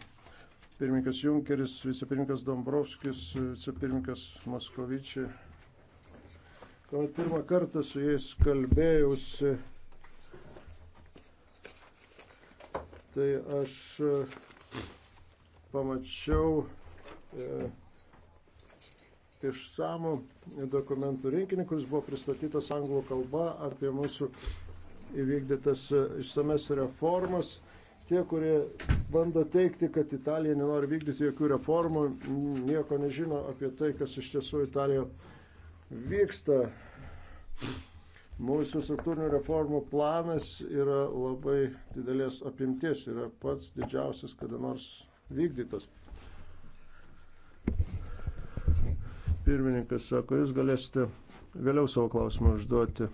pirmininkas Junkeris, vicepirmininkas Dombrovskis, vicepirmininkas Moskovičiai. Kuomet pirmą kartą su jais kalbėjausi, tai aš pamačiau e, išsamų dokumentų rinkinį, kuris buvo pristatytas anglų kalba apie mūsų įvykdytas išsames reformas. Tie, kurie bando teikti, kad Italija nenori vykdyti jokių reformų, nieko nežino apie tai, kas iš tiesų Italijoje vyksta. Mūsų struktūrinių reformų planas yra labai didelės apimties, yra pats didžiausias kada nors vykdytas. Pirmininkas sako, jūs galėsite vėliau savo klausimą užduoti.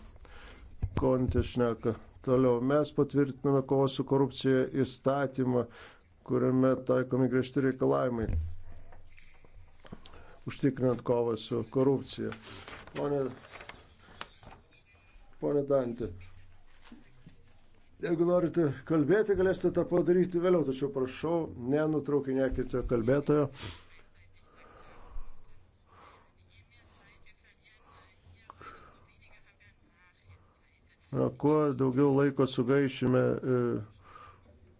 Kontė šneka. Toliau mes patvirtiname kovos su korupcija įstatymą, kuriame taikomi griežti reikalavimai užtikrinant kovą su korupcija. Pone, pone Dantė, jeigu norite kalbėti, galėsite tą padaryti vėliau, tačiau prašau, nenutraukinėkite kalbėtojo. kuo daugiau laiko sugaišime e,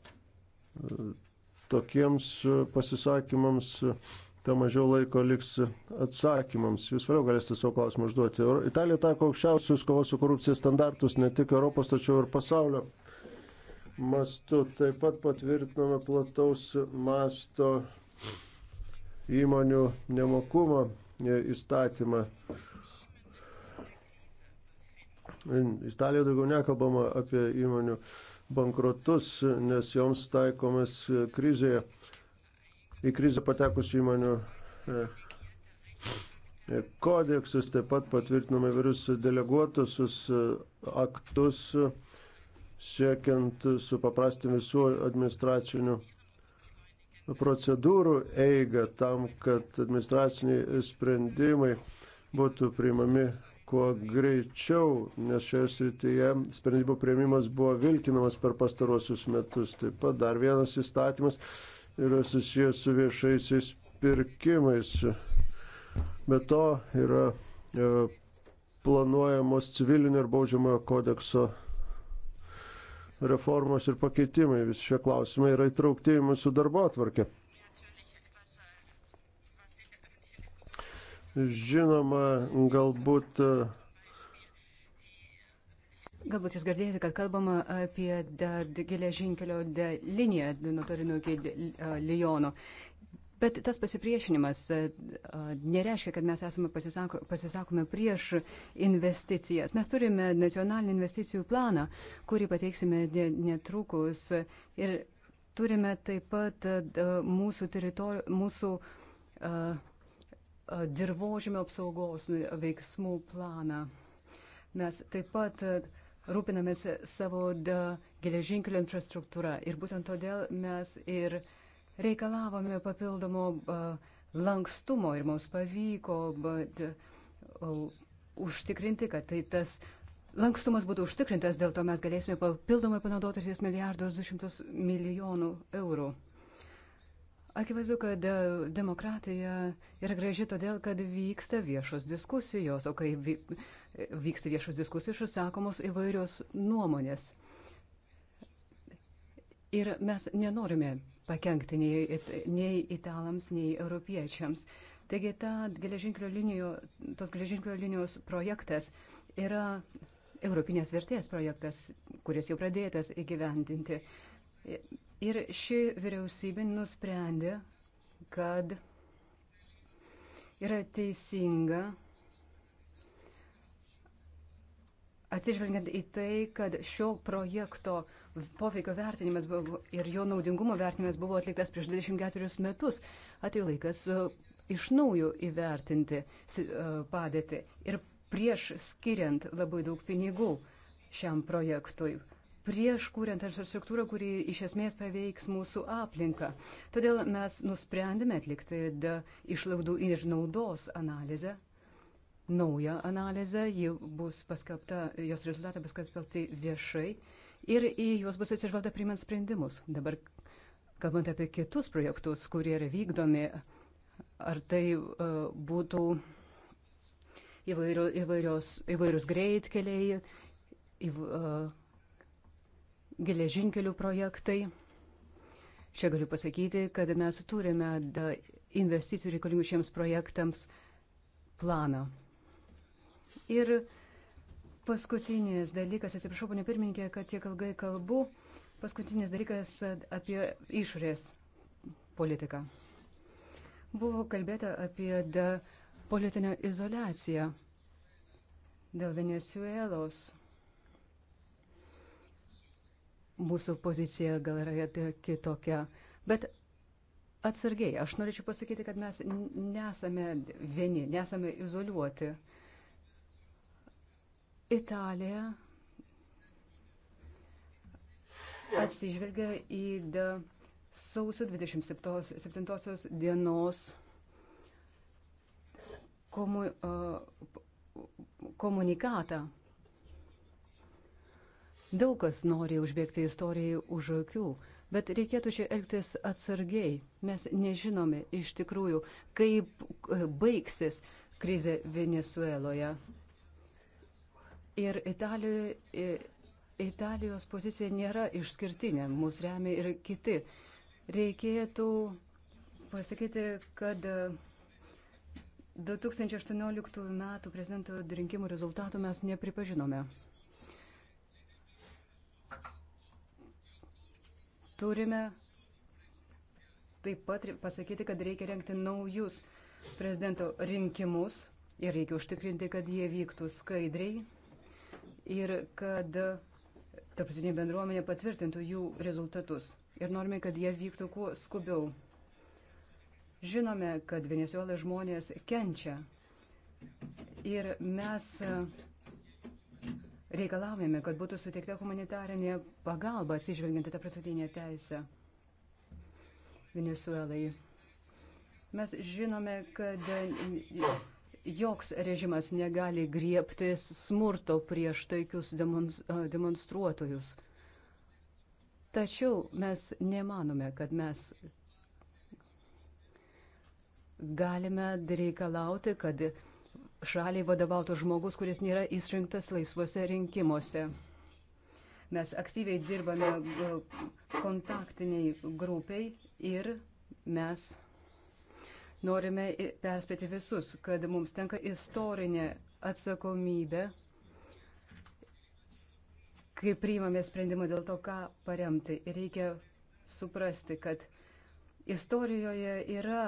e, tokiems e, pasisakymams, ta mažiau laiko liks atsakymams. Jūs vėliau galėsite savo klausimą užduoti. Italija taiko aukščiausius kovos su korupcija standartus ne tik Europos, tačiau ir pasaulio mastu. Taip pat patvirtinome plataus masto įmonių nemokumo įstatymą. Italijoje daugiau nekalbama apie įmonių bankrotus, nes joms taikomas krizėje, į krizę patekus įmonių e, e, kodeksus, taip pat patvirtinome virus deleguotusius e, aktus, siekiant supaprasti visų administracinių procedūrų eigą tam, kad administraciniai sprendimai būtų priimami kuo greičiau, nes šioje srityje sprendimų prieimimas buvo vilkinamas per pastarosius metus. Taip pat dar vienas įstatymas yra susijęs su viešaisiais pirkimais. Be to yra e, planuojamos civilinio ir baudžiamojo kodekso reformos ir pakeitimai. Visi šie klausimai yra įtraukti į mūsų darbo atvarkę. Žinoma, galbūt. E, galbūt jūs girdėjote, kad kalbama apie geležinkelio liniją nuo Torino iki Lyono. Bet tas pasipriešinimas e, nereiškia, kad mes esame pasisako, pasisakome prieš investicijas. Mes turime nacionalinį investicijų planą, kurį pateiksime netrukus. Ir turime taip pat e, mūsų teritorijų, mūsų uh, dirbožėmio apsaugos veiksmų planą. Mes taip pat rūpinamės savo geležinkelio infrastruktūrą ir būtent todėl mes ir reikalavome papildomo lankstumo ir mums pavyko užtikrinti, kad tai tas lankstumas būtų užtikrintas, dėl to mes galėsime papildomai panaudoti 3 milijardus 200 milijonų eurų. Akivaizdu, kad demokratija yra graži todėl, kad vyksta viešos diskusijos, o kai vyksta viešos diskusijos, išsakomos įvairios nuomonės. Ir mes nenorime pakengti nei, nei italams, nei europiečiams. Taigi ta geležinkelio linijo, tos geležinkelio linijos projektas yra europinės vertės projektas, kuris jau pradėtas įgyvendinti. Ir ši vyriausybė nusprendė, kad yra teisinga, atsižvelgiant į tai, kad šio projekto poveikio vertinimas buvo, ir jo naudingumo vertinimas buvo atliktas prieš 24 metus, atėjo laikas e, iš naujo įvertinti e, padėtį ir prieš skiriant labai daug pinigų šiam projektui prieš kūrent infrastruktūrą, kuri iš esmės paveiks mūsų aplinką. Todėl mes nusprendėme atlikti išlaidų ir naudos analizę. Nauja analizė, ji bus paskapta, jos rezultatai bus paskelbti viešai ir į juos bus atsižvalgta priimant sprendimus. Dabar, kalbant apie kitus projektus, kurie yra vykdomi, ar tai uh, būtų įvairios, įvairios, įvairios greitkeliai, įv, uh, geležinkelių projektai. Čia galiu pasakyti, kad mes turime investicijų reikalingų šiems projektams planą. Ir paskutinis dalykas, atsiprašau, ponė pirmininkė, kad tiek ilgai kalbu, paskutinis dalykas apie išorės politiką. Buvo kalbėta apie politinę izolaciją dėl Venezuelos mūsų pozicija gal yra kitokia. Bet atsargiai, aš norėčiau pasakyti, kad mes nesame vieni, nesame izoliuoti. Italija atsižvelgia į sausio 27 dienos komu, komunikatą Daug kas nori užbėgti istorijai už akių, bet reikėtų čia elgtis atsargiai. Mes nežinome iš tikrųjų, kaip e, baigsis krizė Venezueloje. Ir Italijoje, e, Italijos pozicija nėra išskirtinė, mūsų remia ir kiti. Reikėtų pasakyti, kad 2018 e, m. prezidento rinkimų rezultatų mes nepripažinome. turime taip pat pasakyti, kad reikia renkti naujus prezidento rinkimus ir reikia užtikrinti, kad jie vyktų skaidriai ir kad tarptautinė bendruomenė patvirtintų jų rezultatus. Ir norime, kad jie vyktų kuo skubiau. Žinome, kad Venezuelai žmonės kenčia. Ir mes reikalavome, kad būtų suteikta humanitarinė pagalba atsižvelgiant į tą pratutinę teisę Venezuelai. Mes žinome, kad joks režimas negali griebtis smurto prieš taikius demonstruotojus. Tačiau mes nemanome, kad mes galime reikalauti, kad šaliai vadovautų žmogus, kuris nėra išrinktas laisvose rinkimuose. Mes aktyviai dirbame e, kontaktiniai grupiai ir mes norime perspėti visus, kad mums tenka istorinė atsakomybė, kai priimame sprendimą dėl to, ką paremti. Ir reikia suprasti, kad istorijoje yra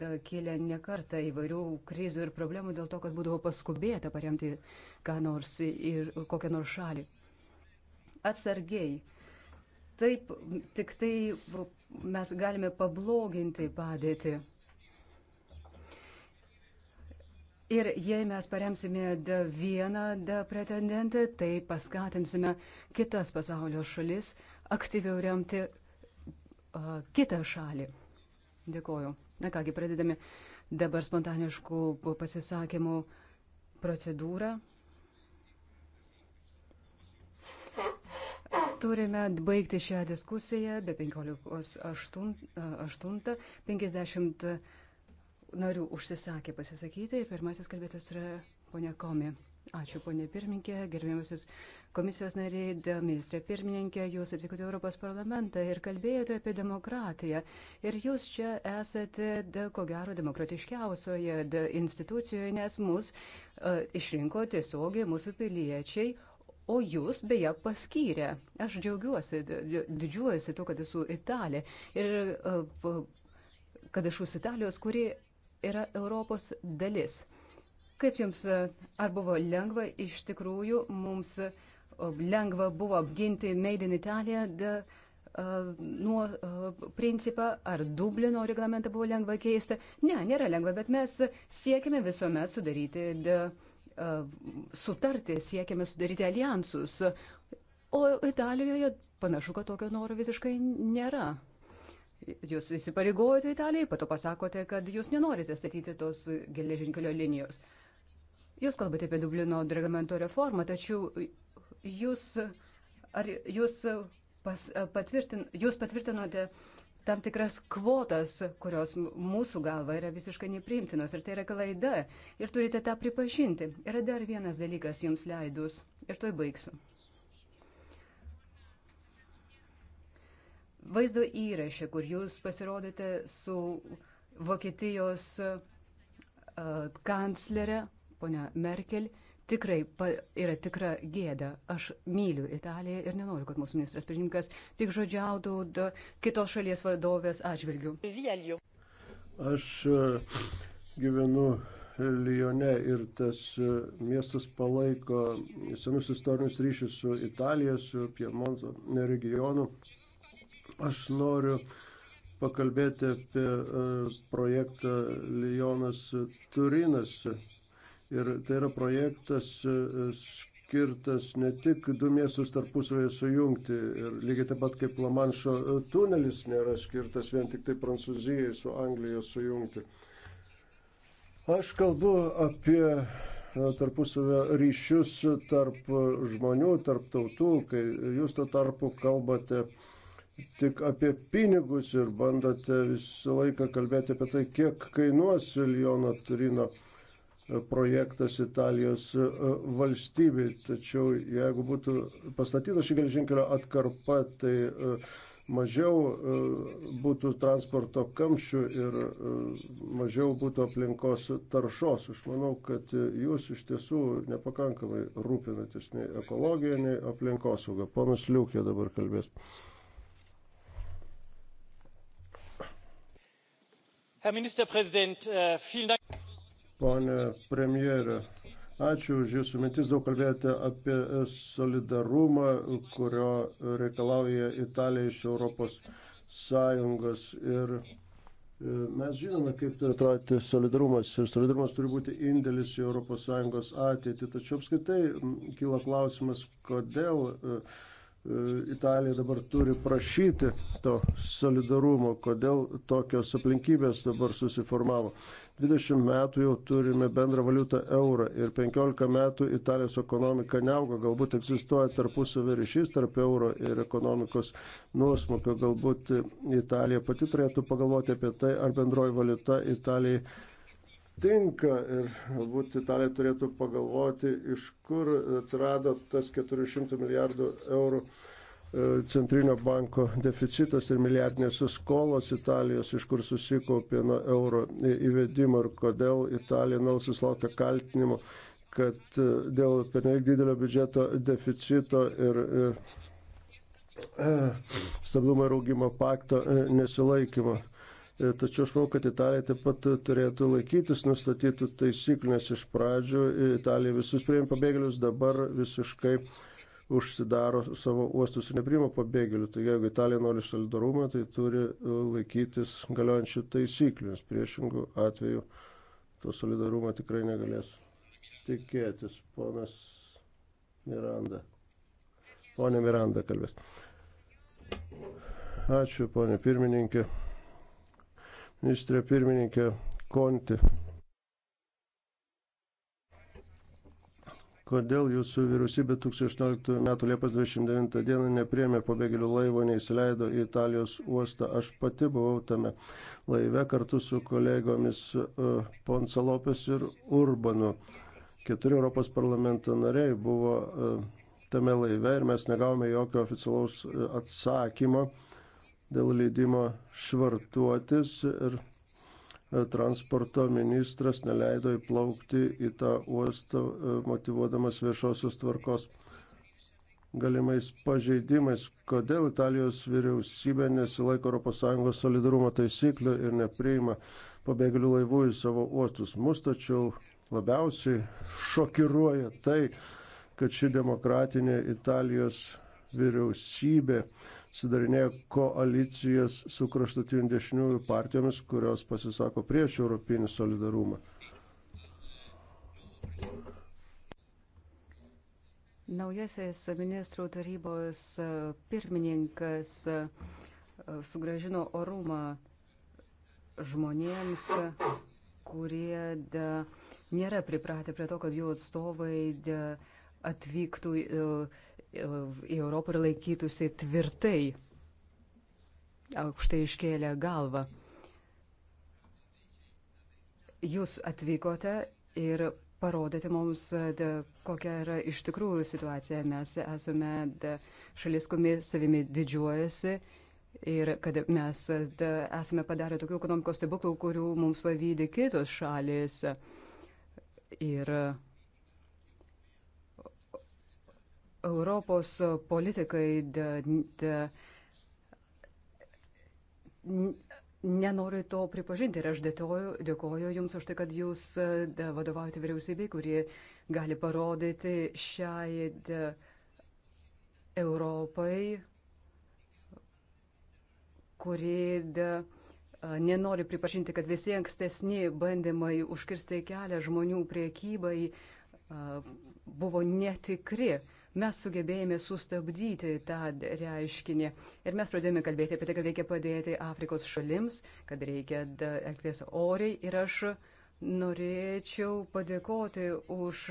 kėlė nekartą įvairių krizių ir problemų dėl to, kad būdavo paskubėta paremti ką nors ir kokią nors šalį. Atsargiai. Taip, tik tai mes galime pabloginti padėtį. Ir jei mes paremsime vieną pretendentą, tai paskatinsime kitas pasaulio šalis aktyviau remti uh, kitą šalį. Dėkoju. Na kągi, pradedame dabar spontaniškų pasisakymų procedūrą. Turime baigti šią diskusiją be 15.8. 50 narių užsisakė pasisakyti ir pirmasis kalbėtas yra ponia Komi. Ačiū, ponė pirminkė, gerbėmasis Komisijos narė, ministrė pirmininkė, jūs atvykote Europos parlamentą ir kalbėjote apie demokratiją. Ir jūs čia esate, de, ko gero, demokratiškiausioje de, institucijoje, nes mus uh, išrinko tiesiogiai mūsų piliečiai, o jūs beje paskyrė. Aš džiaugiuosi, didžiuojasi to, kad esu italė ir e, kad aš už Italijos, kuri yra Europos dalis. Kaip jums, e, ar buvo lengva iš tikrųjų mums uh, lengva buvo apginti Made in Italia de, uh, nuo uh, principą, ar Dublino reglamentą buvo lengva keisti. Ne, nėra lengva, bet mes siekime visuomet sudaryti, de, uh, sutarti, siekime sudaryti alijansus. O Italijoje panašu, kad tokio noro visiškai nėra. Jūs įsipareigojote Italijai, pato pasakote, kad jūs nenorite statyti tos geležinkelio linijos. Jūs kalbate apie Dublino reglamento reformą, tačiau jūs, ar jūs, pas, patvirtin, jūs patvirtinote tam tikras kvotas, kurios mūsų galva yra visiškai nepriimtinos ir tai yra klaida ir turite tą pripažinti. Yra dar vienas dalykas jums leidus ir to įbaigsiu. Vaizdo įrašė, kur jūs pasirodėte su Vokietijos uh, kanclerė, ponia Merkel, uh, tikrai yra tikra gėda. Aš myliu Italiją ir nenoriu, kad mūsų ministras pirmininkas tik žodžiautų kitos šalies vadovės atžvilgių. Aš e, gyvenu Lyone ir tas e, miestas palaiko senus istorinius ryšius su Italija, su Piemonto regionu. Aš noriu pakalbėti apie e, projektą Lyonas Turinas Ir tai yra projektas e, skirtas ne tik du miestus tarpusavėje sujungti, ir lygiai taip pat kaip Lamanšo e, tunelis nėra skirtas vien tik tai Prancūzijai su Anglija sujungti. Aš kalbu apie e, tarpusavio ryšius tarp žmonių, tarp tautų, kai jūs to tarpu kalbate tik apie pinigus ir bandote visą laiką kalbėti apie tai, kiek kainuos Liono Turino projektas Italijos e, valstybei. Tačiau jeigu būtų pastatyta ši geležinkelio atkarpa, tai e, mažiau e, būtų transporto kamščių ir mažiau būtų aplinkos taršos. Aš manau, kad jūs iš tiesų nepakankamai rūpinatės nei ekologiją, nei aplinkosaugą. Ponas Liukė dabar kalbės. Herr Ministerpräsident, äh, vielen Dank ponė premjerė. Ačiū už Jūsų mintis, daug kalbėjote apie solidarumą, kurio reikalauja Italija iš Europos Sąjungos. Ir e, mes žinome, kaip turi atrodyti solidarumas. Ir solidarumas turi būti indėlis į Europos Sąjungos ateitį. Tačiau apskaitai kyla klausimas, kodėl e, e, Italija dabar turi prašyti to solidarumo, kodėl tokios aplinkybės dabar susiformavo. 20 metų jau turime bendrą valiutą eurą ir 15 metų Italijos ekonomika neauga. Galbūt egzistuoja tarpusavio ryšys tarp euro ir ekonomikos nuosmukio. Galbūt Italija pati turėtų pagalvoti apie tai, ar bendroji valiuta Italijai tinka ir galbūt Italija turėtų pagalvoti, iš kur atsirado tas 400 milijardų eurų E, centrinio banko deficitas ir milijardinės skolos Italijos, iš kur susikaupė nuo euro įvedimo ir kodėl Italija nuolat susilaukia kaltinimo, kad e, dėl pernelyg didelio biudžeto deficito ir e, stabilumo ir augimo pakto nesilaikymo. Tačiau aš manau, kad Italija taip pat turėtų laikytis nustatytų taisyklių, nes iš pradžių Italija visus priėmė pabėgėlius, dabar visiškai uh, užsidaro savo uostus ir neprima pabėgėlių. Tai jeigu Italija nori solidarumą, tai turi e, laikytis galiojančių taisyklių, nes priešingų atveju to solidarumo tikrai negalės tikėtis. Ponas Miranda. Pone Miranda kalbės. Ačiū, ponė pirmininkė. Ministrė pirmininkė Konti. Kodėl jūsų vyriausybė 2018 m. Liepos 29 d. nepriemė pabėgėlių laivo, neįsileido į Italijos uostą? Aš pati buvau tame laive kartu su kolegomis e, Ponsalopės ir Urbanu. Keturi Europos parlamento nariai buvo e, tame laive ir mes negavome jokio oficialaus e, atsakymo dėl leidimo švartuotis ir transporto ministras neleido įplaukti į tą uostą, e, motivuodamas viešosios tvarkos galimais pažeidimais. Kodėl Italijos vyriausybė nesilaiko ES solidarumo taisyklių ir nepriima pabėgėlių laivų į savo uostus? Mus tačiau labiausiai šokiruoja tai, kad ši demokratinė Italijos vyriausybė sudarinėja koalicijas su kraštutinių dešiniųjų partijomis, kurios pasisako prieš europinį solidarumą. Naujasis ministrų tarybos e, pirmininkas e, sugražino orumą žmonėms, kurie da, nėra pripratę prie to, kad jų atstovai da, atvyktų. Da, e, į Europą ir laikytųsi tvirtai, aukštai iškėlę galvą. Jūs atvykote ir parodėte mums, da, kokia yra iš tikrųjų situacija. Mes esame da, šalis, kumi savimi didžiuojasi ir kad mes da, esame padarę tokių ekonomikos stebuklų, kurių mums pavydė kitos šalis. Ir uh, Europos politikai de, de, nenori to pripažinti ir aš dėtoju, dėkoju Jums už tai, kad Jūs de, vadovaujate vyriausybei, kuri gali parodyti šiai de, Europai, kuri de, nenori pripažinti, kad visi ankstesni bandymai užkirsti kelią žmonių priekybai buvo netikri mes sugebėjome sustabdyti tą reiškinį. Ir mes pradėjome kalbėti apie tai, kad reikia padėti Afrikos šalims, kad reikia elgtis oriai. Ir aš norėčiau padėkoti už.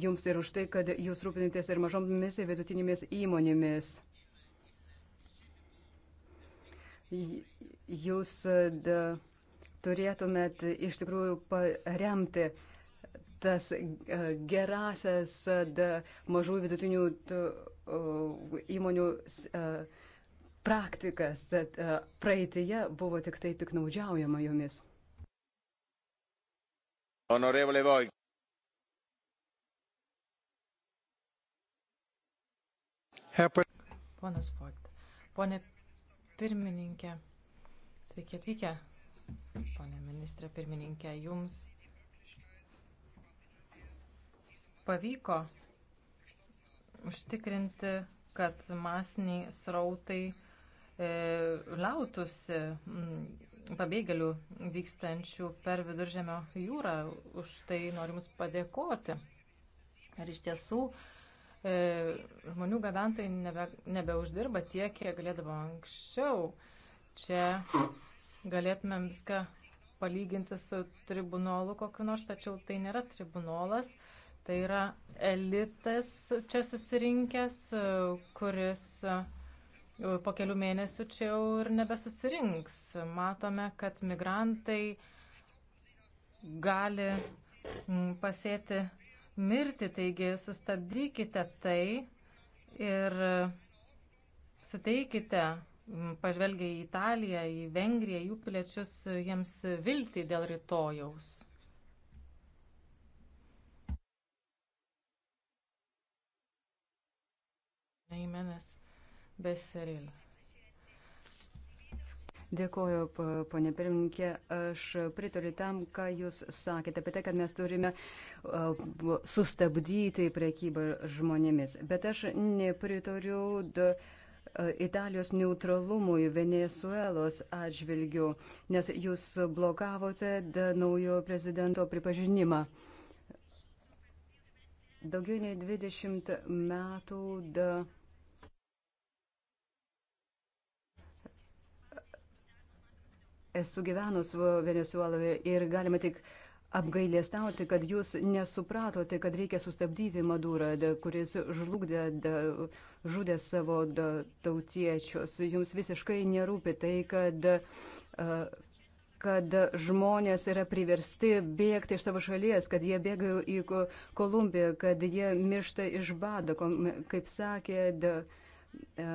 Jums ir už tai, kad jūs rūpinatės ir mažomis ir vidutinėmis įmonėmis. Jūs da, turėtumėt iš tikrųjų paremti uh, tas e, gerasias mažų vidutinių įmonių e, praktikas, kad e, praeitėje buvo tik tai piknaudžiaujama jomis. Honorevole Voigt. Ponas Voigt. Pone pirmininkė, sveiki atvykę. Pone ministrė pirmininkė, jums pavyko užtikrinti, kad masiniai srautai e, liautųsi pabėgėlių vykstančių per viduržėmio jūrą. Už tai noriu Jums padėkoti. Ir iš tiesų e, žmonių gabentojai nebe, nebeuždirba tiek, kiek galėdavo anksčiau. Čia galėtumėm viską palyginti su tribunolu kokiu nors, tačiau tai nėra tribunolas. E, Tai yra elitas čia susirinkęs, kuris e, po kelių mėnesių čia jau ir nebesusirinks. Matome, kad migrantai gali pasėti mirti, taigi sustabdykite tai ir suteikite, pažvelgia į Italiją, į Vengriją, jų piliečius, jiems viltį dėl rytojaus. Jimenez Beseril. Dėkoju, ponė pirmininkė. Aš pritariu tam, ką Jūs sakėte apie tai, kad mes turime sustabdyti priekybą žmonėmis. Bet aš nepritariu Italijos neutralumui Venezuelos atžvilgių, nes Jūs blokavote naujo prezidento pripažinimą. Daugiau nei 20 metų. Da, esu gyvenus Venezueloje ir galima tik apgailėstauti, kad jūs nesupratote, kad reikia sustabdyti Madurą, kuris žlugdė, žudė savo tautiečius. Jums visiškai nerūpi tai, kad, kad žmonės yra priversti bėgti iš savo šalies, kad jie bėga į Kolumbiją, kad jie miršta iš bado, kaip sakė. De, de,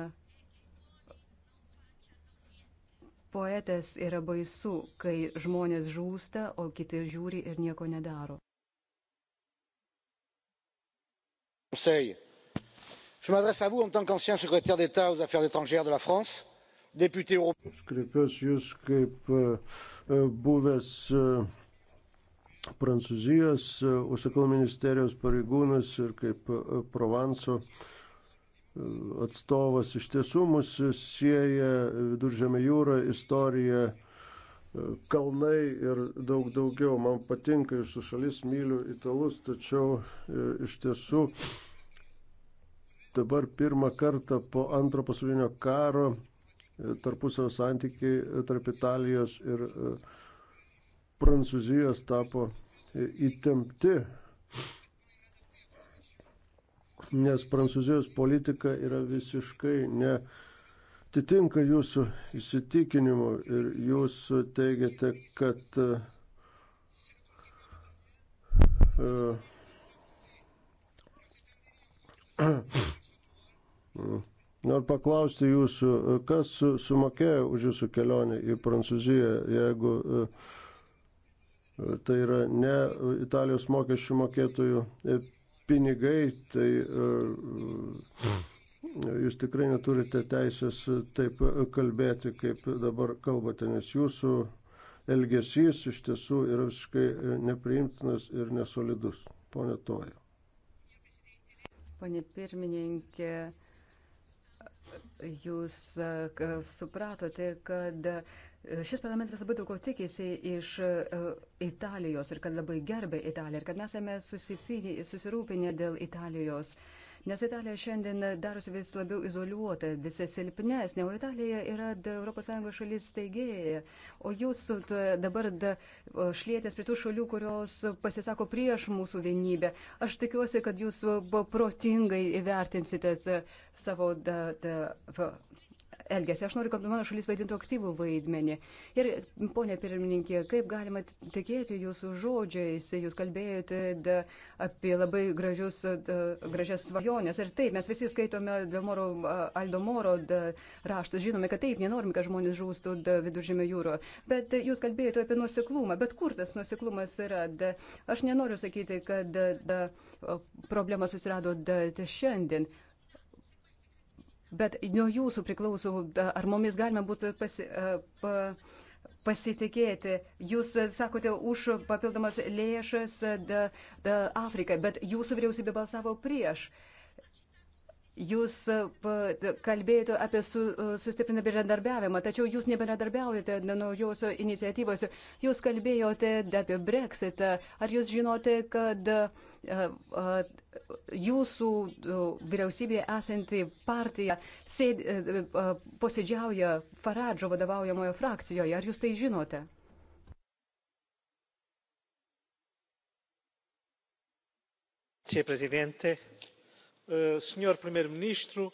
poetas yra baisu, kai žmonės žūsta, o kiti žiūri ir nieko nedaro. Conseil. Je m'adresse à vous en tant qu'ancien secrétaire d'État aux affaires étrangères de la France, député européen. Aš kreipiuosi jūs kaip e, buvęs e, Prancūzijos e, užsikalų ministerijos pareigūnas ir kaip Provanso uh, atstovas iš tiesų mus sieja viduržėmė jūra, istorija, kalnai ir daug daugiau. Man patinka jūsų šalis, myliu italus, tačiau e, iš tiesų dabar pirmą kartą po antro pasaulinio karo e, tarpusavio santykiai tarp Italijos ir e, Prancūzijos tapo įtempti nes prancūzijos politika yra visiškai ne atitinka jūsų įsitikinimu ir jūs teigiate, kad e, *clears throat* Noriu paklausti jūsų, kas sumokėjo už jūsų kelionę į Prancūziją, jeigu e, tai yra ne Italijos mokesčių mokėtojų e, pinigai, tai e, e, jūs tikrai neturite teisės taip kalbėti, kaip dabar kalbate, nes jūsų elgesys iš tiesų yra visiškai nepriimtinas ir nesolidus. Pone Toja. Pane pirmininkė, jūs e, supratote, kad Šis parlamentas labai daug ko tikėsi iš e, Italijos ir kad labai gerbė Italiją ir kad mes esame susirūpinę dėl Italijos. Nes Italija šiandien darosi vis labiau izoliuota, vis silpnesnė, o Italija yra ES šalis steigėja. O jūs dabar šlėtės prie tų šalių, kurios pasisako prieš mūsų vienybę. Aš tikiuosi, kad jūs protingai įvertinsite savo da, da, elgesį. Aš noriu, kad mano šalis vaidintų aktyvų vaidmenį. Ir, ponė pirmininkė, kaip galima tikėti jūsų žodžiais, jūs kalbėjote da, apie labai gražius, da, gražias svajonės. Ir taip, mes visi skaitome Moro, Aldo Moro da, raštus, žinome, kad taip, nenorime, kad žmonės žūstų viduržėmio jūro. Bet jūs kalbėjote apie nuoseklumą. Bet kur tas nuoseklumas yra? Da, aš nenoriu sakyti, kad da, da, problema susirado da, da, šiandien bet nuo jūsų priklauso, ar mumis galima būtų pasi, pa, pasitikėti. Jūs sakote už papildomas lėšas da, da, Afriką, bet jūsų vyriausybė balsavo prieš. Uh, Jūs e, kalbėjote apie su, e, sustipriną bendradarbiavimą, tačiau jūs nebendradarbiaujate naujosio iniciatyvos. Jūs kalbėjote apie breksitą. Ar jūs žinote, kad e, jūsų vyriausybėje esanti partija sėd, posėdžiauja Faradžo vadovaujamojo frakcijoje? Ar jūs tai žinote? Grazie Presidente. Eh, Senior Premier Ministru,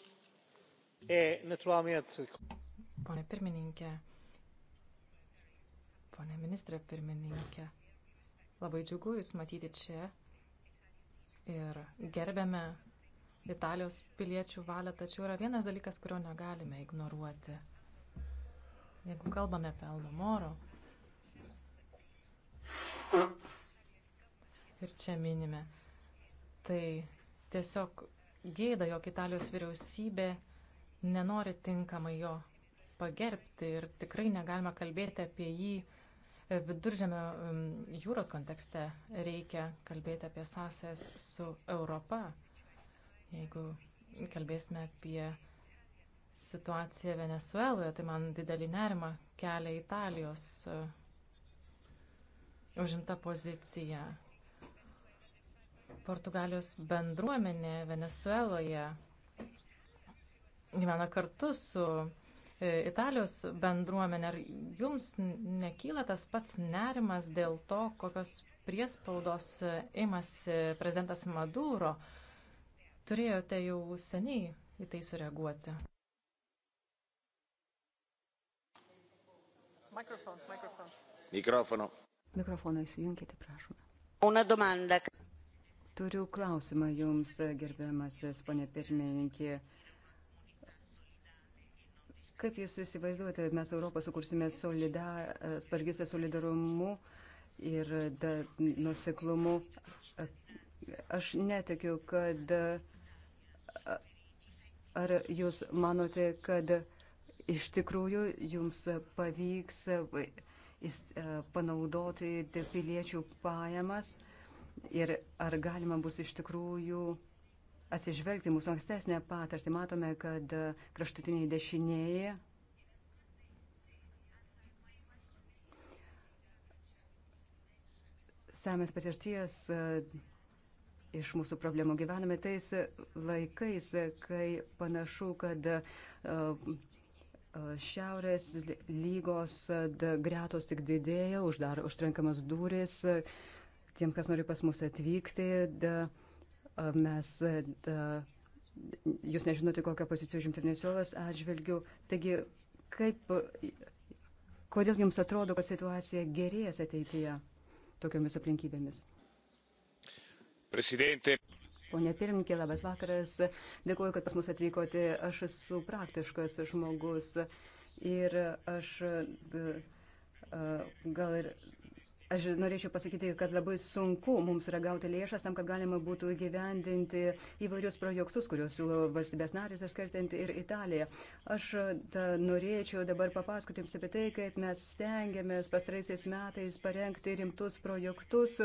e naturalmente. Pone pirmininkė, pone ministrė pirmininkė, labai džiugu Jūs matyti čia ir gerbėme Italijos piliečių valią, tačiau yra vienas dalykas, kurio negalime ignoruoti. Jeigu kalbame apie Aldomoro, ir čia minime, tai tiesiog gėda, jog Italijos vyriausybė nenori tinkamai jo pagerbti ir tikrai negalima kalbėti apie jį e, viduržėmio jūros kontekste. Reikia kalbėti apie sąsęs su Europa. Jeigu kalbėsime apie situaciją Venezueloje, tai man didelį nerimą kelia Italijos e, užimta pozicija. Portugalijos bendruomenė Venezueloje gyvena kartu su e, Italijos bendruomenė. Ar jums nekyla tas pats nerimas dėl to, kokios priespaudos imasi prezidentas Maduro? Turėjote jau seniai į tai sureaguoti. Mikrofon, mikrofon. Mikrofoną įsijunkite, prašome. Una domanda. Turiu klausimą Jums, gerbiamasis ponė pirmininkė. Kaip Jūs įsivaizduojate, mes Europą sukursime solida, pargistę solidarumu ir nusiklumu. Aš netikiu, kad. Ar Jūs manote, kad iš tikrųjų Jums pavyks e, e, panaudoti piliečių pajamas? Ir ar galima bus iš tikrųjų atsižvelgti mūsų ankstesnę patirtį, matome, kad e, kraštutiniai dešinėje semės patirties e, iš mūsų problemų gyvename tais laikais, kai panašu, kad e, šiaurės lygos gretos tik didėja, uždar, užtrenkamas durys, tiem, kas nori pas mus atvykti. Da, mes, da, jūs nežinote, kokią poziciją užimti Venezuelos atžvilgių. Taigi, kaip, kodėl jums atrodo, kad situacija gerės ateityje tokiomis aplinkybėmis? Presidente. Pone pirmininkė, labas vakaras. Dėkuoju, kad pas mus atvykote. Aš esu praktiškas žmogus ir aš gal ir Aš norėčiau pasakyti, kad labai sunku mums yra gauti lėšas tam, kad galima būtų gyvendinti įvairius projektus, kuriuos siūlo valstybės narės, aš skirtinti ir Italiją. Aš da, norėčiau dabar papasakoti jums apie tai, kaip mes stengiamės pastaraisiais metais parengti rimtus projektus,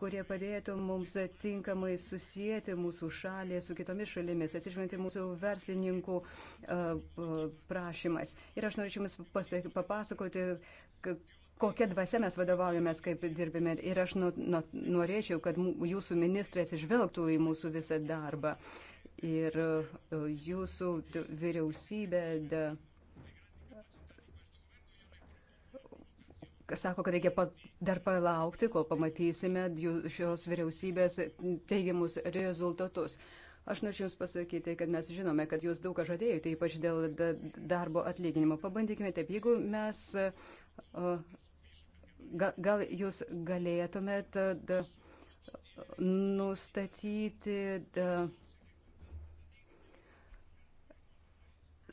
kurie padėtų mums tinkamai susijęti mūsų šalį su kitomis šalimis, atsižvelgti mūsų verslininkų prašymas. Ir aš norėčiau Jums papasakoti, kokią dvasę mes vadovaujamės, kaip dirbime. Ir aš nu, nu, norėčiau, kad jūsų ministras išvelgtų į mūsų visą darbą. Ir e, jūsų vyriausybė da, sako, kad reikia pat, dar palaukti, kol pamatysime šios vyriausybės teigiamus rezultatus. Aš norėčiau Jums pasakyti, kad mes žinome, kad Jūs daug ką žadėjote, ypač dėl darbo atlyginimo. Pabandykime taip, jeigu mes uh, gal, gal jūs galėtumėt da, nustatyti da,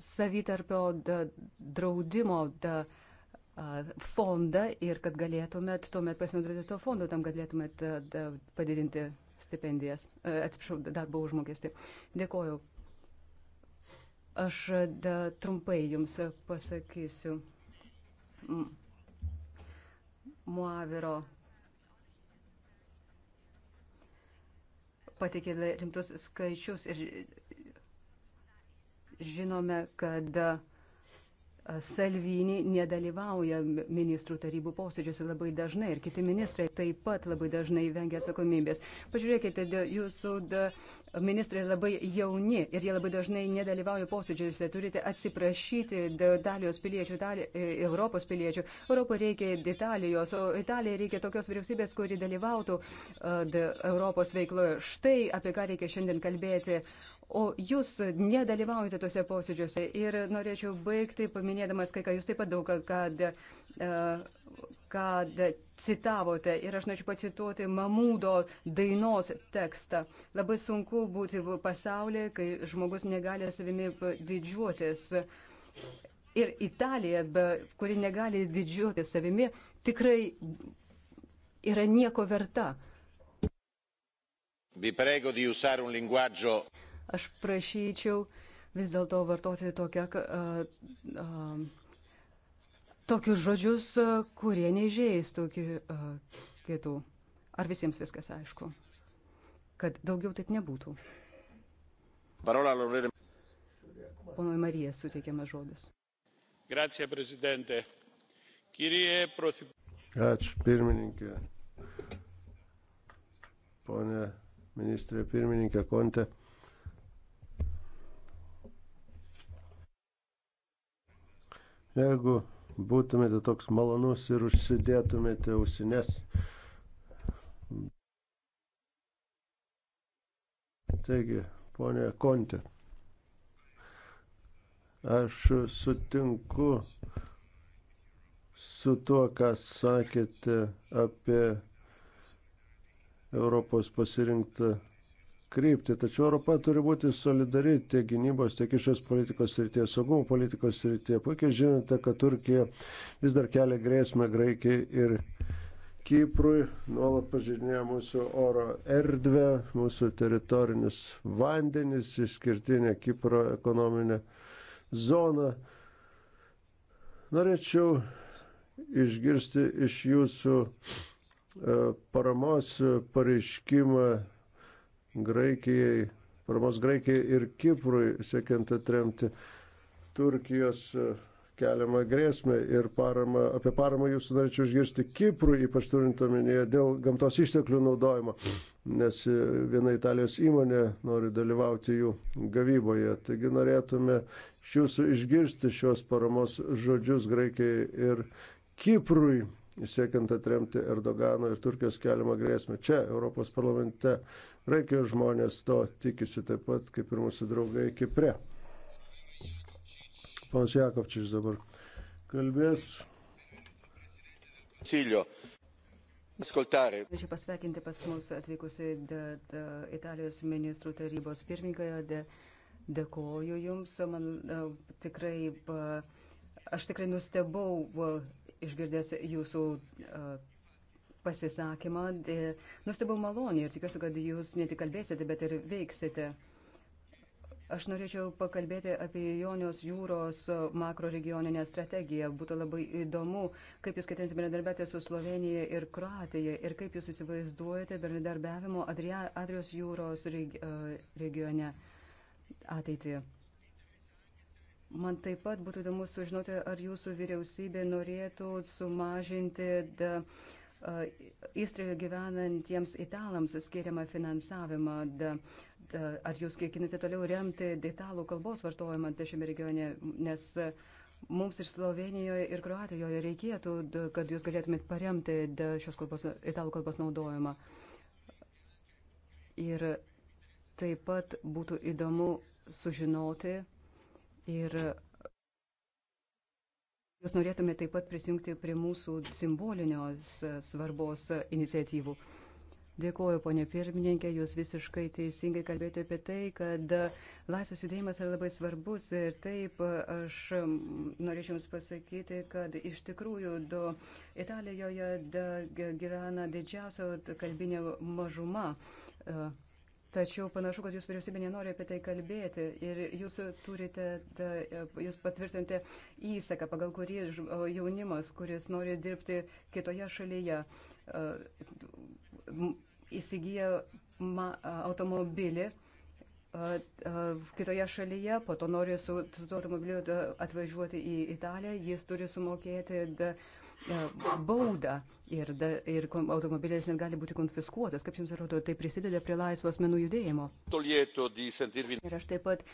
savitarpio da, draudimo da, fondą ir kad galėtumėt tuomet pasinaudoti to fondo, tam galėtumėt da, padidinti stipendijas, atsiprašau, darbo užmokestį. Dėkoju. Aš da, trumpai jums pasakysiu. Mm. Muaviro pateikė rimtus skaičius ir žinome, kad Salvini nedalyvauja ministrų tarybų posėdžiuose labai dažnai ir kiti ministrai taip pat labai dažnai vengia atsakomybės. Pažiūrėkite, jūsų ministrai labai jauni ir jie labai dažnai nedalyvauja posėdžiuose. Turite atsiprašyti Italijos piliečių, Itali, e, Europos piliečių. Europo reikia Italijos, o Italijai reikia tokios vyriausybės, kuri dalyvautų e, Europos veikloje. Štai apie ką reikia šiandien kalbėti. O jūs nedalyvaujate tose posėdžiuose ir norėčiau baigti paminėdamas kai ką, jūs taip pat daug kad, e, kad citavote ir aš norėčiau pacituoti Mamūdo dainos tekstą. Labai sunku būti pasaulyje, kai žmogus negali savimi didžiuotis. Ir Italija, be, kuri negali didžiuotis savimi, tikrai yra nieko verta. Vi prego di usare un linguaggio Aš prašyčiau vis dėlto vartoti tokią, a, a, tokius žodžius, kurie neižeistų ki, a, kitų. Ar visiems viskas aišku? Kad daugiau taip nebūtų. Ponui Marija suteikiamas žodis. Grazie, prezidente. Kyrie, profi... Ačiū, pirmininkė. Pone ministrė pirmininkė Konte. Jeigu būtumėte toks malonus ir užsidėtumėte ausines. Taigi, ponė Kontė, aš sutinku su tuo, ką sakėte apie Europos pasirinktą kryptį. Tačiau Europa turi būti solidari tiek gynybos, tiek išorės politikos srityje, saugumo politikos srityje. Puikiai žinote, kad Turkija vis dar kelia grėsmę Graikijai ir Kiprui, nuolat pažinėja mūsų oro erdvę, mūsų teritorinius vandenis, išskirtinę Kipro ekonominę zoną. Norėčiau išgirsti iš jūsų e, paramos pareiškimą Graikijai, paramos Graikijai ir Kiprui, siekiant atremti Turkijos e, keliamą grėsmę ir paramą, apie paramą jūs norėčiau išgirsti Kiprui, ypač turint omenyje dėl gamtos išteklių naudojimo, nes e, viena Italijos įmonė nori dalyvauti jų gavyboje. Taigi norėtume iš jūsų išgirsti šios paramos žodžius Graikijai ir Kiprui, siekiant atremti Erdogano ir Turkijos keliamą grėsmę čia, Europos parlamente. Graikijos žmonės to tikisi taip pat, kaip ir mūsų draugai Kipre. Pons Jakovčius dabar kalbės. Cilio. Ascoltare. Aš pasveikinti pas mus atvykusi de, de, Italijos ministrų tarybos pirmininkoje. De, dėkoju Jums. Man de, tikrai, e, aš tikrai nustebau e, išgirdęs Jūsų de, pasisakymą. E, nustebau malonį ir tikiuosi, kad jūs ne tik kalbėsite, bet ir veiksite. Aš norėčiau pakalbėti apie Jonios jūros makro regioninę strategiją. Būtų labai įdomu, kaip jūs ketinate bendradarbiauti su Slovenija ir Kroatija ir kaip jūs įsivaizduojate bendradarbiavimo Adrijos jūros e, regione ateitį. Man taip pat būtų įdomu sužinoti, ar jūsų vyriausybė norėtų sumažinti. Da, uh, Įstrijoje e, gyvenantiems italams skiriamą finansavimą. Da, da, ar jūs ketinate toliau remti italų kalbos vartojimą šiame regione, nes e, mums ir Slovenijoje, ir Kroatijoje reikėtų, da, kad jūs galėtumėt paremti da, šios kalbos, italų kalbos naudojimą. Ir taip pat būtų įdomu sužinoti ir Jūs norėtume taip pat prisijungti prie mūsų simbolinio svarbos iniciatyvų. Dėkuoju, ponė pirmininkė, jūs visiškai teisingai kalbėjote apie tai, kad laisvės judėjimas yra labai svarbus ir taip aš norėčiau Jums pasakyti, kad iš tikrųjų do, Italijoje da, gyvena didžiausia kalbinė mažuma. Uh, Tačiau panašu, kad jūs vyriausybė nenori apie tai kalbėti ir jūs turite, da, jūs patvirtinti įsaką, pagal kurį jaunimas, kuris nori dirbti kitoje šalyje, įsigyja automobilį kitoje šalyje, po to nori su, su tuo automobiliu atvažiuoti į Italiją, jis turi sumokėti. Da, E, baudą ir, da, ir automobilis net gali būti konfiskuotas. Kaip jums atrodo, tai prisideda prie laisvo asmenų judėjimo? Ir aš taip pat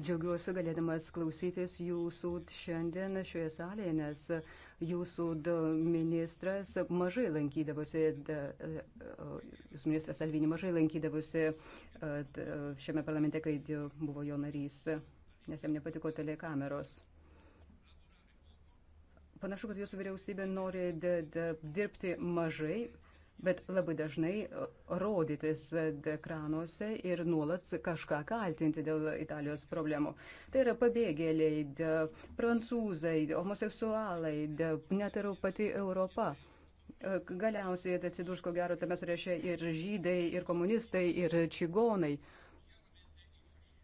džiaugiuosi galėdamas klausytis jūsų šiandien šioje salėje, nes jūsų ministras mažai lankydavosi, e, jūsų ministras Alvinį mažai lankydavosi e, šiame parlamente, kai buvo jo narys, nes jam nepatiko telekameros. Panašu, kad jūsų vyriausybė nori de, de, dirbti mažai, bet labai dažnai e, rodytis e, ekranuose ir nuolat kažką kaltinti dėl Italijos problemų. Tai yra pabėgėliai, de, prancūzai, homoseksualai, de, net ir pati Europa. E, galiausiai atsidurs, ko gero, tame sąraše ir žydai, ir komunistai, ir čigonai. Uh,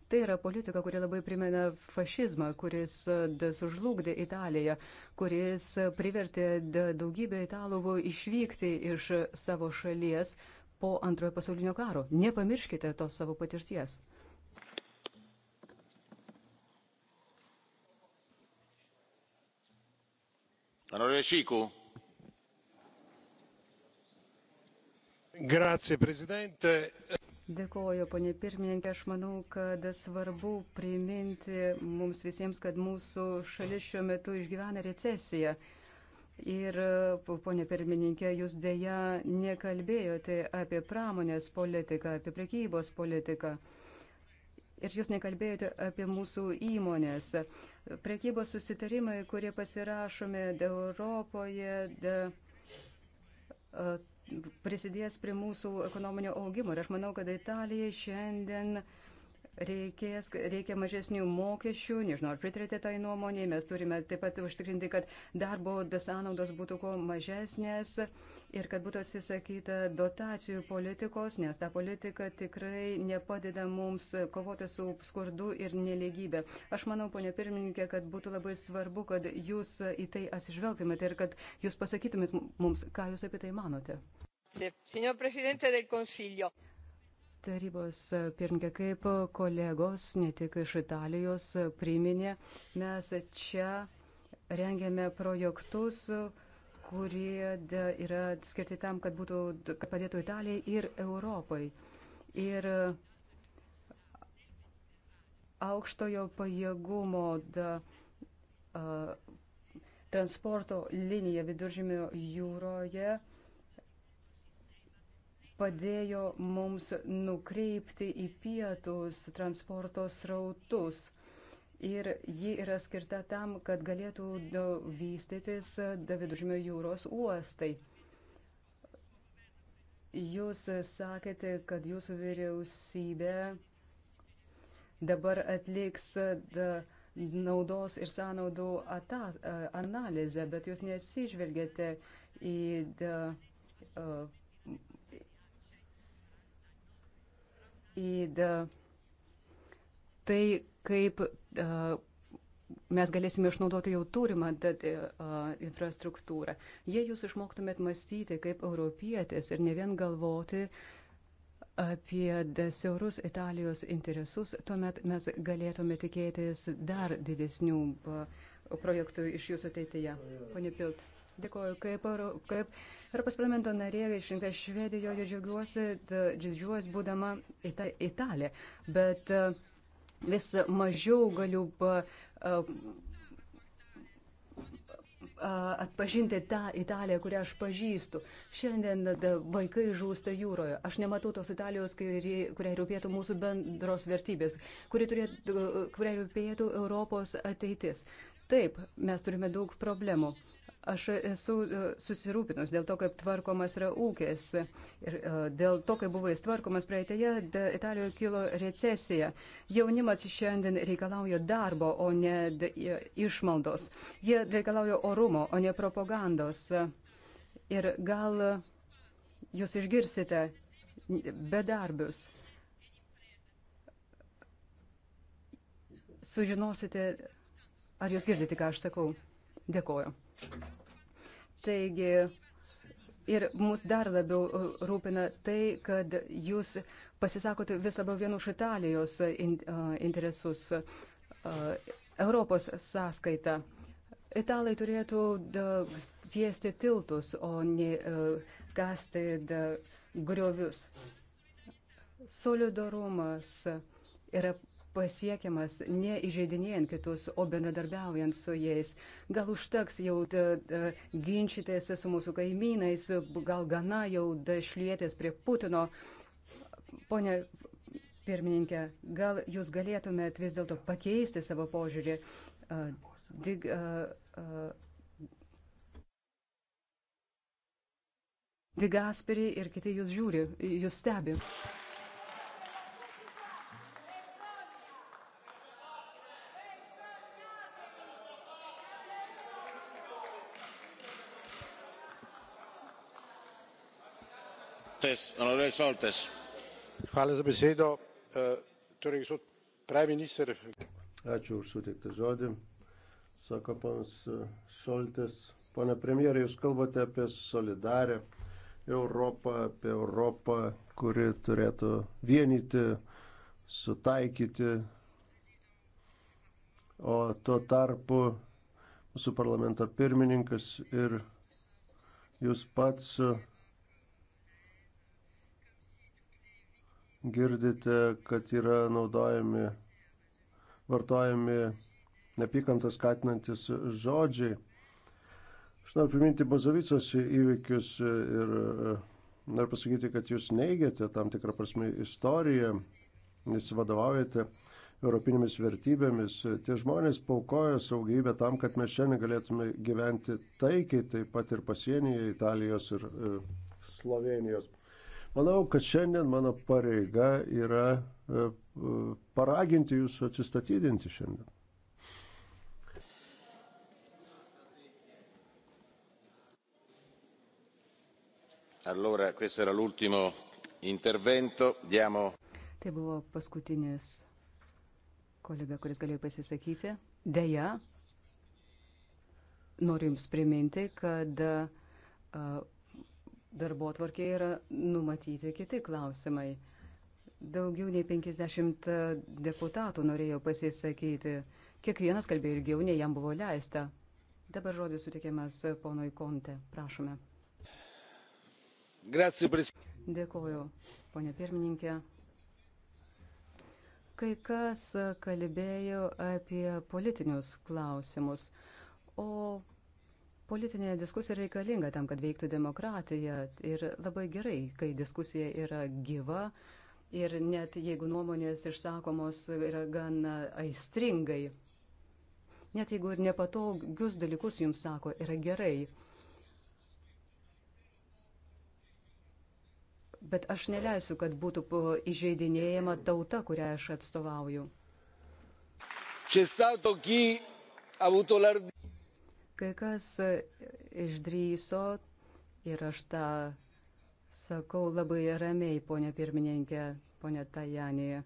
Tai yra politika, kuri labai primena fašizmą, kuris e, sužlugdė Italiją, kuris privertė daugybę italų išvykti iš savo šalies po antrojo pasaulinio karo. Nepamirškite tos savo patirties. Grazie Presidente. Dėkoju, ponė pirmininkė. Aš manau, kad svarbu priminti mums visiems, kad mūsų šalis šiuo metu išgyvena recesiją. Ir, ponė pirmininkė, jūs dėja nekalbėjote apie pramonės politiką, apie prekybos politiką. Ir jūs nekalbėjote apie mūsų įmonės. Prekybos susitarimai, kurie pasirašome Europoje, de, a, prisidės prie mūsų ekonominio augimo. Ir aš manau, kad Italijai šiandien reikės, reikia mažesnių mokesčių, nežinau, ar pritarėte tai nuomonėje, mes turime taip pat užtikrinti, kad darbo sąnaudos būtų kuo mažesnės. Uh, ir kad būtų atsisakyta dotacijų politikos, nes ta politika tikrai nepadeda mums kovoti su skurdu ir neligybė. Aš manau, ponė pirmininkė, kad būtų labai svarbu, kad jūs į tai atsižvelgtumėte ir kad jūs pasakytumėt mums, ką jūs apie tai manote. Tarybos pirmininkė, kaip kolegos, ne tik iš Italijos, priminė, mes čia rengiame projektus, kurie yra skirti tam, kad, būtų, kad padėtų Italijai ir Europai. Ir aukštojo pajėgumo da, a, transporto linija viduržymio jūroje padėjo mums nukreipti į pietus transporto srautus ir ji yra skirta tam, kad galėtų vystytis e, Davidužmio jūros uostai. Jūs sakėte, kad jūsų vyriausybė dabar atliks e, naudos ir sąnaudų e, analizę, bet jūs nesižvelgėte į į tai, kaip mes galėsime išnaudoti jau turimą infrastruktūrą. Jei jūs išmoktumėt mąstyti kaip europietis ir ne vien galvoti apie siaurus Italijos interesus, tuomet mes galėtume tikėtis dar didesnių projektų iš jūsų ateityje. Pane Pilt, dėkoju. Kaip, kaip Europos parlamento narė išrinkta Švedijoje, džiaugiuosi, didžiuojas būdama Ita Italija. Bet uh, vis mažiau galiu atpažinti tą Italiją, kurią aš pažįstu. Šiandien vaikai žūsta jūroje. Aš nematau tos Italijos, kuriai rūpėtų mūsų bendros vertybės, kuriai, turėtų, kuriai rūpėtų Europos ateitis. Taip, mes turime daug problemų. Aš esu e, susirūpinus dėl to, kaip tvarkomas yra ūkis. Ir e, dėl to, kaip buvo jis tvarkomas praeitėje, Italijoje kilo recesija. Jaunimas šiandien reikalauja darbo, o ne išmaldos. Jie reikalauja orumo, o ne propagandos. Ir gal jūs išgirsite bedarbius. Sužinosite, ar jūs girdite, ką aš sakau. Dėkoju. Taigi, ir mus dar labiau e, rūpina tai, kad jūs pasisakote vis labiau vien už Italijos in, uh, interesus uh, Europos sąskaita. Italai turėtų uh, tiesti tiltus, o ne uh, kasti uh, griovius. Solidarumas yra pasiekiamas ne įžeidinėjant kitus, o bendradarbiaujant su jais. Gal užteks jau ginčytis su mūsų kaimynais, gal gana jau dašlietės prie Putino. Pone pirmininkė, gal jūs galėtumėt vis dėlto pakeisti savo požiūrį. Dig, uh, uh, Digasperi ir kiti jūs žiūri, jūs stebi. Hvala za besedo. E, torej, gospod pravi minister. Ačiū už suteiktą žodį. Sako pans Šoltis. E, pone premjerė, jūs kalbate apie solidarę Europą, apie Europą, kuri turėtų vienyti, sutaikyti. O tuo tarpu mūsų parlamento pirmininkas ir jūs pats girdite, kad yra naudojami, vartojami neapykantos skatinantis žodžiai. Aš noriu priminti Bazovicos įvykius ir e, noriu pasakyti, kad jūs neigiate tam tikrą prasme istoriją, nesivadovaujate europinėmis vertybėmis. Tie žmonės paukojo saugybę tam, kad mes šiandien galėtume gyventi taikiai, taip pat ir pasienyje Italijos ir e, Slovenijos. Manau, kad šiandien mano pareiga yra e, e, paraginti jūs atsistatydinti šiandien. Allora, questo era l'ultimo intervento. Diamo... Tai buvo paskutinis kolega, kuris galėjo pasisakyti. Deja, noriu Jums priminti, kad uh, Darbo tvarkė yra numatyti kiti klausimai. Daugiau nei 50 deputatų norėjo pasisakyti. Kiekvienas kalbėjo ilgiau, nei jam buvo leista. Dabar žodis sutikiamas ponui Konte. Prašome. Grazie, pres... Dėkoju, ponė pirmininkė. Kai kas kalbėjo apie politinius klausimus, o Politinė diskusija reikalinga tam, kad veiktų demokratija ir labai gerai, kai diskusija yra gyva ir net jeigu nuomonės išsakomos yra gan aistringai, net jeigu ir nepatogius dalykus jums sako, yra gerai. Bet aš neleisiu, kad būtų įžeidinėjama tauta, kurią aš atstovauju. C'è stato chi ha avuto l'ardire. Kai kas e, išdryso ir aš tą sakau labai ramiai, ponia pirmininkė, ponia Tajanė.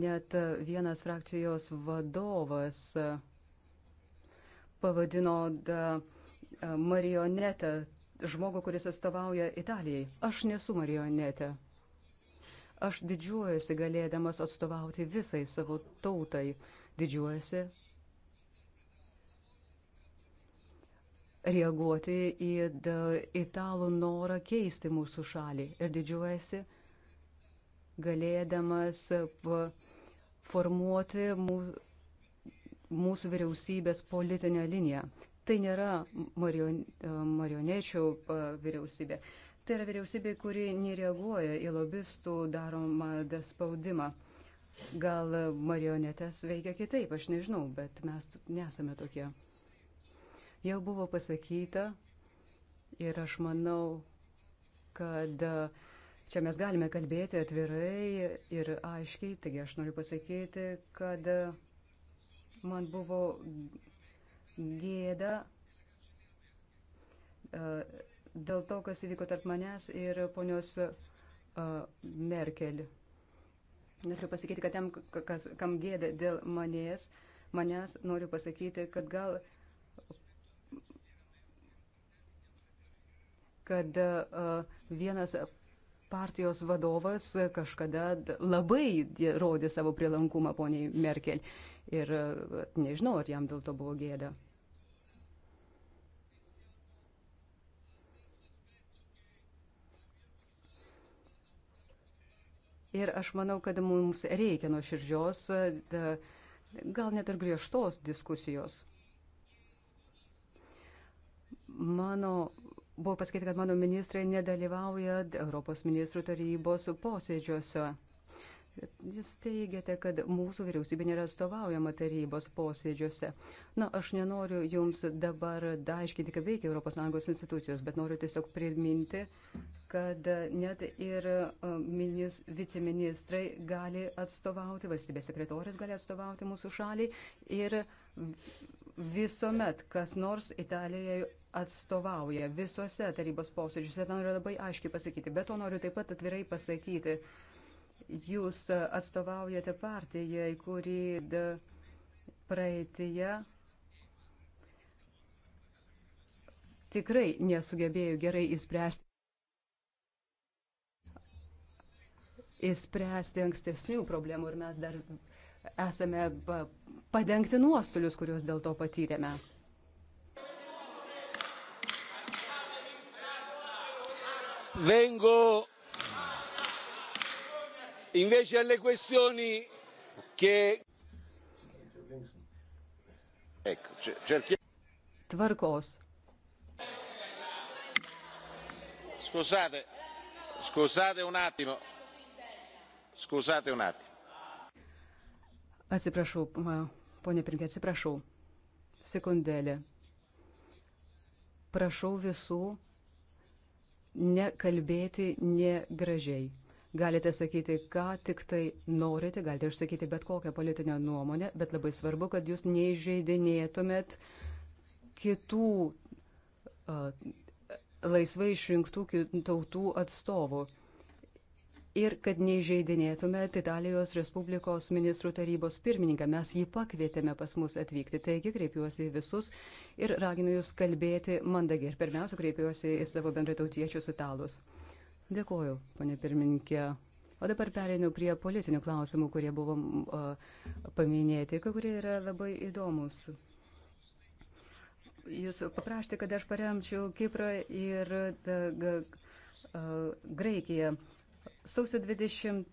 Net vienas frakcijos vadovas e, pavadino e, marionetę žmogų, kuris atstovauja Italijai. Aš nesu marionetė. Aš didžiuojasi galėdamas atstovauti visai savo tautai. Didžiuojasi reaguoti į italų norą keisti mūsų šalį ir didžiuojasi galėdamas formuoti mūsų vyriausybės politinę liniją. Tai nėra marion, e, marionečių vyriausybė. Tai yra vyriausybė, kuri nereaguoja į lobistų daromą spaudimą. Gal marionetės veikia kitaip, aš nežinau, bet mes nesame tokie jau buvo pasakyta ir aš manau, kad e, čia mes galime kalbėti atvirai ir aiškiai, taigi aš noriu pasakyti, kad e, man buvo gėda e, dėl to, kas įvyko tarp manęs ir ponios Merkel. Noriu pasakyti, kad tam, kas, kam gėda dėl manęs, manęs noriu pasakyti, kad gal uh, kad vienas partijos vadovas kažkada labai rodė savo prilankumą poniai Merkel. Ir nežinau, ar jam dėl to buvo gėda. Ir aš manau, kad mums reikia nuoširdžios, gal net ir griežtos diskusijos. Mano Buvo pasakyti, kad mano ministrai nedalyvauja Europos ministrų tarybos posėdžiuose. Jūs teigiate, kad mūsų vyriausybė nėra atstovaujama tarybos posėdžiuose. Na, aš nenoriu jums dabar daaiškinti, kaip veikia ES institucijos, bet noriu tiesiog priminti, kad net ir e, minis, viceministrai gali atstovauti, valstybės sekretorius gali atstovauti mūsų šaliai ir visuomet kas nors Italijoje atstovauja visuose tarybos posėdžiuose. Tą noriu labai aiškiai pasakyti, bet to noriu taip pat atvirai pasakyti. Jūs atstovaujate partijai, kuri praeitie tikrai nesugebėjo gerai įspręsti. Įspręsti ankstesnių problemų ir mes dar esame padengti nuostolius, kuriuos dėl to patyrėme. vengo invece alle questioni che. Ecco, cerchiamo. Tvarkos. Scusate, scusate un attimo. Scusate un attimo. Atsiprašau, ponė Prinkė, atsiprašau. Sekundėlė. Prašau visų nekalbėti negražiai. Galite sakyti, ką tik tai norite, galite išsakyti bet kokią politinę nuomonę, bet labai svarbu, kad jūs neižeidinėtumėt kitų uh, laisvai išrinktų tautų atstovų ir kad neižeidinėtumėt Italijos Respublikos ministrų tarybos pirmininką. Mes jį pakvietėme pas mus atvykti. Taigi kreipiuosi į visus ir raginu jūs kalbėti mandagiai. Ir pirmiausia, kreipiuosi į savo bendratautiečius italus. Dėkoju, ponė pirmininkė. O dabar perėmiau prie politinių klausimų, kurie buvo uh, paminėti, kurie yra labai įdomus. Jūs paprašėte, kad aš paremčiau Kiprą ir uh, Graikiją. Sausio 29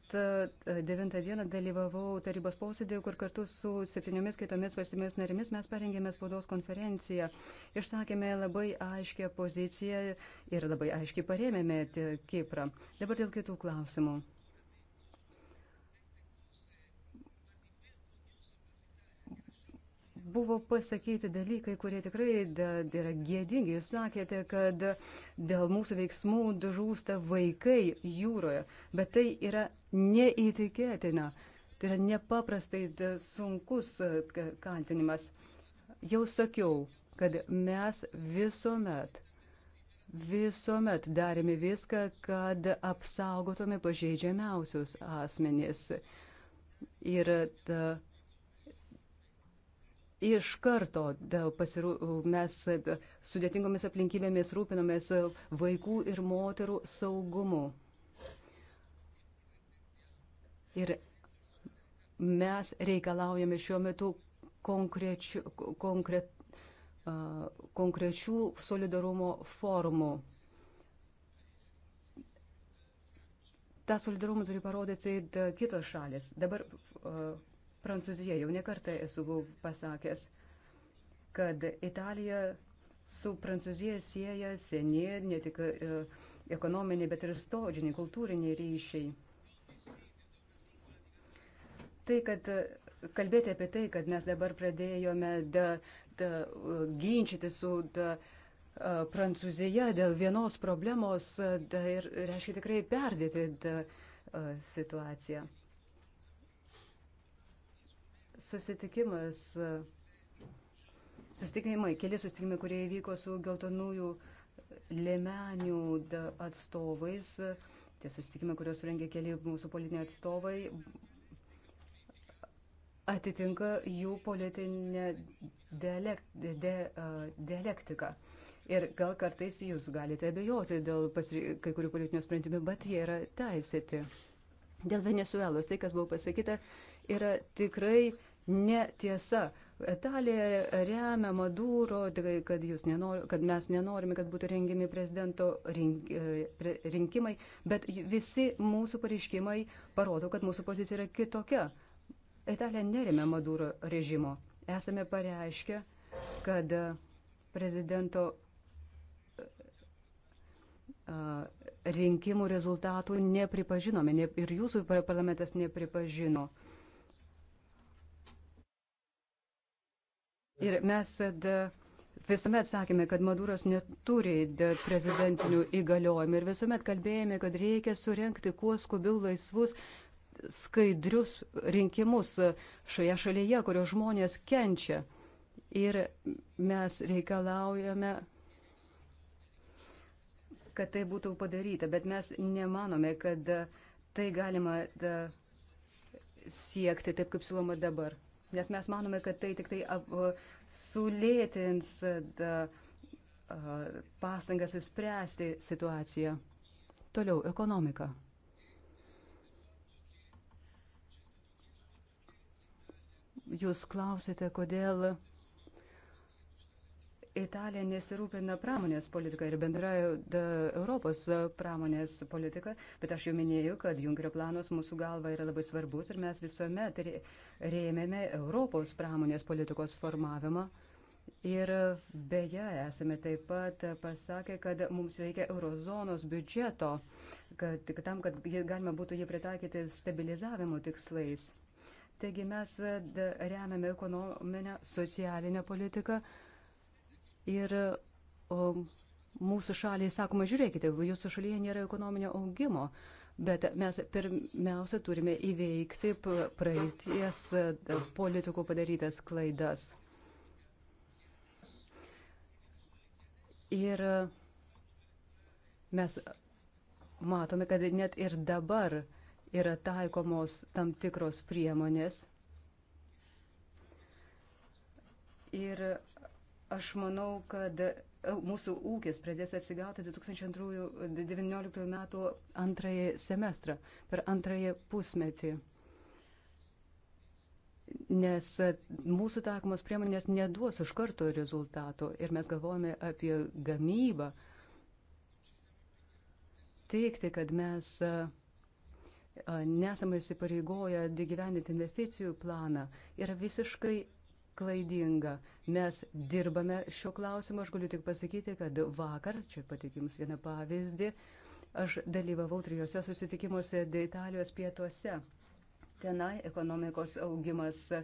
e, dieną dalyvavau tarybos posėdėje, kur kartu su septyniomis kitomis valstybėmis narimis mes parengėme spaudos konferenciją. Išsakėme labai aiškę poziciją ir labai aiškiai paremėme Kiprą. Dabar dėl kitų klausimų. buvo pasakyti dalykai, kurie tikrai da, yra gėdingi. Jūs sakėte, kad dėl mūsų veiksmų žūsta vaikai jūroje, bet tai yra neįtikėtina. Tai yra nepaprastai da, sunkus e, kaltinimas. Jau sakiau, kad mes visuomet, visuomet darėme viską, kad apsaugotume pažeidžiamiausius asmenys. Ir ta, Iš karto pasirū, mes sudėtingomis aplinkybėmis rūpinomės vaikų ir moterų saugumu. Ir mes reikalaujame šiuo metu konkrečių, konkre, konkrečių solidarumo formų. Ta solidarumą turi parodyti kitos šalis. Dabar Prancūzija, jau nekartą esu pasakęs, kad Italija su Prancūzija sieja seni ne tik e, ekonominiai, bet ir istoriniai, kultūriniai ryšiai. Tai, kad e, kalbėti apie tai, kad mes dabar pradėjome da, da, e, ginčyti su da, Prancūzija dėl vienos problemos da, ir reiškia tikrai perdėti da, situaciją susitikimas, e, susitikimai, keli susitikimai, kurie įvyko su geltonųjų lėmenių atstovais, tie susitikimai, kuriuos surengė keli mūsų politiniai atstovai, atitinka jų politinę dialektiką. De, dialektiką. Ir gal kartais jūs galite abejoti dėl pasri... kai kurių politinių sprendimų, bet jie yra teisėti. Dėl Venezuelos tai, kas buvo pasakyta, yra tikrai netiesa. Italija remia Maduro, kad, nenor, kad mes nenorime, kad būtų rengiami prezidento rink, e, rinkimai, bet visi mūsų pareiškimai parodo, kad mūsų pozicija yra kitokia. Italija neremia Maduro režimo. Esame pareiškę, kad e, prezidento e, rinkimų rezultatų nepripažinome ne, ir jūsų parlamentas nepripažino. Ir mes visuomet sakėme, kad Maduras neturi prezidentinių įgaliojimų ir visuomet kalbėjome, kad reikia surenkti kuo skubiau laisvus skaidrius rinkimus šioje šalyje, kurio žmonės kenčia. Ir mes reikalaujame, kad tai būtų padaryta, bet mes nemanome, kad tai galima siekti taip, kaip siūloma dabar nes mes manome, kad tai tik tai sulėtins pastangas įspręsti situaciją. Toliau ekonomika. Jūs klausite, kodėl Italija nesirūpina pramonės politiką ir bendra Europos pramonės politika, bet aš jau minėjau, kad Junkerio planas mūsų galva yra labai svarbus ir mes visuomet rėmėme Europos pramonės politikos formavimą. Ir beje, esame taip pat pasakę, kad mums reikia eurozonos biudžeto, kad tik tam, kad galima būtų jį pritaikyti stabilizavimo tikslais. Taigi mes remiame ekonominę, socialinę politiką, uh, Ir o, mūsų šaliai sakoma, žiūrėkite, jūsų šalyje nėra ekonominio augimo, bet mes pirmiausia turime įveikti praeities e, politikų padarytas klaidas. Ir mes matome, kad net ir dabar yra taikomos tam tikros priemonės. Ir Aš manau, kad e, mūsų ūkis pradės atsigauti 2019 metų antrąjį semestrą, per antrąjį pusmetį. Nes e, mūsų takomos priemonės neduos iš karto rezultatų ir mes galvojame apie gamybą. Teikti, kad mes e, nesame įsipareigoję gyveninti investicijų planą, yra visiškai klaidinga. Mes dirbame šiuo klausimu. Aš galiu tik pasakyti, kad vakar, čia patikiu Jums vieną pavyzdį, aš dalyvavau trijose susitikimuose Italijos pietuose. Tenai ekonomikos augimas e,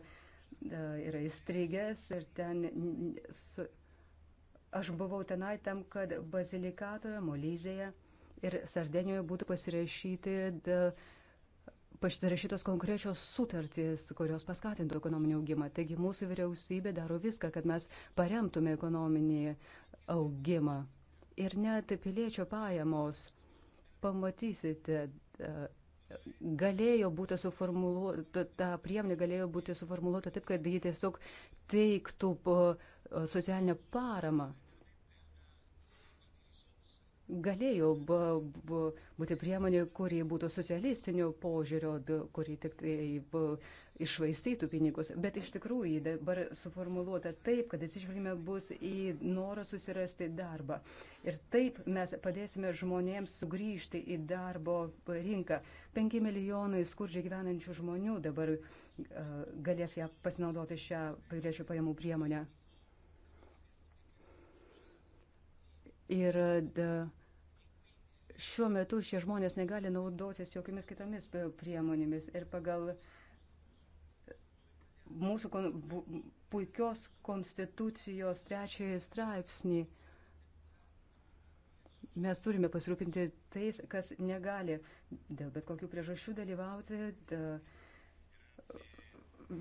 yra įstrigęs ir ten su, aš buvau tenai tam, kad bazilikatoje, Molyzėje ir Sardenijoje būtų pasirašyti. Da, de pasirašytos konkrečios sutartys, kurios paskatintų ekonominį augimą. Taigi mūsų vyriausybė daro viską, kad mes paremtume ekonominį augimą. Ir net piliečio pajamos, pamatysite, e, galėjo būti suformuoluota, ta priemonė galėjo būti suformuoluota taip, kad ji tiesiog teiktų e, socialinę paramą galėjo būti priemonė, kuri būtų socialistinio požiūrio, kuri tik tai išvaistytų pinigus, bet iš tikrųjų dabar suformuoluota taip, kad atsižvelgime bus į norą susirasti darbą. Ir taip mes padėsime žmonėms sugrįžti į darbo rinką. 5 milijonai skurdžiai gyvenančių žmonių dabar uh, galės ją pasinaudoti šią piliečių pajamų priemonę. Ir da, uh, šiuo metu šie žmonės negali naudotis jokiamis kitomis priemonėmis ir pagal mūsų kon, bu, puikios konstitucijos trečiąjį straipsnį mes turime pasirūpinti tais, kas negali dėl bet kokių priežasčių dalyvauti da,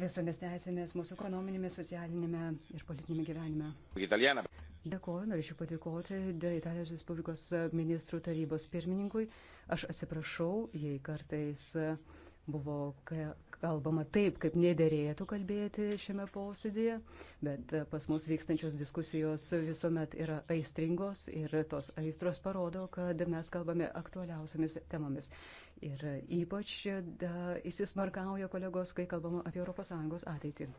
visomis teisėmis mūsų ekonominėme, socialinėme ir politinėme gyvenime. Italiana. Dėkuoju, norėčiau padėkoti Italijos Respublikos ministrų tarybos pirmininkui. Aš atsiprašau, jei kartais buvo kalbama taip, kaip nederėtų kalbėti šiame posėdėje, bet pas mus vykstančios diskusijos visuomet yra aistringos ir tos aistros parodo, kad mes kalbame aktualiausiamis temomis. Ir ypač da, įsismarkauja kolegos, kai kalbama apie ES ateitį.